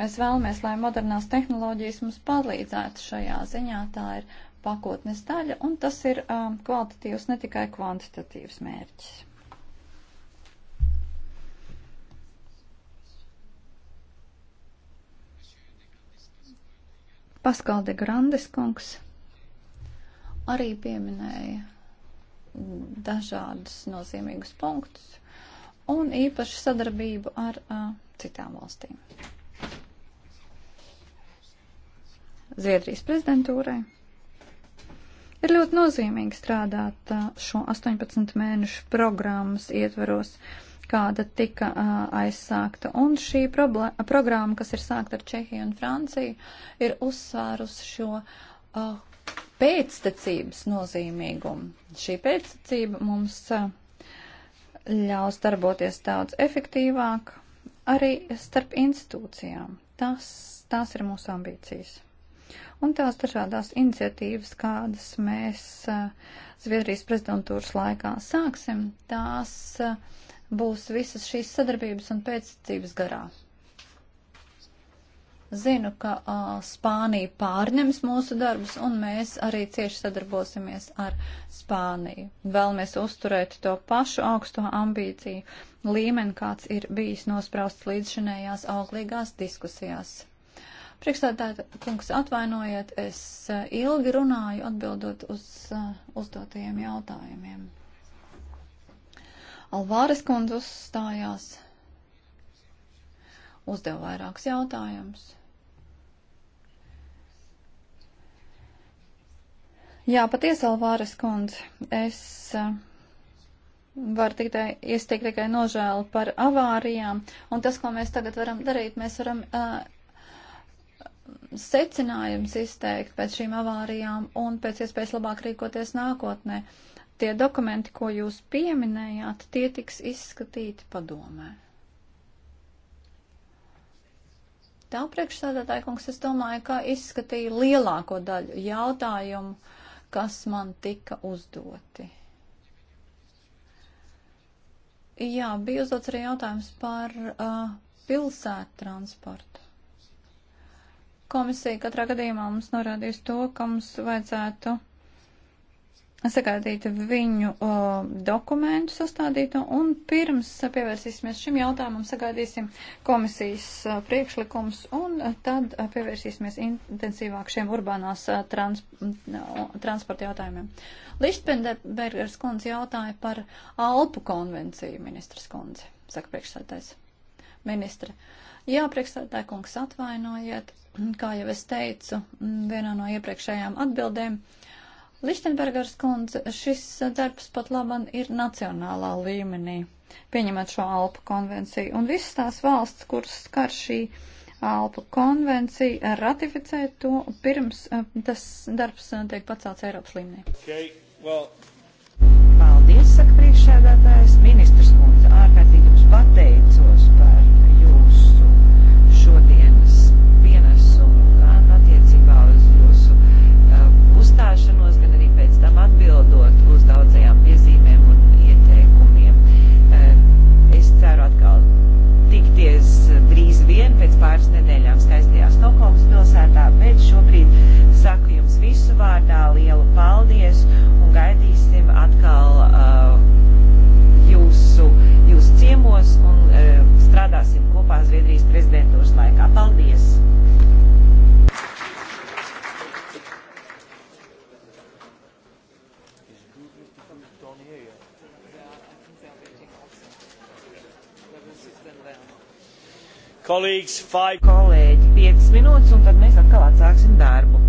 Speaker 3: Mēs vēlamies, lai modernās tehnoloģijas mums palīdzētu šajā ziņā. Tā ir pakotnes daļa, un tas ir um, kvalitatīvs, ne tikai kvantitatīvs mērķis. Paskalde Grandes kungs arī pieminēja dažādus nozīmīgus punktus un īpaši sadarbību ar uh, citām valstīm. Zviedrijas prezidentūrai. Ir ļoti nozīmīgi strādāt šo 18 mēnešu programmas ietvaros, kāda tika aizsākta. Un šī programma, kas ir sākta ar Čehiju un Franciju, ir uzsvērus šo pēctecības nozīmīgumu. Šī pēctecība mums ļaus darboties daudz efektīvāk arī starp institūcijām. Tas, tās ir mūsu ambīcijas un tās dažādās iniciatīvas, kādas mēs eh, Zviedrijas prezidentūras laikā sāksim, tās eh, būs visas šīs sadarbības un pēcticības garā. Zinu, ka uh, Spānija pārņems mūsu darbus, un mēs arī cieši sadarbosimies ar Spāniju. Vēlamies uzturēt to pašu augsto ambīciju līmeni, kāds ir bijis nosprausts līdz šinējās auglīgās diskusijās Priekšstādātā kungs atvainojiet, es eh, ilgi runāju atbildot uz eh, uzdotajiem jautājumiem. Alvāres kundze uzstājās, uzdeva vairākus jautājumus. Jā, patiesi, Alvāres kundze, es eh, varu tikai iesteikt tikai nožēlu par avārijām, un tas, ko mēs tagad varam darīt, mēs varam uh, secinājums izteikt pēc šīm avārijām un pēc iespējas labāk rīkoties nākotnē. Tie dokumenti, ko jūs pieminējāt, tie tiks izskatīti padomē. Tā priekšsēdētāja kungs, es domāju, ka izskatīja lielāko daļu jautājumu, kas man tika uzdoti. Jā, bija uzdots arī jautājums par uh, pilsētu transportu. Komisija katrā gadījumā mums norādīs to, ka mums vajadzētu sagaidīt viņu o, dokumentu sastādīto un pirms pievērsīsimies šim jautājumam, sagaidīsim komisijas a, priekšlikums un a, tad a, pievērsīsimies intensīvāk šiem urbānās a, trans, a, transporta jautājumiem. Lišpenbergers kundze jautāja par Alpu konvenciju, ministrs kundze, saka priekšsētājs. Ministra. Jā, priekšsētāja kungs atvainojiet, Kā jau es teicu mm, vienā no iepriekšējām atbildēm, Lichtenbergers kundze, šis darbs pat laban ir nacionālā līmenī, pieņemot šo Alpu konvenciju, un visas tās valsts, kuras skar šī Alpu konvencija, ratificē to pirms eh, tas darbs eh, tiek pacelts Eiropas līmenī.
Speaker 1: Okay, well.
Speaker 2: Paldies, saka priekšsēdētājs, ministrs kundze, ārkārtīgi jums pateicu Kolēģi, 5 minūtes, un tad mēs atkal atsāksim darbu.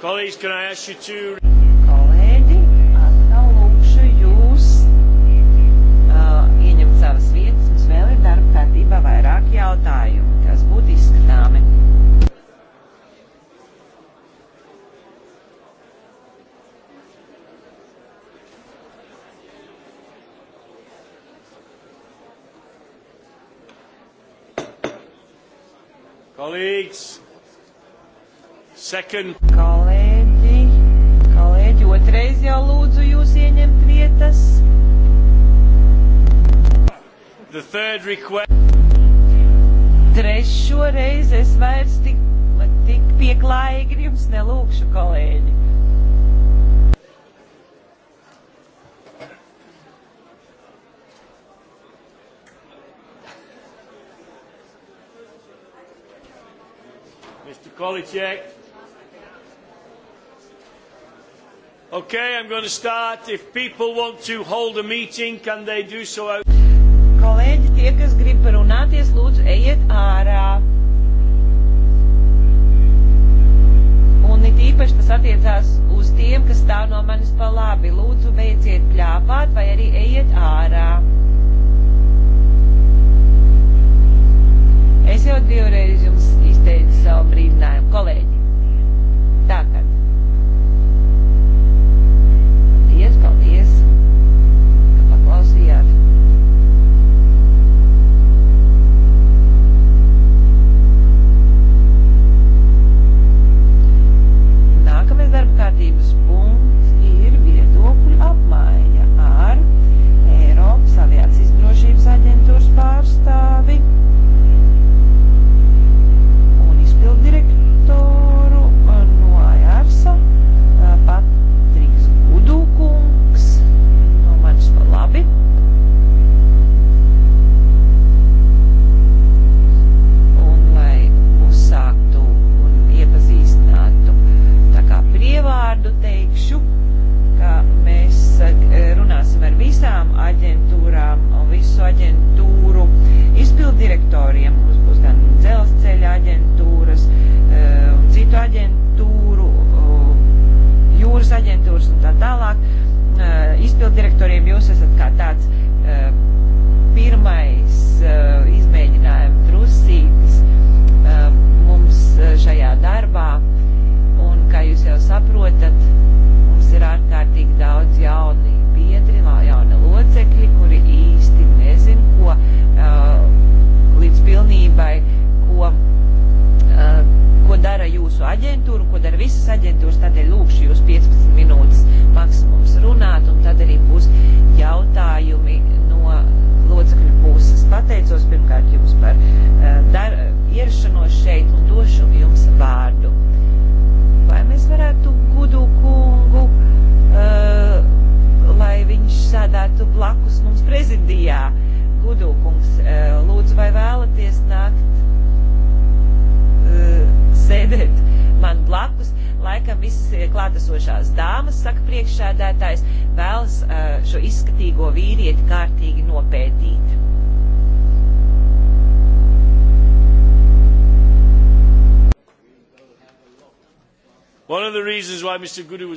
Speaker 2: Colleagues, can I ask you to... Kolēģi, atkal lūkšu jūs uh, ieņemt savas vietas. Mums vēl ir darba kārtībā vairāk jautājumu, kas būtu izskatāmi. Colleagues, second ieņemt vietas. Trešo reizi es vairs tik, tik pieklājīgi jums nelūkšu, kolēģi.
Speaker 1: Mr. Kolicek. Okay, I'm going to start. If people
Speaker 2: want to hold a meeting, can they do so out? Kolēģi, tie, kas grib parunāties, lūdzu, ejiet ārā. Un it īpaši tas attiecās uz tiem, kas stāv no manis pa labi. Lūdzu, beidziet pļāpāt vai arī ejiet ārā. Es jau divreiz jums izteicu savu brīdinājumu, kolēģi.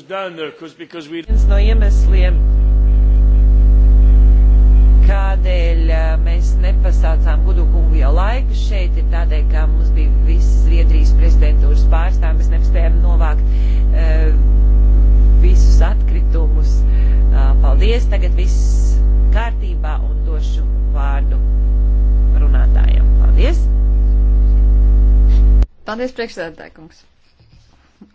Speaker 2: done because we viens no iemesliem, kādēļ mēs nepasaucām Gudukungu jau laiku šeit, ir tādēļ, ka mums bija visas Zviedrijas prezidentūras pārstāvji, mēs nespējām novākt uh, visus atkritumus. Uh, paldies, tagad viss kārtībā un došu vārdu runātājiem. Paldies! Paldies, priekšsēdētājkungs!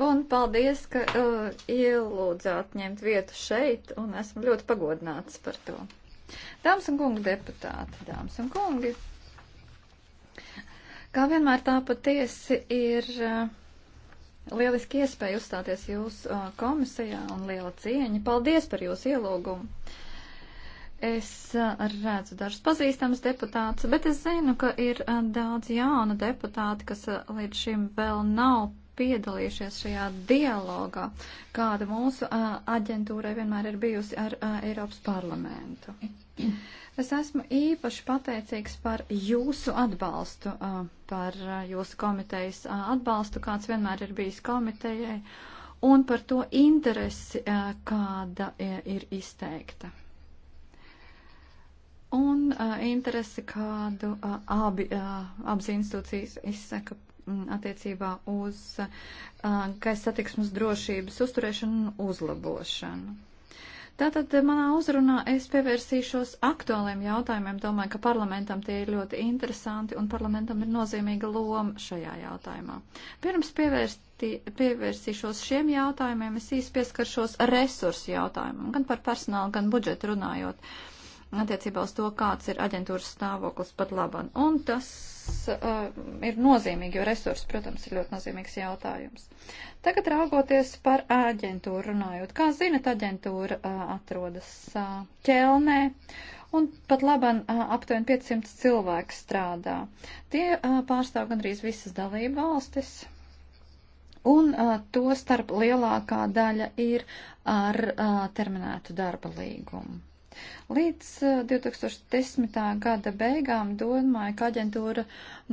Speaker 3: Un paldies, ka uh, ielūdzāt ņemt vietu šeit, un esmu ļoti pagodināts par to. Dāmas un kungi deputāti, dāmas un kungi, kā vienmēr tā patiesi ir uh, lieliski iespēja uzstāties jūsu uh, komisijā un liela cieņa. Paldies par jūsu ielūgumu. Es uh, redzu dažus pazīstamus deputātus, bet es zinu, ka ir uh, daudz jaunu deputātu, kas uh, līdz šim vēl nav piedalījušies šajā dialogā, kāda mūsu uh, aģentūrai vienmēr ir bijusi ar uh, Eiropas parlamentu. Es esmu īpaši pateicīgs par jūsu atbalstu, uh, par uh, jūsu komitejas uh, atbalstu, kāds vienmēr ir bijis komitejai, un par to interesi, uh, kāda uh, ir izteikta un uh, interesi, kādu uh, abi, uh, abas institūcijas izsaka Mm, attiecībā uz uh, gaisa satiksmes drošības uzturēšanu un uzlabošanu. Tātad uh, manā uzrunā es pievērsīšos aktuāliem jautājumiem. Domāju, ka parlamentam tie ir ļoti interesanti un parlamentam ir nozīmīga loma šajā jautājumā. Pirms pievērsti, pievērsīšos šiem jautājumiem, es īsti pieskaršos resursu jautājumam, gan par personālu, gan budžetu runājot attiecībā uz to, kāds ir aģentūras stāvoklis pat laban. Un tas uh, ir nozīmīgi, jo resursi, protams, ir ļoti nozīmīgs jautājums. Tagad raugoties par aģentūru runājot. Kā zinat, aģentūra uh, atrodas uh, ķelnē. Un pat labam uh, aptuveni 500 cilvēku strādā. Tie a, uh, pārstāv gandrīz visas dalību valstis, un a, uh, to starp lielākā daļa ir ar a, terminētu darba līgumu. Līdz 2010. Uh, gada beigām domāju, ka aģentūra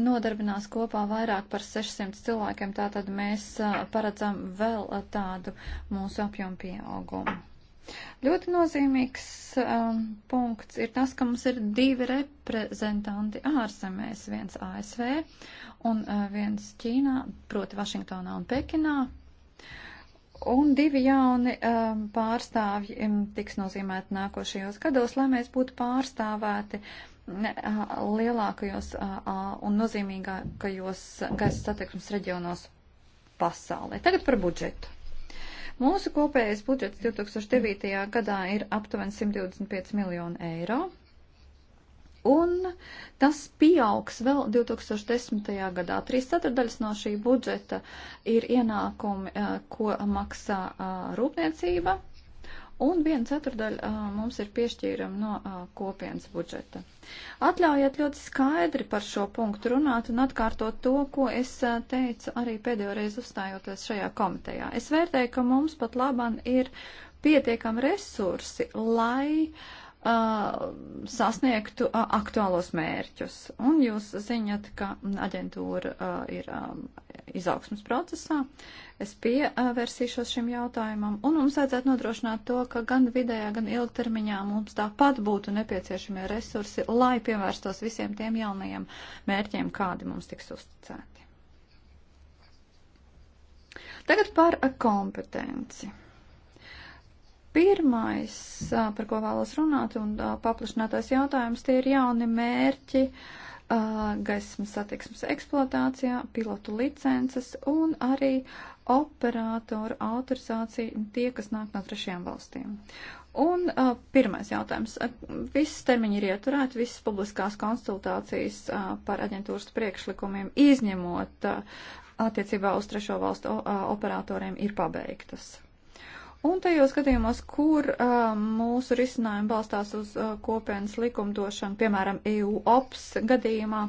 Speaker 3: nodarbinās kopā vairāk par 600 cilvēkiem, tātad mēs uh, paredzam vēl uh, tādu mūsu apjomu pieaugumu. Ļoti nozīmīgs um, punkts ir tas, ka mums ir divi reprezentanti ārzemēs, viens ASV un uh, viens Ķīnā, proti Vašingtonā un Pekinā. Un divi jauni um, pārstāvji um, tiks nozīmēti nākošajos gados, lai mēs būtu pārstāvēti mm, uh, lielākajos uh, uh, un nozīmīgākajos gaisa satiksmes reģionos pasaulē. Tagad par budžetu. Mūsu kopējais budžets 2009. gadā ir aptuveni 125 miljonu eiro un tas pieaugs vēl 2010. gadā. Trīs ceturdaļas no šī budžeta ir ienākumi, eh, ko maksā eh, rūpniecība, un viena ceturdaļa eh, mums ir piešķīrama no a, kopienas budžeta. Atļaujiet ļoti skaidri par šo punktu runāt un atkārtot to, ko es a, teicu arī pēdējo reizi uzstājoties šajā komitejā. Es vērtēju, ka mums pat labam ir pietiekami resursi, lai uh, sasniegtu aktuālos mērķus. Un jūs ziņat, ka aģentūra ir izaugsmas procesā. Es pievērsīšos šim jautājumam, un mums vajadzētu nodrošināt to, ka gan vidējā, gan ilgtermiņā mums tāpat būtu nepieciešamie resursi, lai pievērstos visiem tiem jaunajiem mērķiem, kādi mums tiks uzticēti. Tagad par kompetenci. Pirmais, par ko vēlos runāt, un paplašinātais jautājums, tie ir jauni mērķi gaismas satiksmes eksploatācijā, pilotu licences un arī operātoru autorizācija tie, kas nāk no trešajām valstīm. Un uh, pirmais jautājums. Viss termiņi ir ieturēti, visas publiskās konsultācijas uh, par aģentūras priekšlikumiem, izņemot uh, attiecībā uz trešo valstu uh, operatoriem, ir pabeigtas. Un tajos gadījumos, kur uh, mūsu risinājumi balstās uz uh, kopienas likumdošanu, piemēram, EU OPS gadījumā,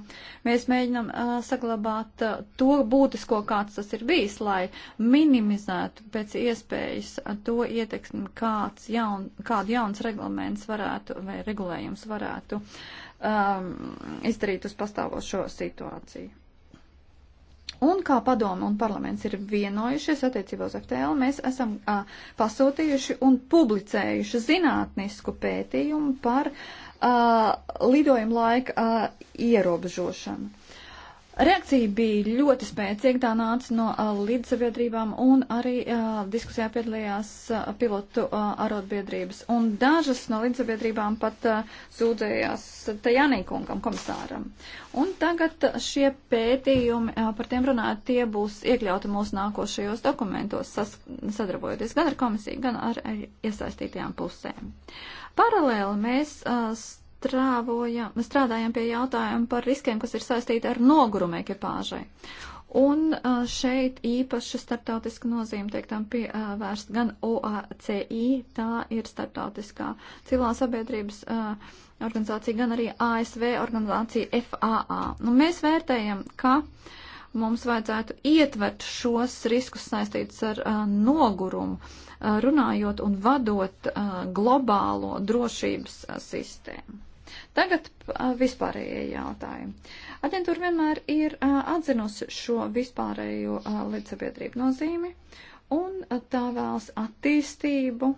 Speaker 3: mēs mēģinam uh, saglabāt uh, to būtisko, kāds tas ir bijis, lai minimizētu pēc iespējas uh, to ietekmi, kāds jaun, kādu jauns reglaments varētu vai regulējums varētu um, izdarīt uz pastāvošo situāciju. Un kā padoma un parlaments ir vienojušies attiecībā uz FTL, mēs esam a, pasūtījuši un publicējuši zinātnisku pētījumu par a, lidojumu laika a, ierobežošanu. Reakcija bija ļoti spēcīga, tā nāca no līdzsabiedrībām un arī uh, diskusijā piedalījās uh, pilotu uh, arotbiedrības. Un dažas no līdzsabiedrībām pat uh, sūdzējās Tajānīkungam, komisāram. Un tagad šie pētījumi, uh, par tiem runājot, tie būs iekļauti mūsu nākošajos dokumentos, sas, sadarbojoties gan ar komisiju, gan ar, ar iesaistītajām pusēm. Paralēli mēs uh, strāvojam, strādājam pie jautājuma par riskiem, kas ir saistīti ar nogurumu ekipāžai. Un šeit īpaši starptautiska nozīme tiek tam pievērst gan OACI, tā ir starptautiskā civilā sabiedrības organizācija, gan arī ASV organizācija FAA. Nu, mēs vērtējam, ka mums vajadzētu ietvert šos riskus saistītus ar uh, nogurumu, uh, runājot un vadot uh, globālo drošības uh, sistēmu. Tagad vispārējie jautājumi. Aģentūra vienmēr ir atzinusi šo vispārējo līdzsabiedrību nozīmi un tā vēlas attīstību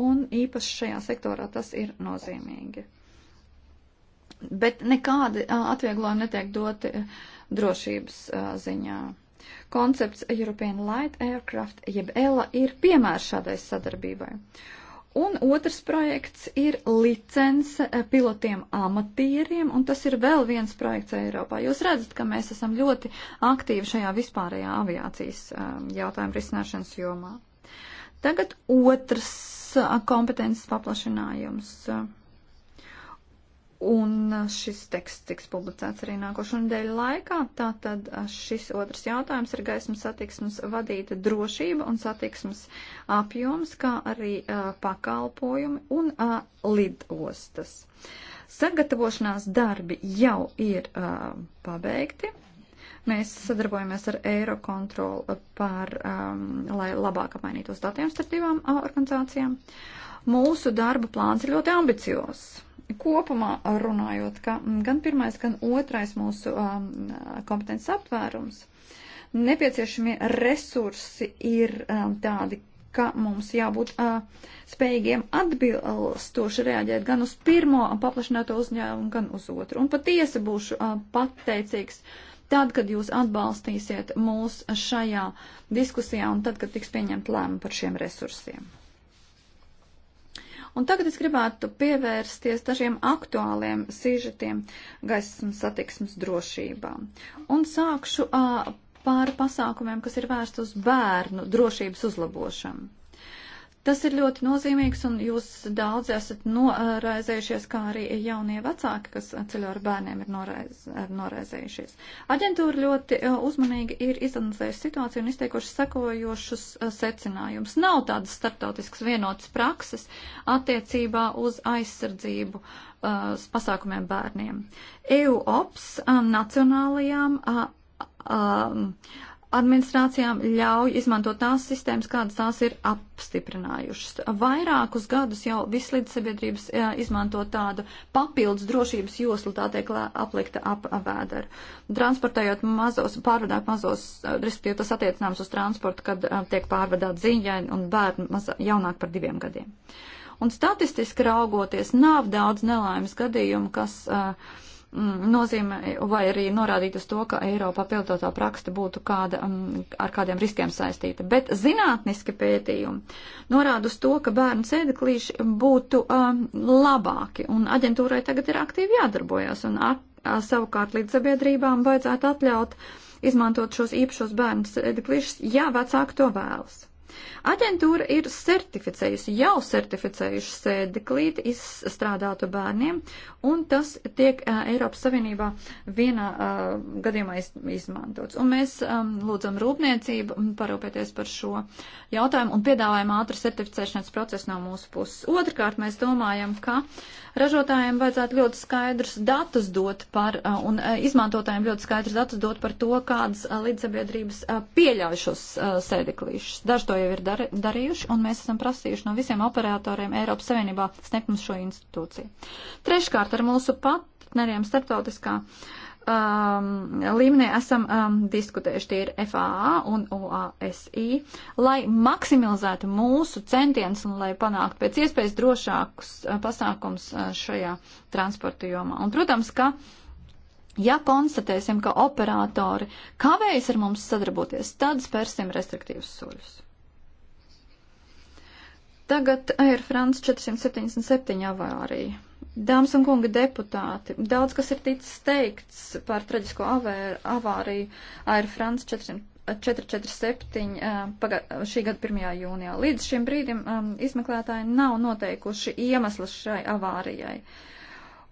Speaker 3: un īpaši šajā sektorā tas ir nozīmīgi. Bet nekādi atvieglojumi netiek doti drošības ziņā. Koncepts European Light Aircraft jeb ELA ir piemērs šādai sadarbībai. Un otrs projekts ir licence eh, pilotiem amatieriem, un tas ir vēl viens projekts Eiropā. Jūs redzat, ka mēs esam ļoti aktīvi šajā vispārējā aviācijas eh, jautājuma risināšanas jomā. Tagad otrs eh, kompetences paplašinājums. Uh, Un šis teksts tiks publicēts arī nākošo nedēļu laikā. Tātad šis otrs jautājums ir gaismas satiksmes vadīta drošība un satiksmes apjoms, kā arī uh, pakalpojumi un uh, lidostas. Sagatavošanās darbi jau ir uh, pabeigti. Mēs sadarbojamies ar Eirokontrolu par, um, lai labāk apmainītos datiem starp divām uh, organizācijām. Mūsu darba plāns ir ļoti ambiciozs kopumā runājot, ka gan pirmais, gan otrais mūsu um, kompetences aptvērums, nepieciešamie resursi ir um, tādi, ka mums jābūt uh, spējīgiem atbilstoši reaģēt gan uz pirmo paplašināto uzņēmumu, gan uz otru. Un patiesi būšu uh, pateicīgs tad, kad jūs atbalstīsiet mūs šajā diskusijā un tad, kad tiks pieņemt lēma par šiem resursiem. Un tagad es gribētu pievērsties dažiem aktuāliem sižetiem gaismas satiksmes drošībā. Un sākšu uh, par pasākumiem, kas ir vērsti uz bērnu drošības uzlabošanu. Tas ir ļoti nozīmīgs, un jūs daudz esat noraizējušies, kā arī jaunie vecāki, kas ceļo ar bērniem, ir noraiz, noraizējušies. Aģentūra ļoti eh, uzmanīgi ir izanalizējusi situāciju un izteikuši sekojošus eh, secinājumus. Nav tādas starptautiskas vienotas prakses attiecībā uz aizsardzību eh, pasākumiem bērniem. EU ops nacionālajām. Um, administrācijām ļauj izmantot tās sistēmas, kādas tās ir apstiprinājušas. Vairākus gadus jau vislīdz sabiedrības e, izmanto tādu papildus drošības joslu, tā tiek aplikta ap vēderu. Transportējot mazos, pārvadāt mazos, e, respektīvi tas attiecināms uz transportu, kad e, tiek pārvadāt ziņaini un bērni maz, jaunāk par diviem gadiem. Un statistiski raugoties, nav daudz nelaimes gadījumu, kas uh, Mm, nozīmē, vai arī norādīt uz to, ka Eiropā pilototā praksta būtu kāda, mm, ar kādiem riskiem saistīta. Bet zinātniski pētījumi norāda uz to, ka bērnu sēdeklīši būtu um, labāki, un aģentūrai tagad ir aktīvi jādarbojas, un at, savukārt līdz sabiedrībām vajadzētu atļaut izmantot šos īpašos bērnu sēdeklīšus, ja vecāki to vēlas. Aģentūra ir certificējusi, jau certificējuši sēdeklīti izstrādātu bērniem, un tas tiek uh, Eiropas Savienībā vienā uh, gadījumā iz, izmantots. Un mēs um, lūdzam rūpniecību parūpēties par šo jautājumu un piedāvājam ātru certificēšanas procesu no mūsu puses. Otrkārt, mēs domājam, ka uh, Ražotājiem vajadzētu ļoti skaidrus datus dot par, un izmantotājiem ļoti skaidrus datus dot par to, kādas līdzsabiedrības pieļauj šos sēdeklīšus. Daži to jau ir dar, darījuši, un mēs esam prasījuši no visiem operatoriem Eiropas Savienībā sniegt mums šo institūciju. Treškārt, ar mūsu partneriem starptautiskā uh, um, līmenī esam um, diskutējuši, tie ir FAA un OASI, lai maksimalizētu mūsu centienus un lai panāktu pēc iespējas drošākus uh, pasākums uh, šajā transporta jomā. Un, protams, ka Ja konstatēsim, ka operatori kavējas ar mums sadarboties, tad spērsim restriktīvus soļus. Tagad Air France 477 avārija. Dāmas un kungi deputāti, daudz kas ir ticis teikts par traģisko avēr, avāriju Air France 447 paga, šī gada 1. jūnijā. Līdz šim brīdim um, izmeklētāji nav noteikuši iemeslus šai avārijai. Uh,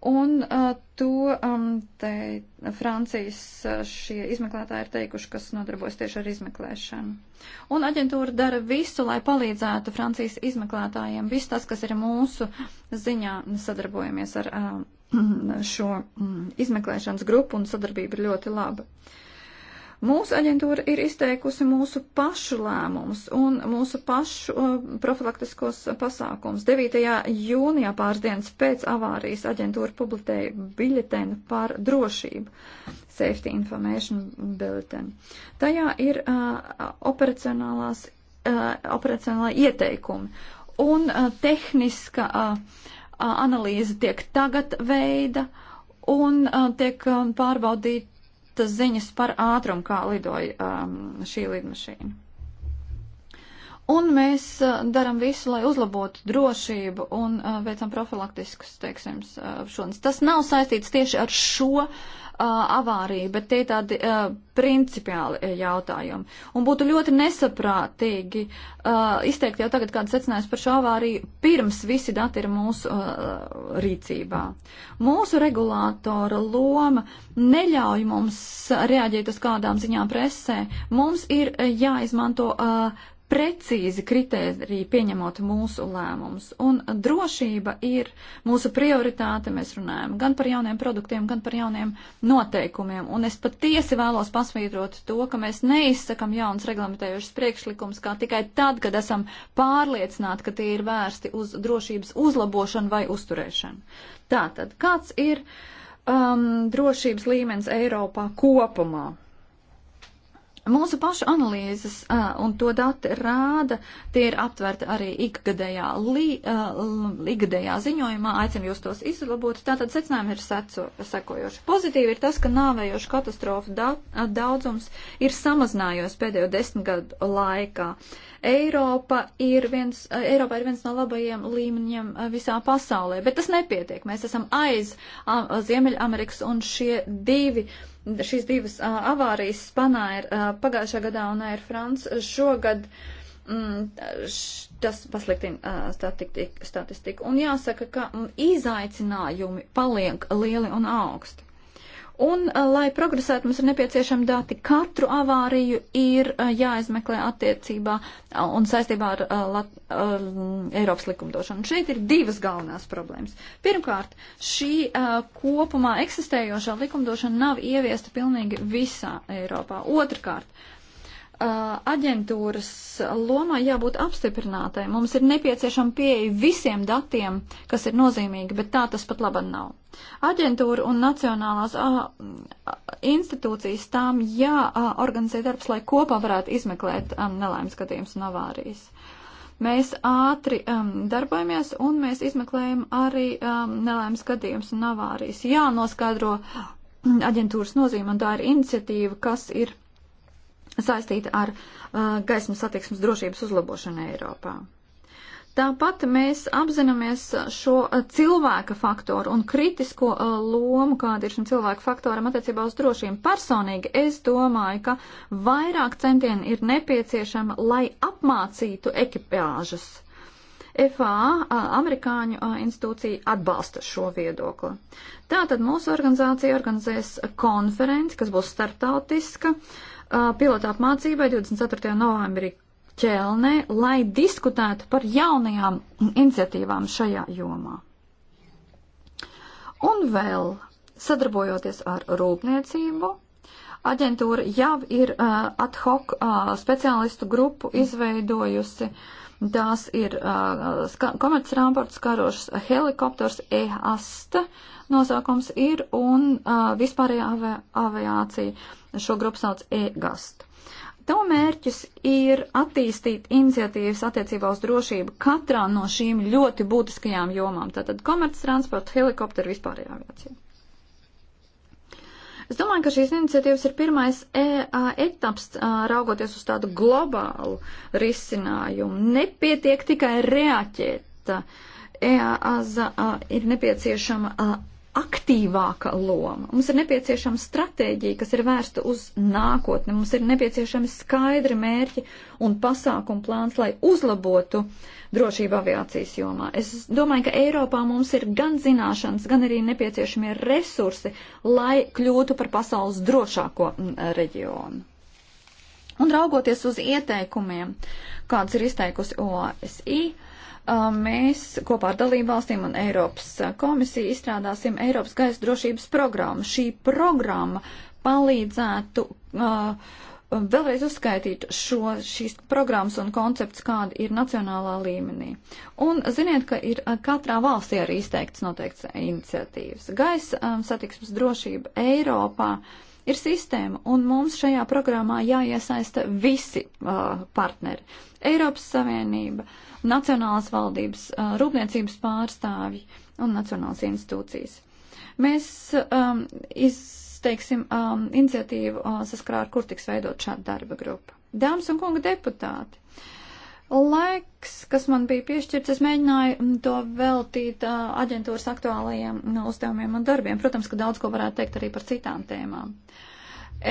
Speaker 3: Un uh, to um, te Francijas uh, šie izmeklētāji ir teikuši, kas nodarbojas tieši ar izmeklēšanu. Un aģentūra dara visu, lai palīdzētu Francijas izmeklētājiem. Viss tas, kas ir mūsu ziņā, sadarbojamies ar um, šo um, izmeklēšanas grupu un sadarbība ir ļoti laba. Uh, Mūsu aģentūra ir izteikusi mūsu pašu lēmumus un mūsu pašu uh, profilaktiskos pasākums. 9. jūnijā pāris dienas pēc avārijas aģentūra publicēja biļetenu par drošību, Safety Information Bulletin. Tajā ir uh, operacionālās, uh, operacionālā ieteikumi un uh, tehniska uh, analīze tiek tagad veida un uh, tiek um, pārbaudīt sliktas ziņas par ātrumu, kā lidoja um, šī lidmašīna. Un mēs uh, darām visu, lai uzlabotu drošību un uh, veicam profilaktiskus, teiksim, uh, šodienas. Tas nav saistīts tieši ar šo uh, avāriju, bet tie tādi uh, principiāli jautājumi. Un būtu ļoti nesaprātīgi uh, izteikt jau tagad kādu secinājumu par šo avāriju, pirms visi dati ir mūsu uh, rīcībā. Mūsu regulātora loma neļauj mums reaģēt uz kādām ziņām presē. Mums ir uh, jāizmanto uh, precīzi kritēriji pieņemot mūsu lēmumus. Un drošība ir mūsu prioritāte. Mēs runājam gan par jauniem produktiem, gan par jauniem noteikumiem. Un es patiesi vēlos pasvītrot to, ka mēs neizsakam jauns reglamentējušas priekšlikums kā tikai tad, kad esam pārliecināti, ka tie ir vērsti uz drošības uzlabošanu vai uzturēšanu. Tātad, kāds ir um, drošības līmenis Eiropā kopumā? Mūsu pašu analīzes uh, un to dati rāda, tie ir aptverti arī ikgadējā, li, uh, ikgadējā ziņojumā, aicinu jūs tos izlabot. Tātad secinājumi ir seco, sekojoši. Pozitīvi ir tas, ka nāvējošu katastrofu da, daudzums ir samazinājies pēdējo desmit gadu laikā. Eiropa ir viens, eh, Eiropa ir viens no labajiem līmeņiem eh, visā pasaulē, bet tas nepietiek. Mēs esam aiz Ziemeļamerikas un šie divi, šīs divas avārijas spanā ir pagājušā gadā un ir France šogad. Mm, tas pasliktina statistiku. Un jāsaka, ka izaicinājumi paliek lieli un augsti. Un, lai progresētu, mums ir nepieciešami dati. Katru avāriju ir jāizmeklē attiecībā un saistībā ar Lat Eiropas likumdošanu. Un šeit ir divas galvenās problēmas. Pirmkārt, šī kopumā eksistējošā likumdošana nav ieviesta pilnīgi visā Eiropā. Otrkārt, aģentūras lomā jābūt apstiprinātai. Mums ir nepieciešama pieeja visiem datiem, kas ir nozīmīgi, bet tā tas pat laba nav. Aģentūra un nacionālās a, a, institūcijas tām jāorganizē darbs, lai kopā varētu izmeklēt a, nelaimes gadījumus un avārijas. Mēs ātri um, darbojamies un mēs izmeklējam arī um, nelaimes gadījumus un avārijas. Jānoskaidro aģentūras nozīme un tā ir iniciatīva, kas ir saistīta ar uh, gaismas attieksmes drošības uzlabošanu Eiropā. Tāpat mēs apzināmies šo uh, cilvēka faktoru un kritisko uh, lomu, kāda ir šim cilvēka faktoram attiecībā uz drošību. Personīgi es domāju, ka vairāk centieni ir nepieciešama, lai apmācītu ekipāžas. FAA, uh, amerikāņu uh, institūcija, atbalsta šo viedokli. Tātad mūsu organizācija organizēs konferenci, kas būs starptautiska. Uh, Uh, pilotu apmācībai 24. novembrī Ķelnē, lai diskutētu par jaunajām iniciatīvām šajā jomā. Un vēl, sadarbojoties ar rūpniecību, aģentūra jau ir uh, ad hoc uh, speciālistu grupu izveidojusi. Tās ir uh, komercrāmports karošs helikopters EAST nosaukums ir un uh, vispārējā avi aviācija. Šo grupu sauc e-gast. To mērķis ir attīstīt iniciatīvas attiecībā uz drošību katrā no šīm ļoti būtiskajām jomām. Tātad komerc transporta, helikopteru, vispārējā aviācija. Es domāju, ka šīs iniciatīvas ir pirmais e, a, etaps, a, raugoties uz tādu globālu risinājumu. Nepietiek tikai reaķēt. EAS ir nepieciešama a, aktīvāka loma. Mums ir nepieciešama stratēģija, kas ir vērsta uz nākotni. Mums ir nepieciešami skaidri mērķi un pasākumu plāns, lai uzlabotu drošību aviācijas jomā. Es domāju, ka Eiropā mums ir gan zināšanas, gan arī nepieciešamie resursi, lai kļūtu par pasaules drošāko reģionu. Un raugoties uz ieteikumiem, kāds ir izteikusi OSI, Uh, mēs kopā ar dalībvalstīm un Eiropas uh, komisiju izstrādāsim Eiropas gaisa drošības programmu. Šī programma palīdzētu uh, vēlreiz uzskaitīt šo, šīs programmas un koncepts, kāda ir nacionālā līmenī. Un ziniet, ka ir uh, katrā valstī arī izteikts noteikts iniciatīvas. Gaisa um, satiksmes drošība Eiropā. Uh, Ir sistēma, un mums šajā programmā jāiesaista visi uh, partneri - Eiropas Savienība, Nacionālas valdības, uh, rūpniecības pārstāvji un Nacionālas institūcijas. Mēs um, izteiksim um, iniciatīvu uh, saskarā ar, kur tiks veidot šāda darba grupa. Dāmas un kunga deputāti! Uh, Laiks, kas man bija piešķirts, es mēģināju to veltīt aģentūras aktuālajiem uzdevumiem un darbiem. Protams, ka daudz ko varētu teikt arī par citām tēmām.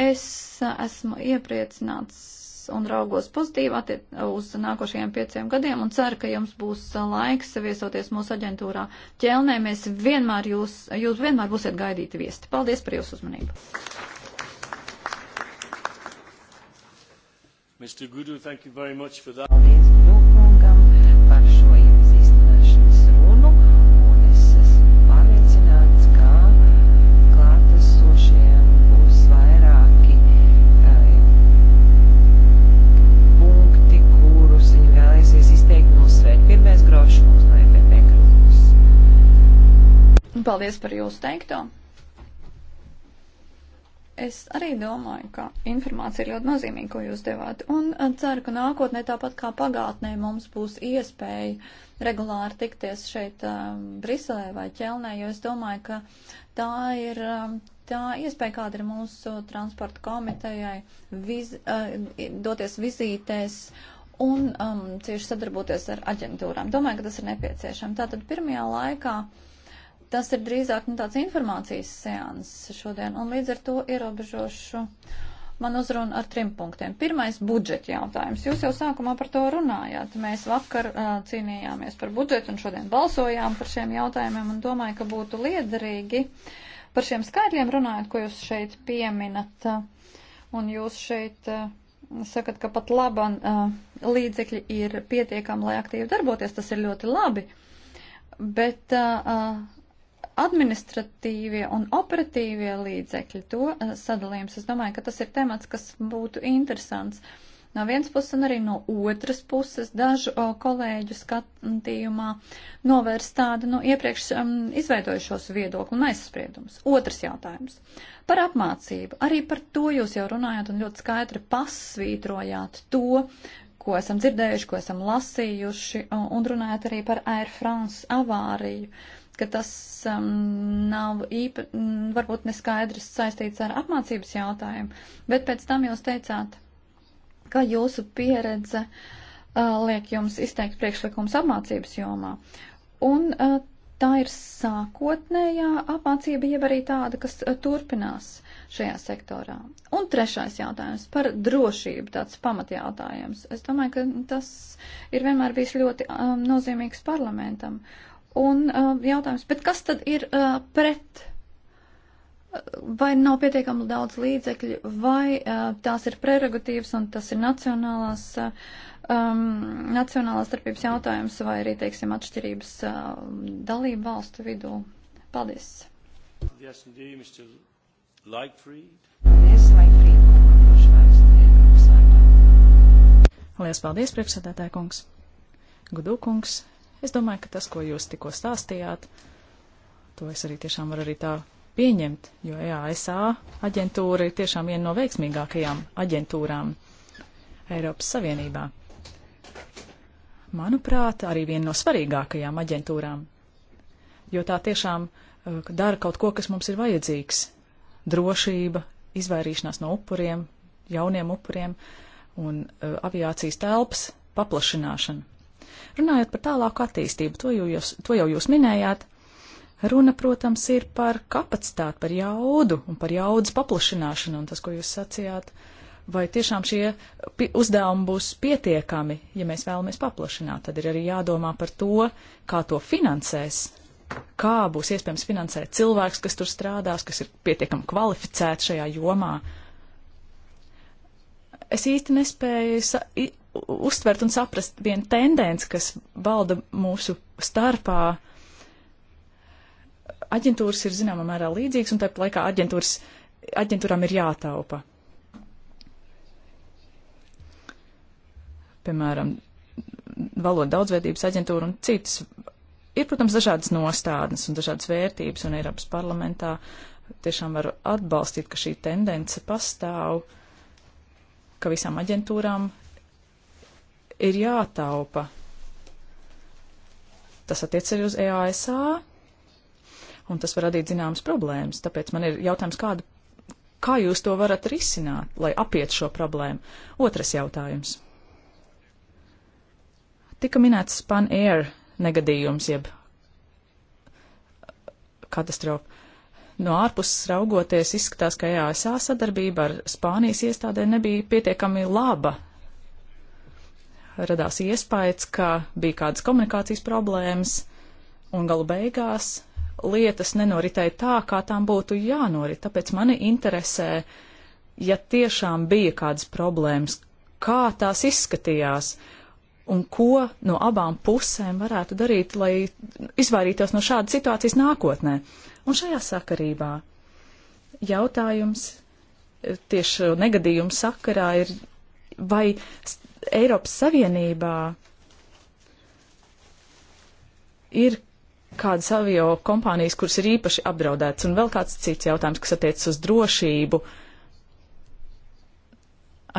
Speaker 3: Es esmu iepriecināts un raugos pozitīvi uz nākošajiem pieciem gadiem un ceru, ka jums būs laiks viesoties mūsu aģentūrā ķelnē. Mēs vienmēr jūs, jūs vienmēr būsiet gaidīti viesti. Paldies par jūsu uzmanību!
Speaker 1: Mr. Gudu, thank you very much
Speaker 2: for that. Paldies Gudukungam par šo iepazīstināšanas runu, un es esmu pārliecināts, ka klātesošiem būs vairāki eh, punkti, kurus viņi vēlēsies izteikt un uzsvērt. Pirmais grošs kungs no EPP grupas.
Speaker 3: Paldies par jūsu teikto. Es arī domāju, ka informācija ir ļoti nozīmīga, ko jūs devāt, un uh, ceru, ka nākotnē tāpat kā pagātnē mums būs iespēja regulāri tikties šeit um, Briselē vai Ķelnē, jo es domāju, ka tā ir um, tā iespēja, kāda ir mūsu transporta komitejai, viz, uh, doties vizītēs un um, cieši sadarboties ar aģentūrām. Domāju, ka tas ir nepieciešams. Tātad pirmajā laikā. Uh, tas ir drīzāk nu, tāds informācijas seans šodien, un līdz ar to ierobežošu man uzrunu ar trim punktiem. Pirmais - budžeta jautājums. Jūs jau sākumā par to runājāt. Mēs vakar uh, cīnījāmies par budžetu un šodien balsojām par šiem jautājumiem un domāju, ka būtu liederīgi par šiem skaitļiem runājot, ko jūs šeit pieminat. Un jūs šeit uh, sakat, ka pat laban uh, līdzekļi ir pietiekami, lai aktīvi darboties. Tas ir ļoti labi. Bet uh, administratīvie un operatīvie līdzekļi, to uh, sadalījums, es domāju, ka tas ir temats, kas būtu interesants. No vienas puses un arī no otras puses dažu o, kolēģu skatījumā novērs tādu no nu, iepriekš um, izveidojušos viedokli un aizspriedums. Otrs jautājums. Par apmācību. Arī par to jūs jau runājāt un ļoti skaidri pasvītrojāt to, ko esam dzirdējuši, ko esam lasījuši, un runājot arī par Air France avāriju ka tas um, nav īpa, mm, varbūt neskaidrs saistīts ar apmācības jautājumu, bet pēc tam jūs teicāt, ka jūsu pieredze uh, liek jums izteikt priekšlikums apmācības jomā. Un uh, tā ir sākotnējā apmācība, jeb arī tāda, kas uh, turpinās šajā sektorā. Un trešais jautājums par drošību, tāds pamatjautājums. Es domāju, ka tas ir vienmēr bijis ļoti um, nozīmīgs parlamentam. Un uh, jautājums, bet kas tad ir uh, pret? Vai nav pietiekami daudz līdzekļu, vai uh, tās ir prerogatīvas un tas ir nacionālās, uh, um, nacionālās starpības jautājums, vai arī, teiksim, atšķirības uh, dalību valstu vidū? Paldies!
Speaker 1: Yes, indeed, Mr. Lightfried.
Speaker 2: Yes, Lightfried.
Speaker 4: Lielas paldies, priekšsēdētāja kungs! Gudu kungs, Es domāju, ka tas, ko jūs tikko stāstījāt, to es arī tiešām varu arī tā pieņemt, jo EASA aģentūra ir tiešām viena no veiksmīgākajām aģentūrām Eiropas Savienībā. Manuprāt, arī viena no svarīgākajām aģentūrām, jo tā tiešām uh, dara kaut ko, kas mums ir vajadzīgs - drošība, izvairīšanās no upuriem, jauniem upuriem un uh, aviācijas telpas paplašināšana. Runājot par tālāku attīstību, to, jūs, to jau jūs minējāt, runa, protams, ir par kapacitāti, par jaudu un par jaudas paplašināšanu, un tas, ko jūs sacījāt, vai tiešām šie uzdevumi būs pietiekami, ja mēs vēlamies paplašināt, tad ir arī jādomā par to, kā to finansēs. Kā būs iespējams finansēt cilvēks, kas tur strādās, kas ir pietiekami kvalificēts šajā jomā, es īsti nespēju uztvert un saprast vienu tendenci, kas valda mūsu starpā. Aģentūras ir zināmā mērā līdzīgas, un tāpat laikā aģentūras, aģentūrām ir jātaupa. Piemēram, valoda daudzveidības aģentūra un citas. Ir, protams, dažādas nostādnes un dažādas vērtības, un Eiropas parlamentā tiešām varu atbalstīt, ka šī tendence pastāv, ka visām aģentūrām ir jātaupa. Tas attiec arī uz EASA, un tas var radīt zināmas problēmas. Tāpēc man ir jautājums, kādu, kā jūs to varat risināt, lai apiet šo problēmu? Otrs jautājums. Tika minēts Spanair negadījums, jeb katastrofa. No ārpuses raugoties, izskatās, ka EASA sadarbība ar Spānijas iestādē nebija pietiekami laba radās iespējas, ka bija kādas komunikācijas problēmas, un galu beigās lietas nenoritēja tā, kā tām būtu jānorit. Tāpēc mani interesē, ja tiešām bija kādas problēmas, kā tās izskatījās, un ko no abām pusēm varētu darīt, lai izvairītos no šādas situācijas nākotnē. Un šajā sakarībā jautājums tieši negadījuma sakarā ir vai Eiropas Savienībā ir kādas avio kompānijas, kuras ir īpaši apdraudētas, un vēl kāds cits jautājums, kas attiecas uz drošību.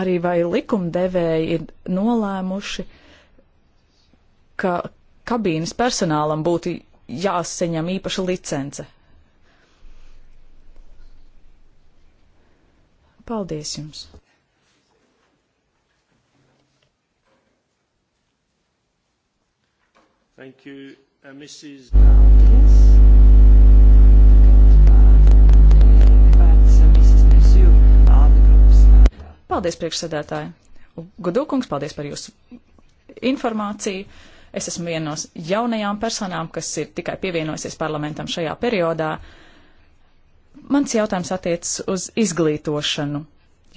Speaker 4: Arī vai likumdevēji ir nolēmuši, ka kabīnes personālam būtu jāsaņem īpaša licence? Paldies jums!
Speaker 1: Thank you. Uh, Mrs.
Speaker 2: Paldies.
Speaker 4: Paldies, priekšsēdētāji. Gudukungs, paldies par jūsu informāciju. Es esmu viena no jaunajām personām, kas ir tikai pievienojusies parlamentam šajā periodā. Mans jautājums attiecas uz izglītošanu.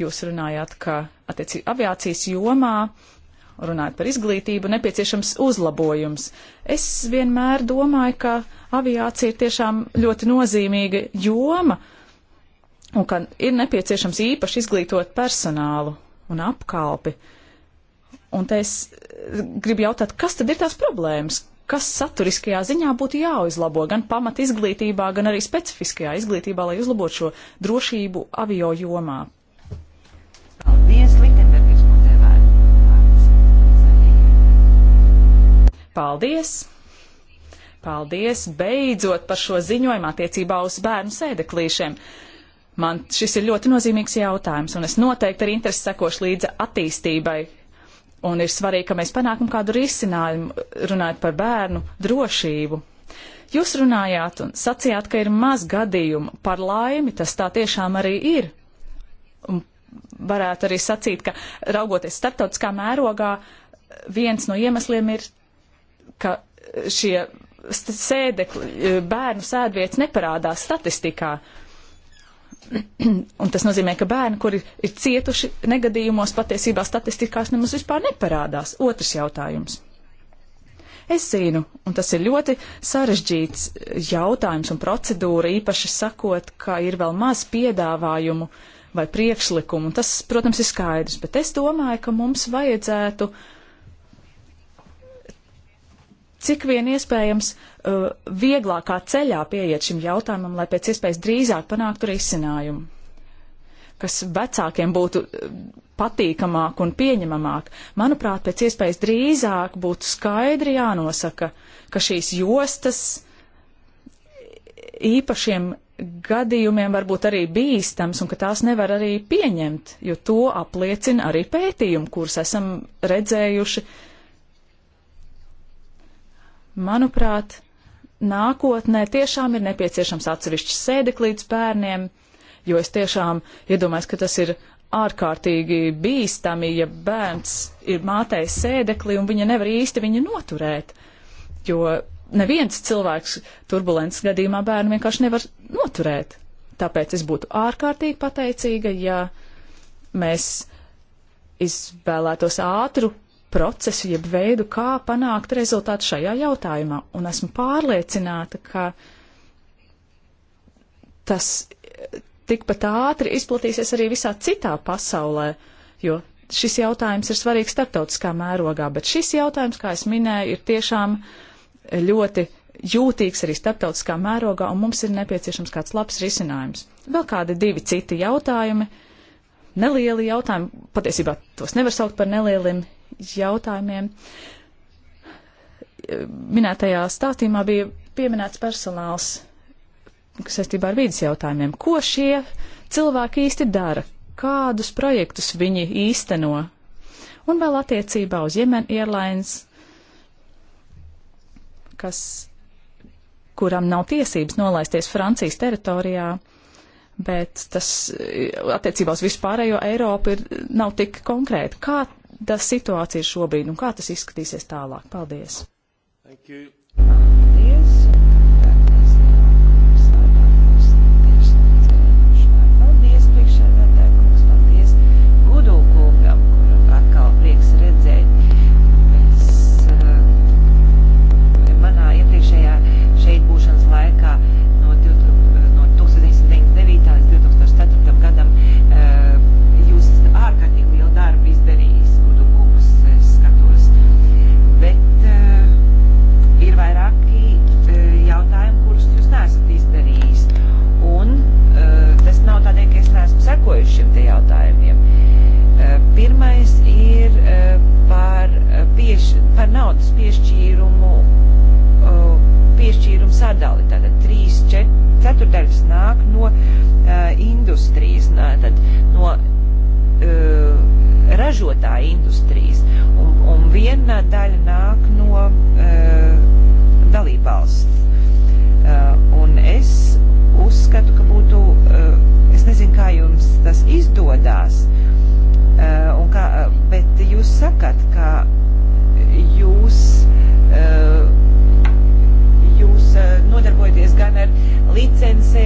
Speaker 4: Jūs runājāt, ka attiecīgi aviācijas jomā uh, runājot par izglītību, nepieciešams uzlabojums. Es vienmēr domāju, ka aviācija ir tiešām ļoti nozīmīga joma un ka ir nepieciešams īpaši izglītot personālu un apkalpi. Un te es eh, gribu jautāt, kas tad ir tās problēmas? Kas saturiskajā ziņā būtu jāuzlabo gan pamat izglītībā, gan arī specifiskajā izglītībā, lai uzlabotu šo drošību avio jomā? Paldies, Lika! Paldies! Paldies beidzot par šo ziņojumu attiecībā uz bērnu sēdeklīšiem. Man šis ir ļoti nozīmīgs jautājums, un es noteikti ar interesi sekošu līdzi attīstībai. Un ir svarīgi, ka mēs panākam kādu risinājumu, runājot par bērnu drošību. Jūs runājāt un sacījāt, ka ir maz gadījumu. Par laimi tas tā tiešām arī ir. Un varētu arī sacīt, ka raugoties starptautiskā mērogā, viens no iemesliem ir ka šie sēdekļi, e, bērnu sēdvietas neparādās statistikā. Un tas nozīmē, ka bērni, kuri ir cietuši negadījumos, patiesībā statistikās nemaz vispār neparādās. Otrs jautājums. Es zinu, un tas ir ļoti sarežģīts e, jautājums un procedūra, īpaši sakot, ka ir vēl maz piedāvājumu vai priekšlikumu. Tas, protams, ir skaidrs, bet es domāju, ka mums vajadzētu uh, cik vien iespējams uh, vieglākā ceļā pieiet šim jautājumam, lai pēc iespējas drīzāk panāktu risinājumu, kas vecākiem būtu uh, patīkamāk un pieņemamāk. Manuprāt, pēc iespējas drīzāk būtu skaidri jānosaka, ka šīs jostas īpašiem gadījumiem var būt arī bīstams un ka tās nevar arī pieņemt, jo to apliecina arī pētījumi, kurus esam redzējuši uh, Manuprāt, nākotnē tiešām ir nepieciešams atsevišķs sēdeklīts bērniem, jo es tiešām iedomājos, ka tas ir ārkārtīgi bīstami, ja bērns ir mātei sēdeklī un viņa nevar īsti viņu noturēt, jo neviens cilvēks turbulences gadījumā bērnu vienkārši nevar noturēt. Tāpēc es būtu ārkārtīgi pateicīga, ja mēs izvēlētos ātru procesu, jeb veidu, kā panākt rezultātu šajā jautājumā. Un esmu pārliecināta, ka tas tikpat ātri izplatīsies arī visā citā pasaulē, jo šis jautājums ir svarīgs starptautiskā mērogā, bet šis jautājums, kā es minēju, ir tiešām ļoti jūtīgs arī starptautiskā mērogā, un mums ir nepieciešams kāds labs risinājums. Vēl kādi divi citi jautājumi, nelieli jautājumi, patiesībā tos nevar saukt par nelieliem jautājumiem. Minētajā stāstījumā bija pieminēts personāls saistībā ar vīdes jautājumiem. Ko šie cilvēki īsti dara? Kādus projektus viņi īsteno? Un vēl attiecībā uz Jemen Airlines, kas, kuram nav tiesības nolaisties Francijas teritorijā, bet tas attiecībā uz vispārējo Eiropu ir, nav tik konkrēti. Kā kāda situācija ir šobrīd un kā tas izskatīsies tālāk. Paldies! Thank
Speaker 2: you.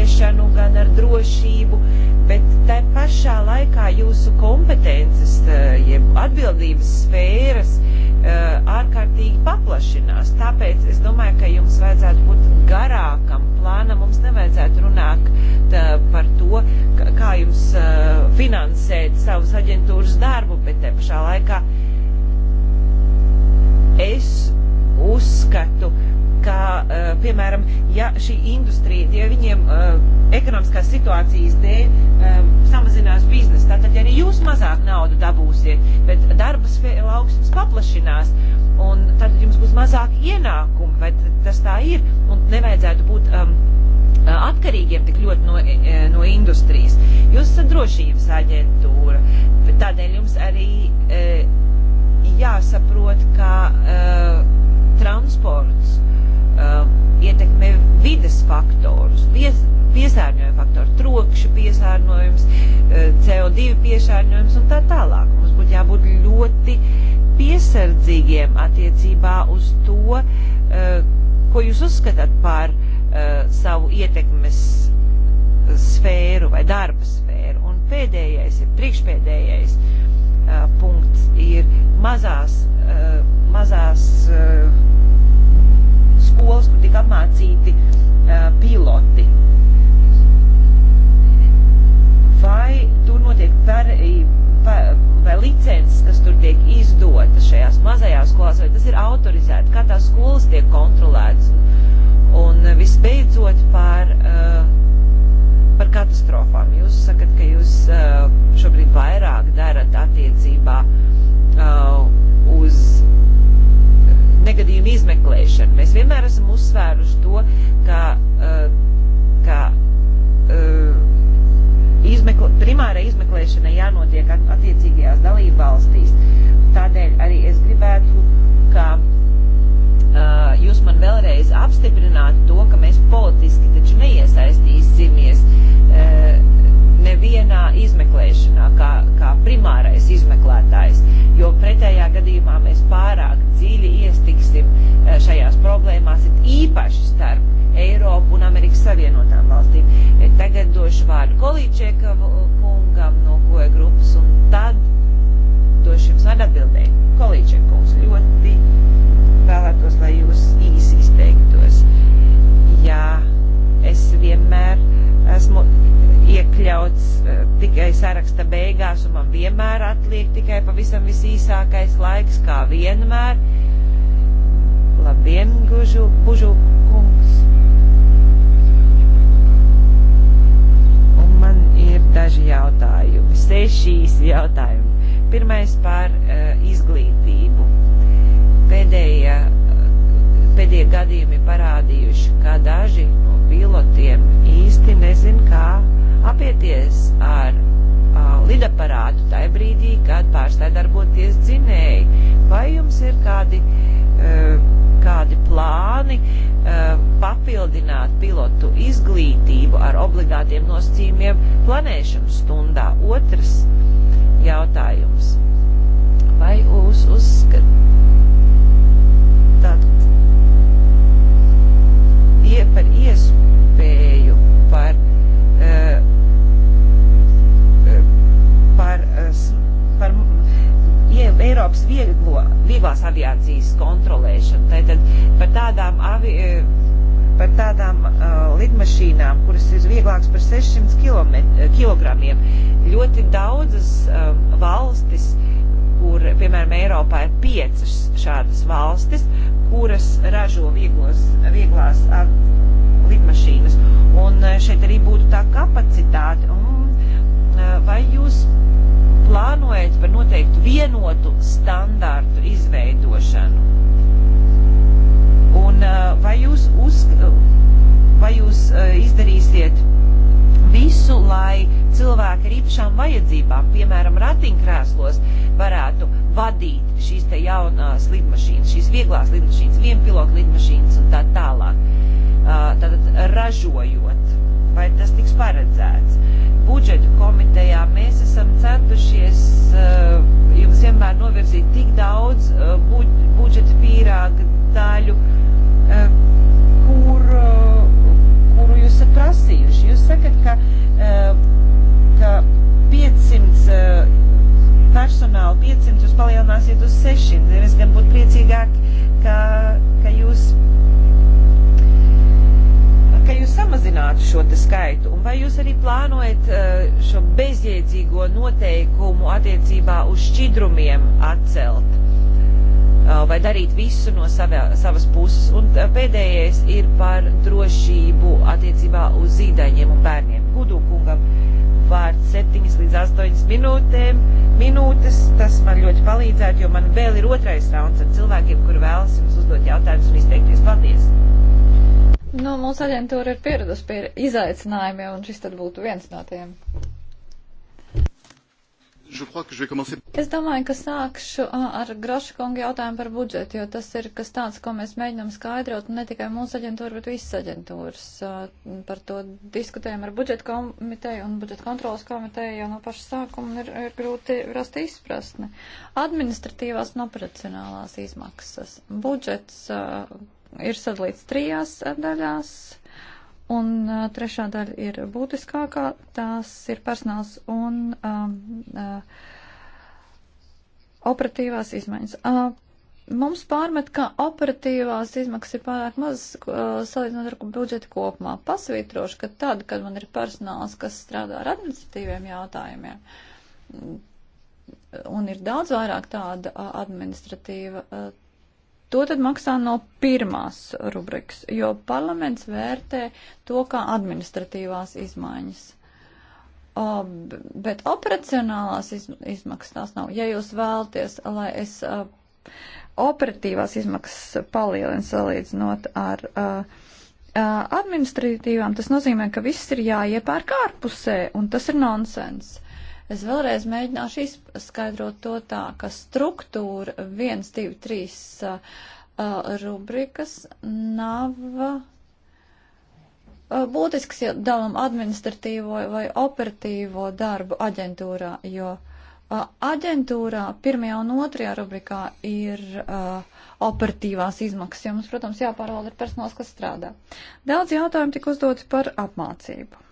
Speaker 2: ieviešanu, gan ar drošību, bet tai pašā laikā jūsu kompetences, eh, jeb atbildības sfēras eh, ārkārtīgi paplašinās. Tāpēc es domāju, ka jums vajadzētu būt garākam plānam. Mums nevajadzētu runāt tā, eh, par to, kā jums finansēt savus aģentūras darbu, bet te pašā laikā es uzskatu, uh, ka, uh, eh, piemēram, ja šī industrija, ja viņiem uh, ekonomiskās situācijas dēļ um, samazinās biznesa, tātad ja arī jūs mazāk naudu dabūsiet, bet darba lauksums paplašinās, un tad jums būs mazāk ienākumu, vai tas tā ir, un nevajadzētu būt um, atkarīgiem tik ļoti no, e, e, no industrijas. Jūs esat drošības aģentūra, bet tādēļ jums arī e, jāsaprot, ka e, transports uh, ietekmē vides faktorus, pies, piesārņojuma faktoru, trokša piesārņojums, uh, CO2 piesārņojums un tā tālāk. Mums būtu jābūt ļoti piesardzīgiem attiecībā uz to, uh, ko jūs uzskatāt par uh, savu ietekmes sfēru vai darba sfēru. Un pēdējais ir priekšpēdējais uh, punkts ir mazās, uh, mazās uh, skolas, kur tika apmācīti uh, piloti. Vai tur notiek par, par, vai licences, kas tur tiek izdotas šajās mazajās skolās, vai tas ir autorizēti, kā tās skolas tiek kontrolētas. Un visbeidzot par, uh, par katastrofām. Jūs sakat, ka jūs uh, šobrīd vairāk darat attiecībā uh, uz negadījumu izmeklēšanu. Mēs vienmēr esam uzsvēruši to, ka, eh, ka eh, izmekl primārai izmeklēšanai jānotiek attiecīgajās dalību valstīs. Tādēļ arī es gribētu, ka uh, jūs man vēlreiz apstiprinātu to, ka mēs politiski taču neiesaistīsimies. Uh, nevienā izmeklēšanā, kā, kā primārais izmeklētājs, jo pretējā gadījumā mēs pārāk dziļi iestiksim eh, šajās problēmās, īpaši starp Eiropu un Amerikas Savienotām valstīm. Eh, tagad došu vārdu Kolīčieka kungam no koja grupas un tad došu jums vārdu atbildēju. Kolīčieka kungs ļoti vēlētos, lai jūs īsi izteiktos. Jā, es vienmēr esmu iekļauts uh, tikai saraksta beigās, un man vienmēr atliek tikai pavisam visīsākais laiks, kā vienmēr. Labdien, Gužu, Bužu kungs! Un man ir daži jautājumi, sešīs jautājumi. Pirmais par uh, izglītību. Pēdējie, pēdējie gadījumi parādījuši, ka daži no pilotiem īsti nezin, kā apieties ar uh, lidaparātu tajā brīdī, kad pārstāj darboties dzinēji. Vai jums ir kādi, uh, kādi plāni uh, papildināt pilotu izglītību ar obligātiem nosacījumiem planēšanas stundā? Otrs jautājums. Vai jūs uzskatāt ie par iespēju? Eiropas vieglo, vieglās aviācijas kontrolēšanu. Tātad par tādām, avi, e, par tādām uh, lidmašīnām, kuras ir vieglākas par 600 km, e, kilogramiem, ļoti daudzas uh, valstis, kur, piemēram, Eiropā ir piecas šādas valstis, kuras ražo vieglos, vieglās av, lidmašīnas. Un šeit arī būtu tā kapacitāte. Un, vai jūs plānojat par noteiktu vienotu standārtu izveidošanu? Un uh, vai jūs, uzsk... vai jūs uh, izdarīsiet visu, lai cilvēki ar īpašām vajadzībām, piemēram, ratiņkrēslos, varētu vadīt šīs te jaunās lidmašīnas, šīs vieglās lidmašīnas, vienpilotu lidmašīnas un tā tālāk, uh, tātad ražojot vai tas tiks paredzēts. Budžetu komitejā mēs esam centušies uh, jums vienmēr novirzīt tik daudz uh, eh, bu budžeta pīrāga daļu, uh, kur, uh, kuru jūs esat prasījuši. Jūs sakat, ka, uh, ka 500 uh, personālu, 500 jūs palielināsiet uz 600. Es gan būtu priecīgāk, ka, ka jūs ka jūs samazinātu šo te skaitu, un vai jūs arī plānojat uh, šo bezjēdzīgo noteikumu attiecībā uz šķidrumiem atcelt? Uh, vai darīt visu no savā, savas puses. Un uh, pēdējais ir par drošību attiecībā uz zīdaņiem un bērniem. Kudukungam vārds 7 līdz 8 minūtēm, minūtes. Tas man ļoti palīdzētu, jo man vēl ir otrais rauns ar cilvēkiem, kur vēlas jums uzdot jautājumus un izteikties. Paldies!
Speaker 3: Nu, mūsu aģentūra ir pieradusi pie izaicinājumiem, un šis tad būtu viens no tiem. Es domāju, ka sākšu ar Graša kunga jautājumu par budžetu, jo tas ir kas tāds, ko mēs mēģinām skaidrot, un ne tikai mūsu aģentūra, bet visas aģentūras. Par to diskutējam ar budžeta komiteju un budžeta kontrolas komiteju jau no paša sākuma ir, ir grūti rast izprastni. Administratīvās un operacionālās izmaksas. Budžets ir sadalīts trijās eh, daļās, un uh, trešā daļa ir būtiskākā, tās ir personāls un um, uh, operatīvās izmaiņas. Uh, mums pārmet, ka operatīvās izmaksas ir pārāk mazas salīdzinot ar budžetu kopumā. Pasvītrošu, ka tad, kad man ir personāls, kas strādā ar administratīviem jautājumiem, un ir daudz vairāk tāda administratīva To tad maksā no pirmās rubrikas, jo parlaments vērtē to kā administratīvās izmaiņas. O, bet operacionālās izmaksas tās nav. Ja jūs vēlaties, lai es uh, operatīvās izmaksas palielinu salīdzinot ar uh, administratīvām, tas nozīmē, ka viss ir jāiepērk ārpusē, un tas ir nonsens. Uh, Es vēlreiz mēģināšu izskaidrot to tā, ka struktūra 1, 2, 3 uh, rubrikas nav uh, būtisks, ja dalam administratīvo vai operatīvo darbu aģentūrā, jo uh, aģentūrā pirmajā un otrajā rubrikā ir uh, operatīvās izmaksas, jo mums, protams, jāpārvalda ir personāls, kas strādā. Daudz jautājumu tika uzdoti par apmācību.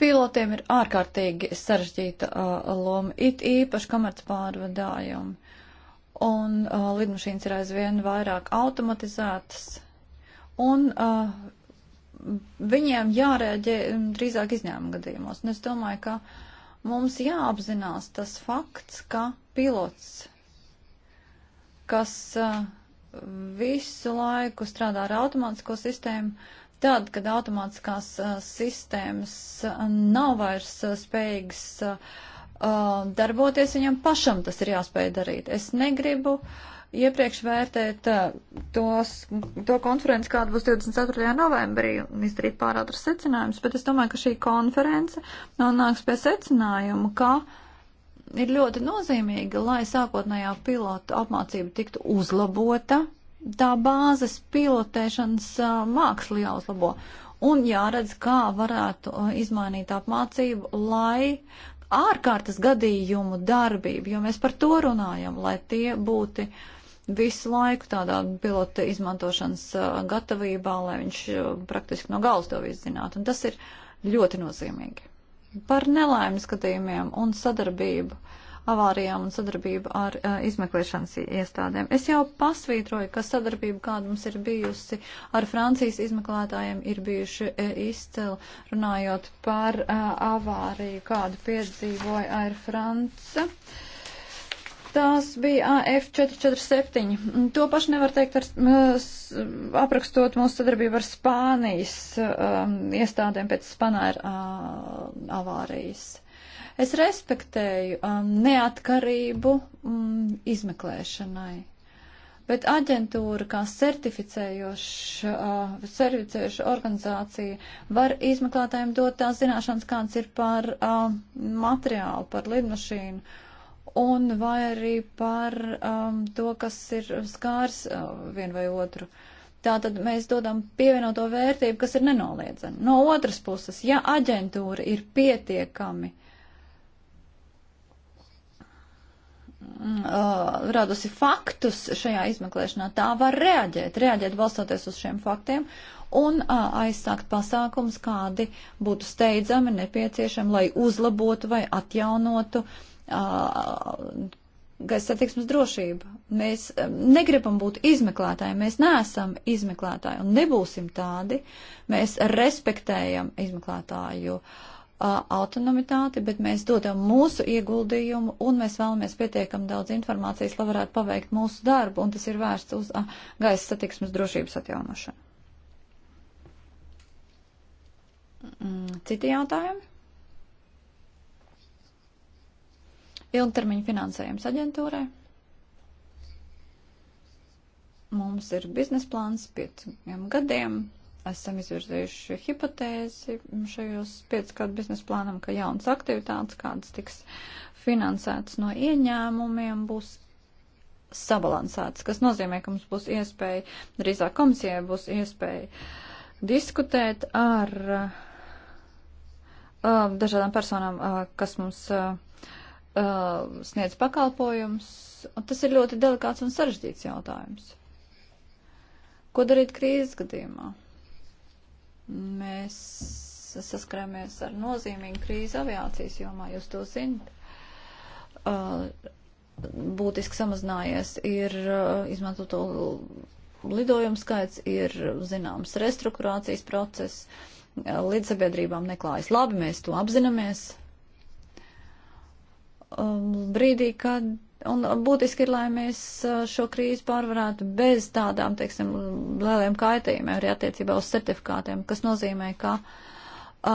Speaker 3: Pilotiem ir ārkārtīgi sarežģīta uh, loma, it īpaši komercpārvadājumi. Un uh, lidmašīnas ir aizvien vairāk automatizētas. Un uh, viņiem jārēģē drīzāk izņēmuma gadījumos. Un es domāju, ka mums jāapzinās tas fakts, ka pilots, kas uh, visu laiku strādā ar automātisko sistēmu, uh, Tad, kad automātiskās sistēmas nav vairs spējīgas darboties, viņam pašam tas ir jāspēj darīt. Es negribu iepriekš vērtēt tos, to konferenci, kāda būs 24. novembrī, un izdarīt pārātras secinājumus, bet es domāju, ka šī konference nonāks pie secinājuma, ka ir ļoti nozīmīga, lai sākotnējā pilota apmācība tiktu uzlabota, tā bāzes pilotēšanas māksla jāuzlabo un jāredz, kā varētu izmainīt apmācību, lai ārkārtas gadījumu darbību, jo mēs par to runājam, lai tie būtu visu laiku tādā pilota izmantošanas gatavībā, lai viņš praktiski no galvas to visu zinātu. Un tas ir ļoti nozīmīgi. Par nelaimes gadījumiem un sadarbību. Uh, avārijām un sadarbību ar uh, izmeklēšanas iestādēm. Es jau pasvītroju, ka sadarbība, kāda mums ir bijusi ar Francijas izmeklētājiem, ir bijuši uh, izcili runājot par uh, avāriju, kādu piedzīvoja Air France. Tās bija AF447. Mm, to pašu nevar teikt ar, aprakstot mūsu sadarbību ar Spānijas um, iestādēm pēc Spanāra uh, avārijas. Es respektēju um, neatkarību um, izmeklēšanai. Bet aģentūra kā certificējoša uh, organizācija var izmeklētājiem dot tās zināšanas, kāds ir par uh, materiālu, par lidmašīnu, un vai arī par um, to, kas ir skārs uh, vienu vai otru. Tātad mēs dodam pievienoto vērtību, kas ir nenoliedzama. No otras puses, ja aģentūra ir pietiekami Mm, uh, radusi faktus šajā izmeklēšanā, tā var reaģēt, reaģēt balstoties uz šiem faktiem un uh, aizsākt pasākums, kādi būtu steidzami nepieciešami, lai uzlabotu vai atjaunotu uh, gaisa satiksmes drošību. Mēs uh, negribam būt izmeklētāji, mēs neesam izmeklētāji un nebūsim tādi. Mēs respektējam izmeklētāju uh, autonomitāti, bet mēs dodam mūsu ieguldījumu un mēs vēlamies pietiekam daudz informācijas, lai varētu paveikt mūsu darbu, un tas ir vērsts uz gaisa satiksmes drošības atjaunošanu. Mm, citi jautājumi? Ilgtermiņa finansējums aģentūrai. Mums ir biznesplāns pieciem gadiem esam izvirzījuši hipotēzi šajos piecgadu biznesa plānam, ka jaunas aktivitātes, kādas tiks finansētas no ieņēmumiem, būs sabalansētas, kas nozīmē, ka mums būs iespēja, drīzāk komisijai būs iespēja diskutēt ar uh, uh dažādām personām, uh, kas mums uh, uh sniedz pakalpojumus. Tas ir ļoti delikāts un sarežģīts jautājums. Ko darīt krīzes gadījumā? Mēs saskaramies ar nozīmīgu krīzi aviācijas jomā, jūs to zinat. Uh, būtiski samazinājies ir uh, izmantoto lidojumu skaits, ir zināms restruktūrācijas process, uh, līdz sabiedrībām neklājas labi, mēs to apzināmies. Um, brīdī, kad Un būtiski ir, lai mēs uh, šo krīzi pārvarētu bez tādām, teiksim, lieliem kaitījumiem arī attiecībā uz certifikātiem, kas nozīmē, ka uh,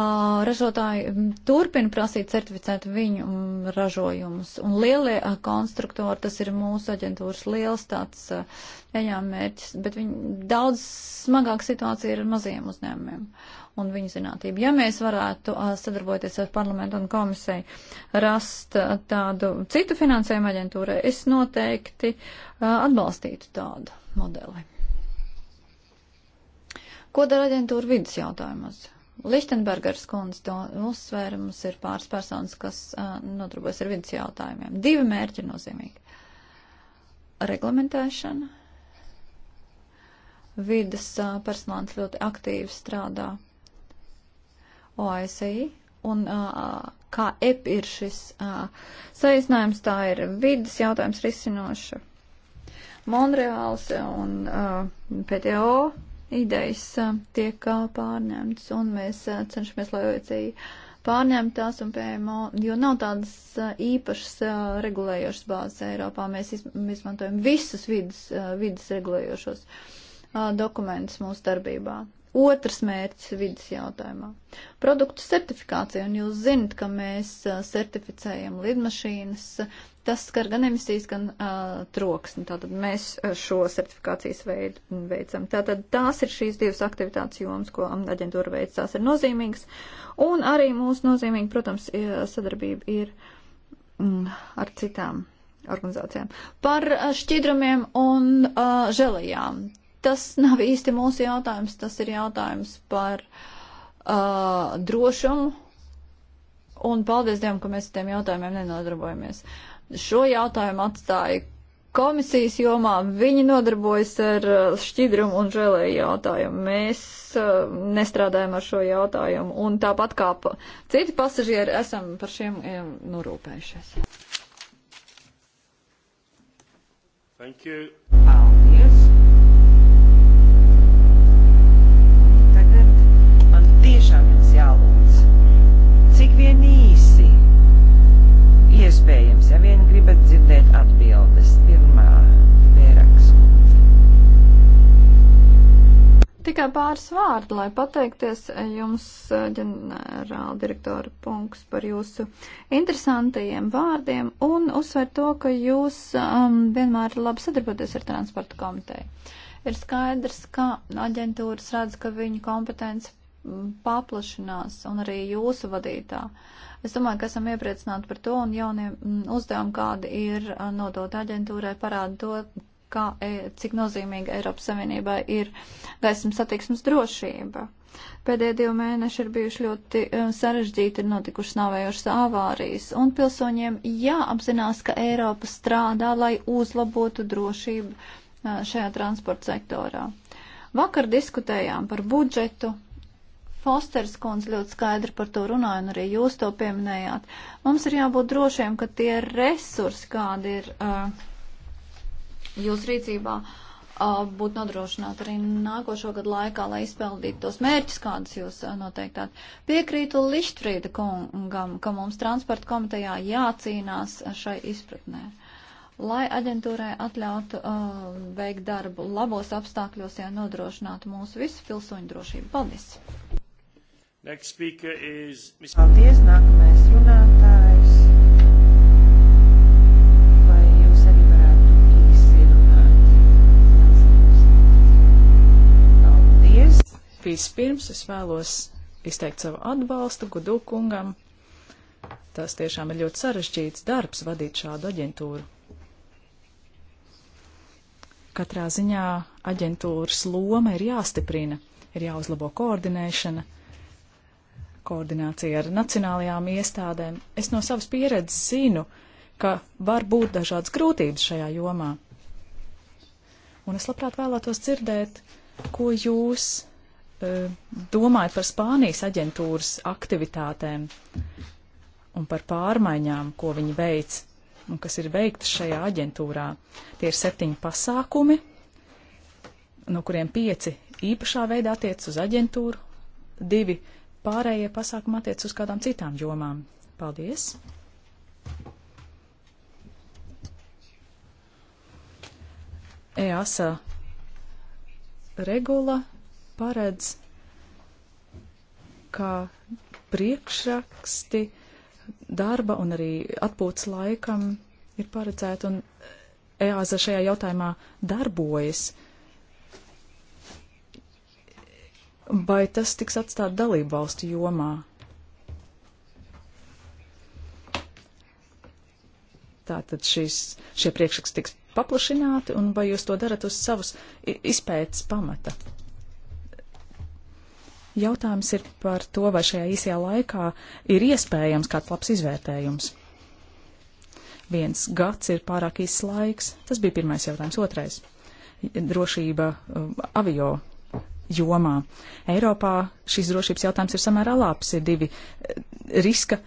Speaker 3: ražotāji mm, turpina prasīt certificēt viņu mm, ražojumus. Un lielie uh, konstruktori, tas ir mūsu aģentūras liels tāds uh, ieņēmumērķis, bet viņi daudz smagāk situācija ir ar maziem uzņēmumiem un viņa zinātību. Ja mēs varētu sadarboties ar parlamentu un komisiju rast tādu citu finansējumu aģentūru, es noteikti atbalstītu tādu modeli. Ko dara aģentūra vidas jautājumos? Lichtenbergers kundze to uzsvēra, mums ir pāris personas, kas uh, nodarbojas ar vidas jautājumiem. Divi mērķi ir nozīmīgi. Reglamentēšana. Vidas uh, personāls ļoti aktīvi strādā OSI un uh, kā EP ir šis uh, saīsinājums, tā ir vidas jautājums risinoša. Monreāls un uh, PTO idejas uh, tiek uh, pārņemts un mēs uh, cenšamies, lai OSI e pārņemt tās un PMO, jo nav tādas uh, īpašas uh, regulējošas bāzes Eiropā. Mēs iz, izmantojam visus vidas, uh, vidas regulējošos dokumentus mūsu darbībā. Otrs mērķis vidas jautājumā. Produktu certifikācija, un jūs zinat, ka mēs certificējam lidmašīnas, tas skar gan emisijas, gan uh, troksni. Tātad mēs šo certifikācijas veidu veicam. Tātad tās ir šīs divas aktivitātes jomas, ko aģentūra veic, tās ir nozīmīgas. Un arī mūsu nozīmīga, protams, sadarbība ir mm, ar citām organizācijām. Par šķidrumiem un uh, želajām tas nav īsti mūsu jautājums, tas ir jautājums par uh, drošumu. Un paldies Dievam, ka mēs ar tiem jautājumiem nenodarbojamies. Šo jautājumu atstāja komisijas jomā. Viņi nodarbojas ar uh, šķidrumu un žēlēju jautājumu. Mēs uh, nestrādājam ar šo jautājumu. Un tāpat kā pa, citi pasažieri esam par šiem um, norūpējušies.
Speaker 2: Thank you. Paldies. vien īsi. Iespējams, ja vien gribat dzirdēt atbildes. Pirmā pēraks.
Speaker 3: Tikai pāris vārdu, lai pateikties jums, ģenerāla direktora punkts, par jūsu interesantajiem vārdiem un uzsver to, ka jūs um, vienmēr labi sadarboties ar transporta komiteju. Ir skaidrs, ka aģentūras redz, ka viņu kompetence paplašinās un arī jūsu vadītā. Es domāju, ka esam iepriecināti par to un jaunie mm, uzdevumi, kādi ir nodot aģentūrai, parāda to, kā, e, cik nozīmīga Eiropas Savienībai ir gaismas satiksmes drošība. Pēdējie divi mēneši ir bijuši ļoti sarežģīti, ir notikušas nāvējošas avārijas, un pilsoņiem jāapzinās, ka Eiropa strādā, lai uzlabotu drošību šajā transporta sektorā. Vakar diskutējām par budžetu, Fosters kundze ļoti skaidri par to runāja, un arī jūs to pieminējāt. Mums ir jābūt drošiem, ka tie resursi, kādi ir uh, jūsu rīcībā, uh, būtu nodrošināti arī nākošo gadu laikā, lai izpildītu tos mērķus, kādus jūs uh, noteiktāt. Piekrītu Lištfrīda kungam, ka mums transporta komitejā jācīnās šai izpratnē. Lai aģentūrai atļautu uh, veikt darbu labos apstākļos, jānodrošinātu mūsu visu pilsoņu
Speaker 2: drošību. Paldies! Next speaker is Ms. Paldies, nākamais runātājs. Vai jūs arī varētu īsi runāt? Paldies.
Speaker 4: Vispirms es vēlos izteikt savu atbalstu Gudu kungam. Tas tiešām ir ļoti sarežģīts darbs vadīt šādu aģentūru. Katrā ziņā aģentūras loma ir jāstiprina, ir jāuzlabo koordinēšana koordinācija ar nacionālajām iestādēm. Es no savas pieredzes zinu, ka var būt dažādas grūtības šajā jomā. Un es labprāt vēlētos dzirdēt, ko jūs e, domājat par Spānijas aģentūras aktivitātēm un par pārmaiņām, ko viņi veic un kas ir veikts šajā aģentūrā. Tie ir septiņi pasākumi, no kuriem pieci īpašā veidā attiec uz aģentūru, divi uh, pārējie pasākumi attiec uz kādām citām jomām. Paldies! EASA regula paredz, ka priekšraksti darba un arī atpūtas laikam ir paredzēti, un EASA šajā jautājumā darbojas. Uh, Vai tas tiks atstāt dalību valstu jomā? Tātad šīs, šie priekšraksti tiks paplašināti, un vai jūs to darat uz savus izpētes pamata? Jautājums ir par to, vai šajā īsajā laikā ir iespējams kāds labs izvērtējums. Viens gads ir pārāk īsts laiks. Tas bija pirmais jautājums. Otrais - drošība um, avio jomā. Eiropā šis drošības jautājums ir samērā labs, ir divi eh, riska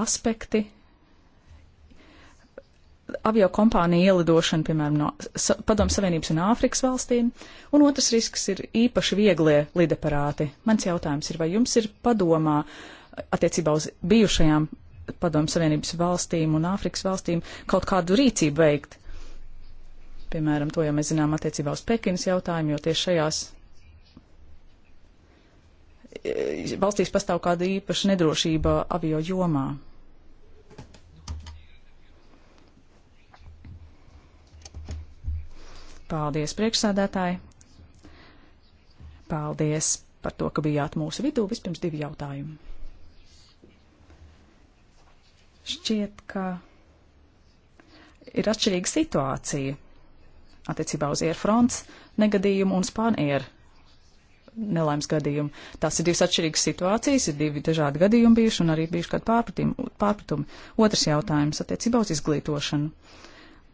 Speaker 4: aspekti. Avio kompānija ielidošana, piemēram, no Padomu Savienības un Āfrikas valstīm, un otrs risks ir īpaši vieglie lidaparāti. Mans jautājums ir, vai jums ir padomā attiecībā uz bijušajām Padomu Savienības valstīm un Āfrikas valstīm kaut kādu rīcību veikt? Piemēram, to jau mēs zinām attiecībā uz Pekinas jautājumu, jo tieši šajās E, valstīs pastāv kāda īpaša nedrošība avio jomā. Paldies, priekšsādātāji! Paldies par to, ka bijāt mūsu vidū. Vispirms divi jautājumi. Šķiet, ka ir atšķirīga situācija attiecībā uz Air France negadījumu un Spanair nelaimes gadījumu. Tas ir divas atšķirīgas situācijas, ir divi dažādi gadījumi bijuši un arī bijuši kādi pārpratumi. Otrs jautājums attiecībā uz izglītošanu.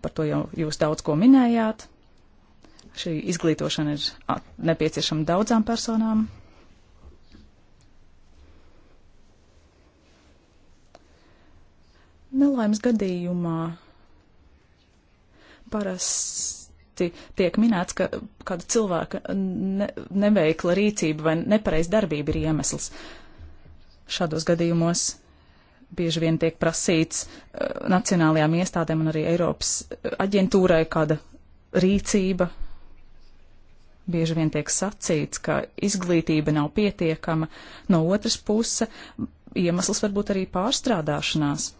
Speaker 4: Par to jau jūs daudz ko minējāt. Šī izglītošana ir nepieciešama daudzām personām. Nelaimes gadījumā parasti nereti tiek minēts, ka kāda cilvēka ne, neveikla rīcība vai nepareiz darbība ir iemesls. Šādos gadījumos bieži vien tiek prasīts uh, nacionālajām iestādēm un arī Eiropas aģentūrai kāda rīcība. Bieži vien tiek sacīts, ka izglītība nav pietiekama. No otras puses, iemesls var būt arī pārstrādāšanās.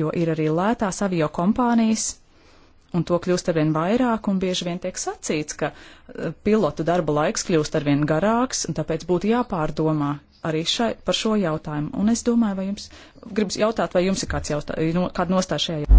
Speaker 4: Jo ir arī lētās avio kompānijas, un to kļūst arvien vairāk, un bieži vien tiek sacīts, ka eh, pilotu darba laiks kļūst arvien garāks, un tāpēc būtu jāpārdomā arī šai, par šo jautājumu. Un es domāju, vai jums, gribu jautāt, vai jums ir kāds jautā, no, kāda nostāja šajā jautājumā?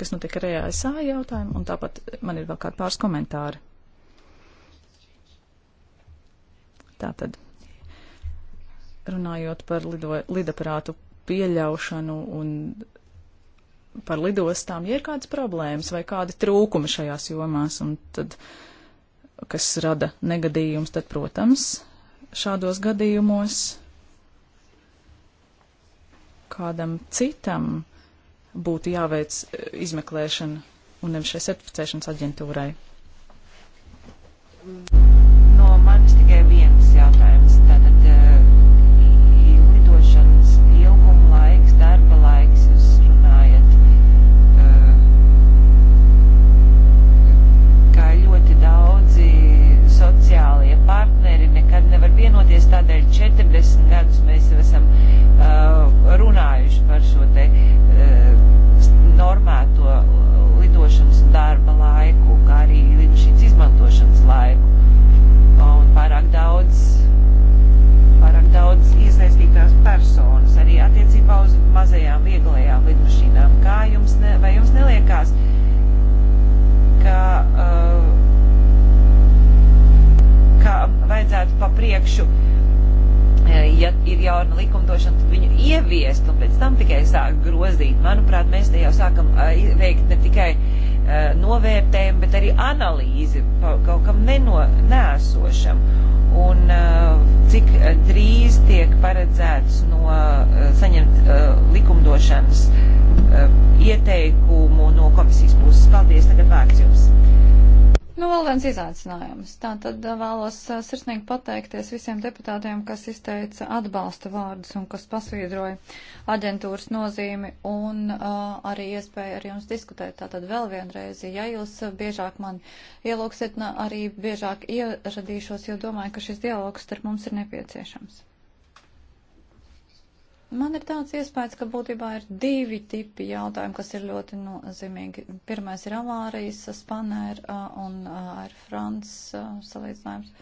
Speaker 4: kas notiek ar ESA jautājumu, un tāpat man ir vēl kādi pāris komentāri. Tātad, runājot par lido, lidaparātu pieļaušanu un par lidostām, ja ir kādas problēmas vai kādi trūkumi šajās jomās, un tad, kas rada negadījums, tad, protams, šādos gadījumos kādam citam būtu jāveic eh, izmeklēšana un nevis šai certificēšanas aģentūrai.
Speaker 2: Mm. No manis tikai viena. ieguldīt. Manuprāt, mēs te jau sākam veikt ne tikai novērtējumu, bet arī analīzi kaut kam neno, nēsošam. Un cik drīz tiek paredzēts no saņemt likumdošanas ieteikumu no komisijas puses. Paldies, tagad vārds jums.
Speaker 3: Nu, vēl viens izaicinājums. Tā tad eh, vēlos eh, sirsnīgi pateikties visiem deputātiem, kas izteica atbalsta vārdus un kas pasvīdroja aģentūras nozīmi un uh, arī iespēju ar jums diskutēt. Tā tad vēl vienreiz, ja jūs biežāk man ielūksiet, arī biežāk ieradīšos, jo domāju, ka šis dialogs starp mums ir nepieciešams. Man ir tāds iespējas, ka būtībā ir divi tipi jautājumi, kas ir ļoti nozīmīgi. Pirmais ir avārijas, spanēra un Air France salīdzinājums.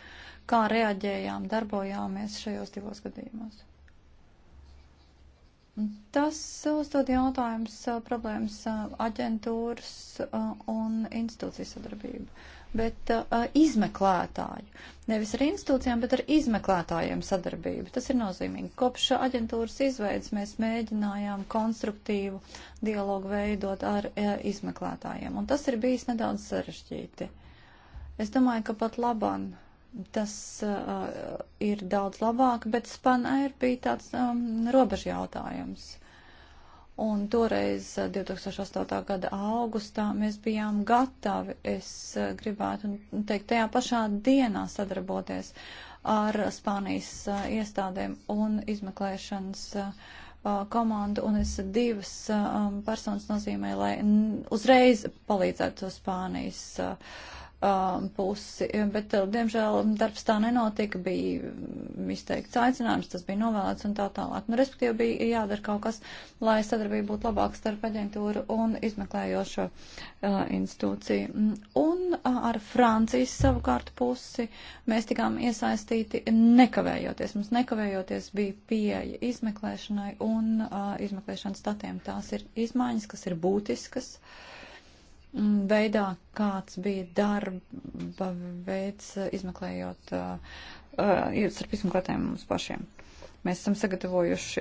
Speaker 3: Kā reaģējām, darbojāmies šajos divos gadījumos? Tas uzdod jautājums problēmas aģentūras un institūciju sadarbību bet uh, uh, izmeklētāju. Nevis ar institūcijām, bet ar izmeklētājiem sadarbību. Tas ir nozīmīgi. Kopš aģentūras izveidas mēs mēģinājām konstruktīvu dialogu veidot ar uh, izmeklētājiem, un tas ir bijis nedaudz sarežģīti. Es domāju, ka pat labāk tas uh, uh, ir daudz labāk, bet spanēr bija tāds um, robežu jautājums. Un toreiz 2008. Eh, gada augustā mēs bijām gatavi, es eh, gribētu teikt, tajā pašā dienā sadarboties ar Spānijas eh, iestādēm un izmeklēšanas komandu, un es divas personas nozīmēju, lai uzreiz palīdzētu Spānijas uh, Um, pusi, bet, uh, diemžēl, darbs tā nenotika, bija mm, izteikts aicinājums, tas bija novēlēts un tā tālāk. Nu, respektīvi, bija jādara kaut kas, lai sadarbība būtu labāka starp aģentūru un izmeklējošo uh, institūciju. Mm, un uh, ar Francijas savukārt pusi mēs tikām iesaistīti nekavējoties. Mums nekavējoties bija pieeja izmeklēšanai un uh, izmeklēšanas statiem. Tās ir izmaiņas, kas ir būtiskas. Uh, veidā, kāds bija darba veids, izmeklējot uh, starp izmeklētājiem mums pašiem. Mēs esam sagatavojuši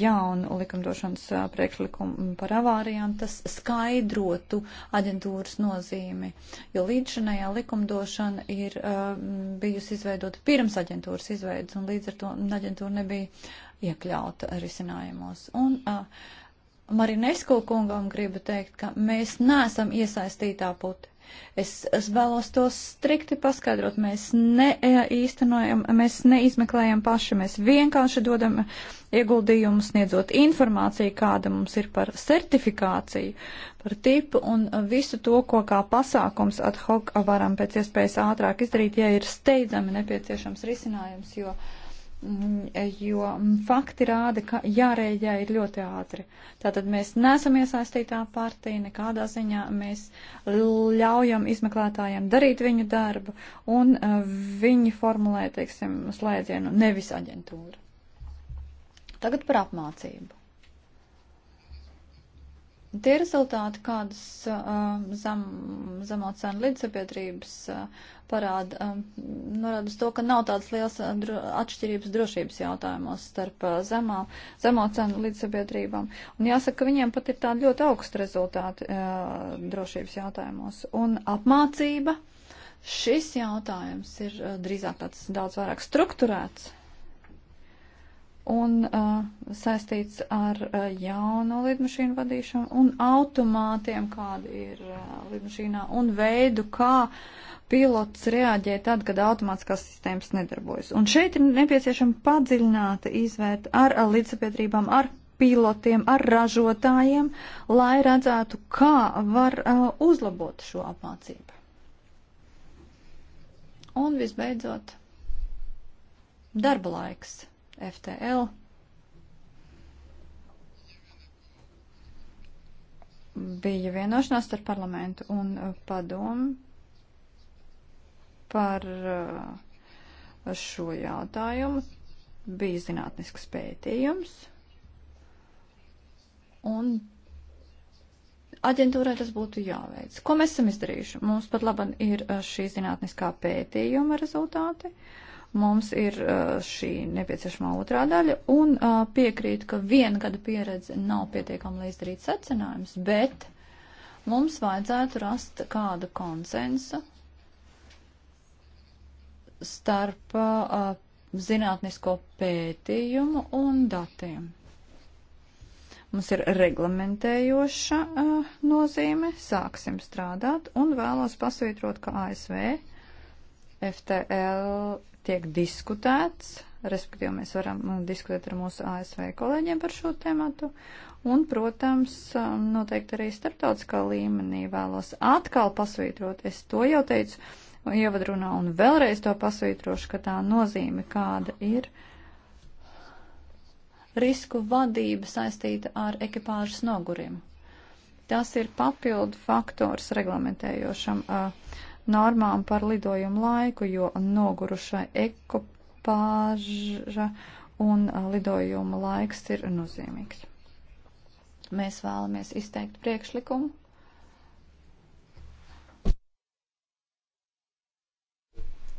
Speaker 3: jaunu likumdošanas priekšlikumu par avārijām, tas skaidrotu aģentūras nozīmi, jo līdzšanējā likumdošana ir uh, bijusi izveidota pirms aģentūras izveidas, un līdz ar to aģentūra nebija iekļauta risinājumos. Un, uh, Marinesko kungam gribu teikt, ka mēs neesam iesaistītā puti. Es, es vēlos to strikti paskaidrot. Mēs ne e, īstenojam, mēs neizmeklējam paši, mēs vienkārši dodam ieguldījumu sniedzot informāciju, kāda mums ir par certifikāciju, par tipu un visu to, ko kā pasākums ad hoc varam pēc iespējas ātrāk izdarīt, ja ir steidzami nepieciešams risinājums, jo uh, jo fakti rāda, ka jārēģē ir ļoti ātri. Tātad mēs nesam iesaistītā partija, nekādā ziņā mēs ļaujam izmeklētājiem darīt viņu darbu un uh, viņi formulē, teiksim, slēdzienu, nevis aģentūra. Tagad par apmācību. Tie rezultāti, kādus uh, zem, zemo cenu līdzsabiedrības uh, parāda, uh, norāda uz to, ka nav tādas liels dro, atšķirības drošības jautājumos starp uh, zemā, zemo cenu līdzsabiedrībām. Un jāsaka, ka viņiem pat ir tādi ļoti augsti rezultāti uh, drošības jautājumos. Un apmācība, šis jautājums ir uh, drīzāk tāds daudz vairāk strukturēts un uh, saistīts ar uh, jauno lidmašīnu vadīšanu un automātiem, kādi ir uh, lidmašīnā, un veidu, kā pilots reaģē tad, kad automātiskās sistēmas nedarbojas. Un šeit ir nepieciešama padziļināta izvērt ar, ar līdzsabiedrībām, ar pilotiem, ar ražotājiem, lai redzētu, kā var uh, uzlabot šo apmācību. Un visbeidzot, darba laiks. FTL. Bija vienošanās ar parlamentu un uh, padomu par uh, šo jautājumu. Bija zinātnisks pētījums. Un aģentūrai tas būtu jāveic. Ko mēs esam izdarījuši? Mums pat laban ir uh, šī zinātniskā pētījuma rezultāti. Uh, Mums ir uh, šī nepieciešamā otrā daļa un uh, piekrīt, ka viena gada pieredze nav pietiekama, lai izdarītu secinājums, bet mums vajadzētu rast kādu konsensu starp uh, uh, zinātnisko pētījumu un datiem. Mums ir reglamentējoša uh, nozīme, sāksim strādāt un vēlos pasvītrot, ka ASV FTL tiek diskutēts, respektīvi mēs varam mm, diskutēt ar mūsu ASV kolēģiem par šo tematu. Un, protams, mm, noteikti arī starptautiskā līmenī vēlos atkal pasvītrot. Es to jau teicu ievadrunā un vēlreiz to pasvītrošu, ka tā nozīme, kāda ir risku vadība saistīta ar ekipāžas noguriem. Tas ir papildu faktors reglamentējošam uh, normām par lidojumu laiku, jo nogurušai ekopāža un lidojuma laiks ir nozīmīgs. Mēs vēlamies izteikt priekšlikumu.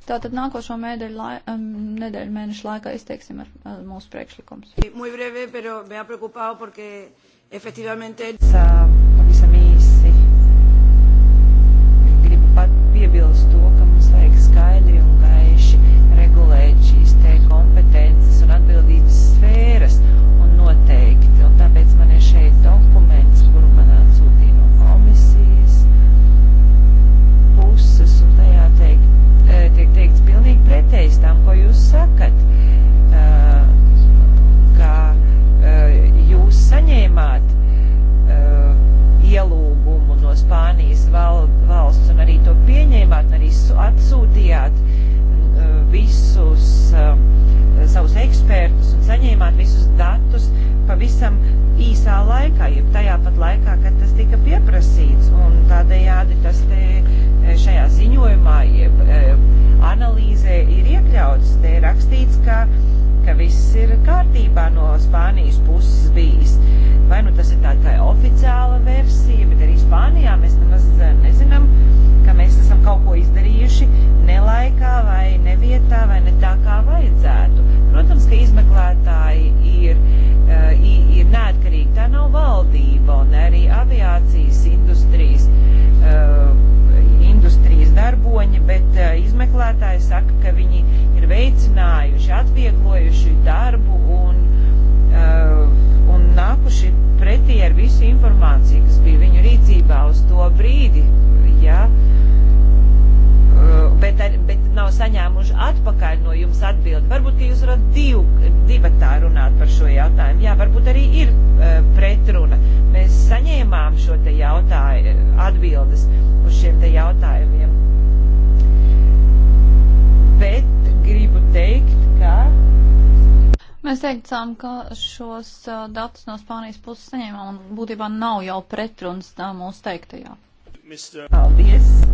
Speaker 3: Tātad nākošo mēdeļu, lai, um, nedēļu mēnešu laikā izteiksim ar, ar mūsu priekšlikums.
Speaker 2: Muy breve, pero me ha preocupado porque efectivamente... Uh,
Speaker 3: teicām, ka šos datus no Spānijas puses saņēmām un būtībā nav jau pretruns tā mūsu teiktajā.
Speaker 2: Mister... Paldies!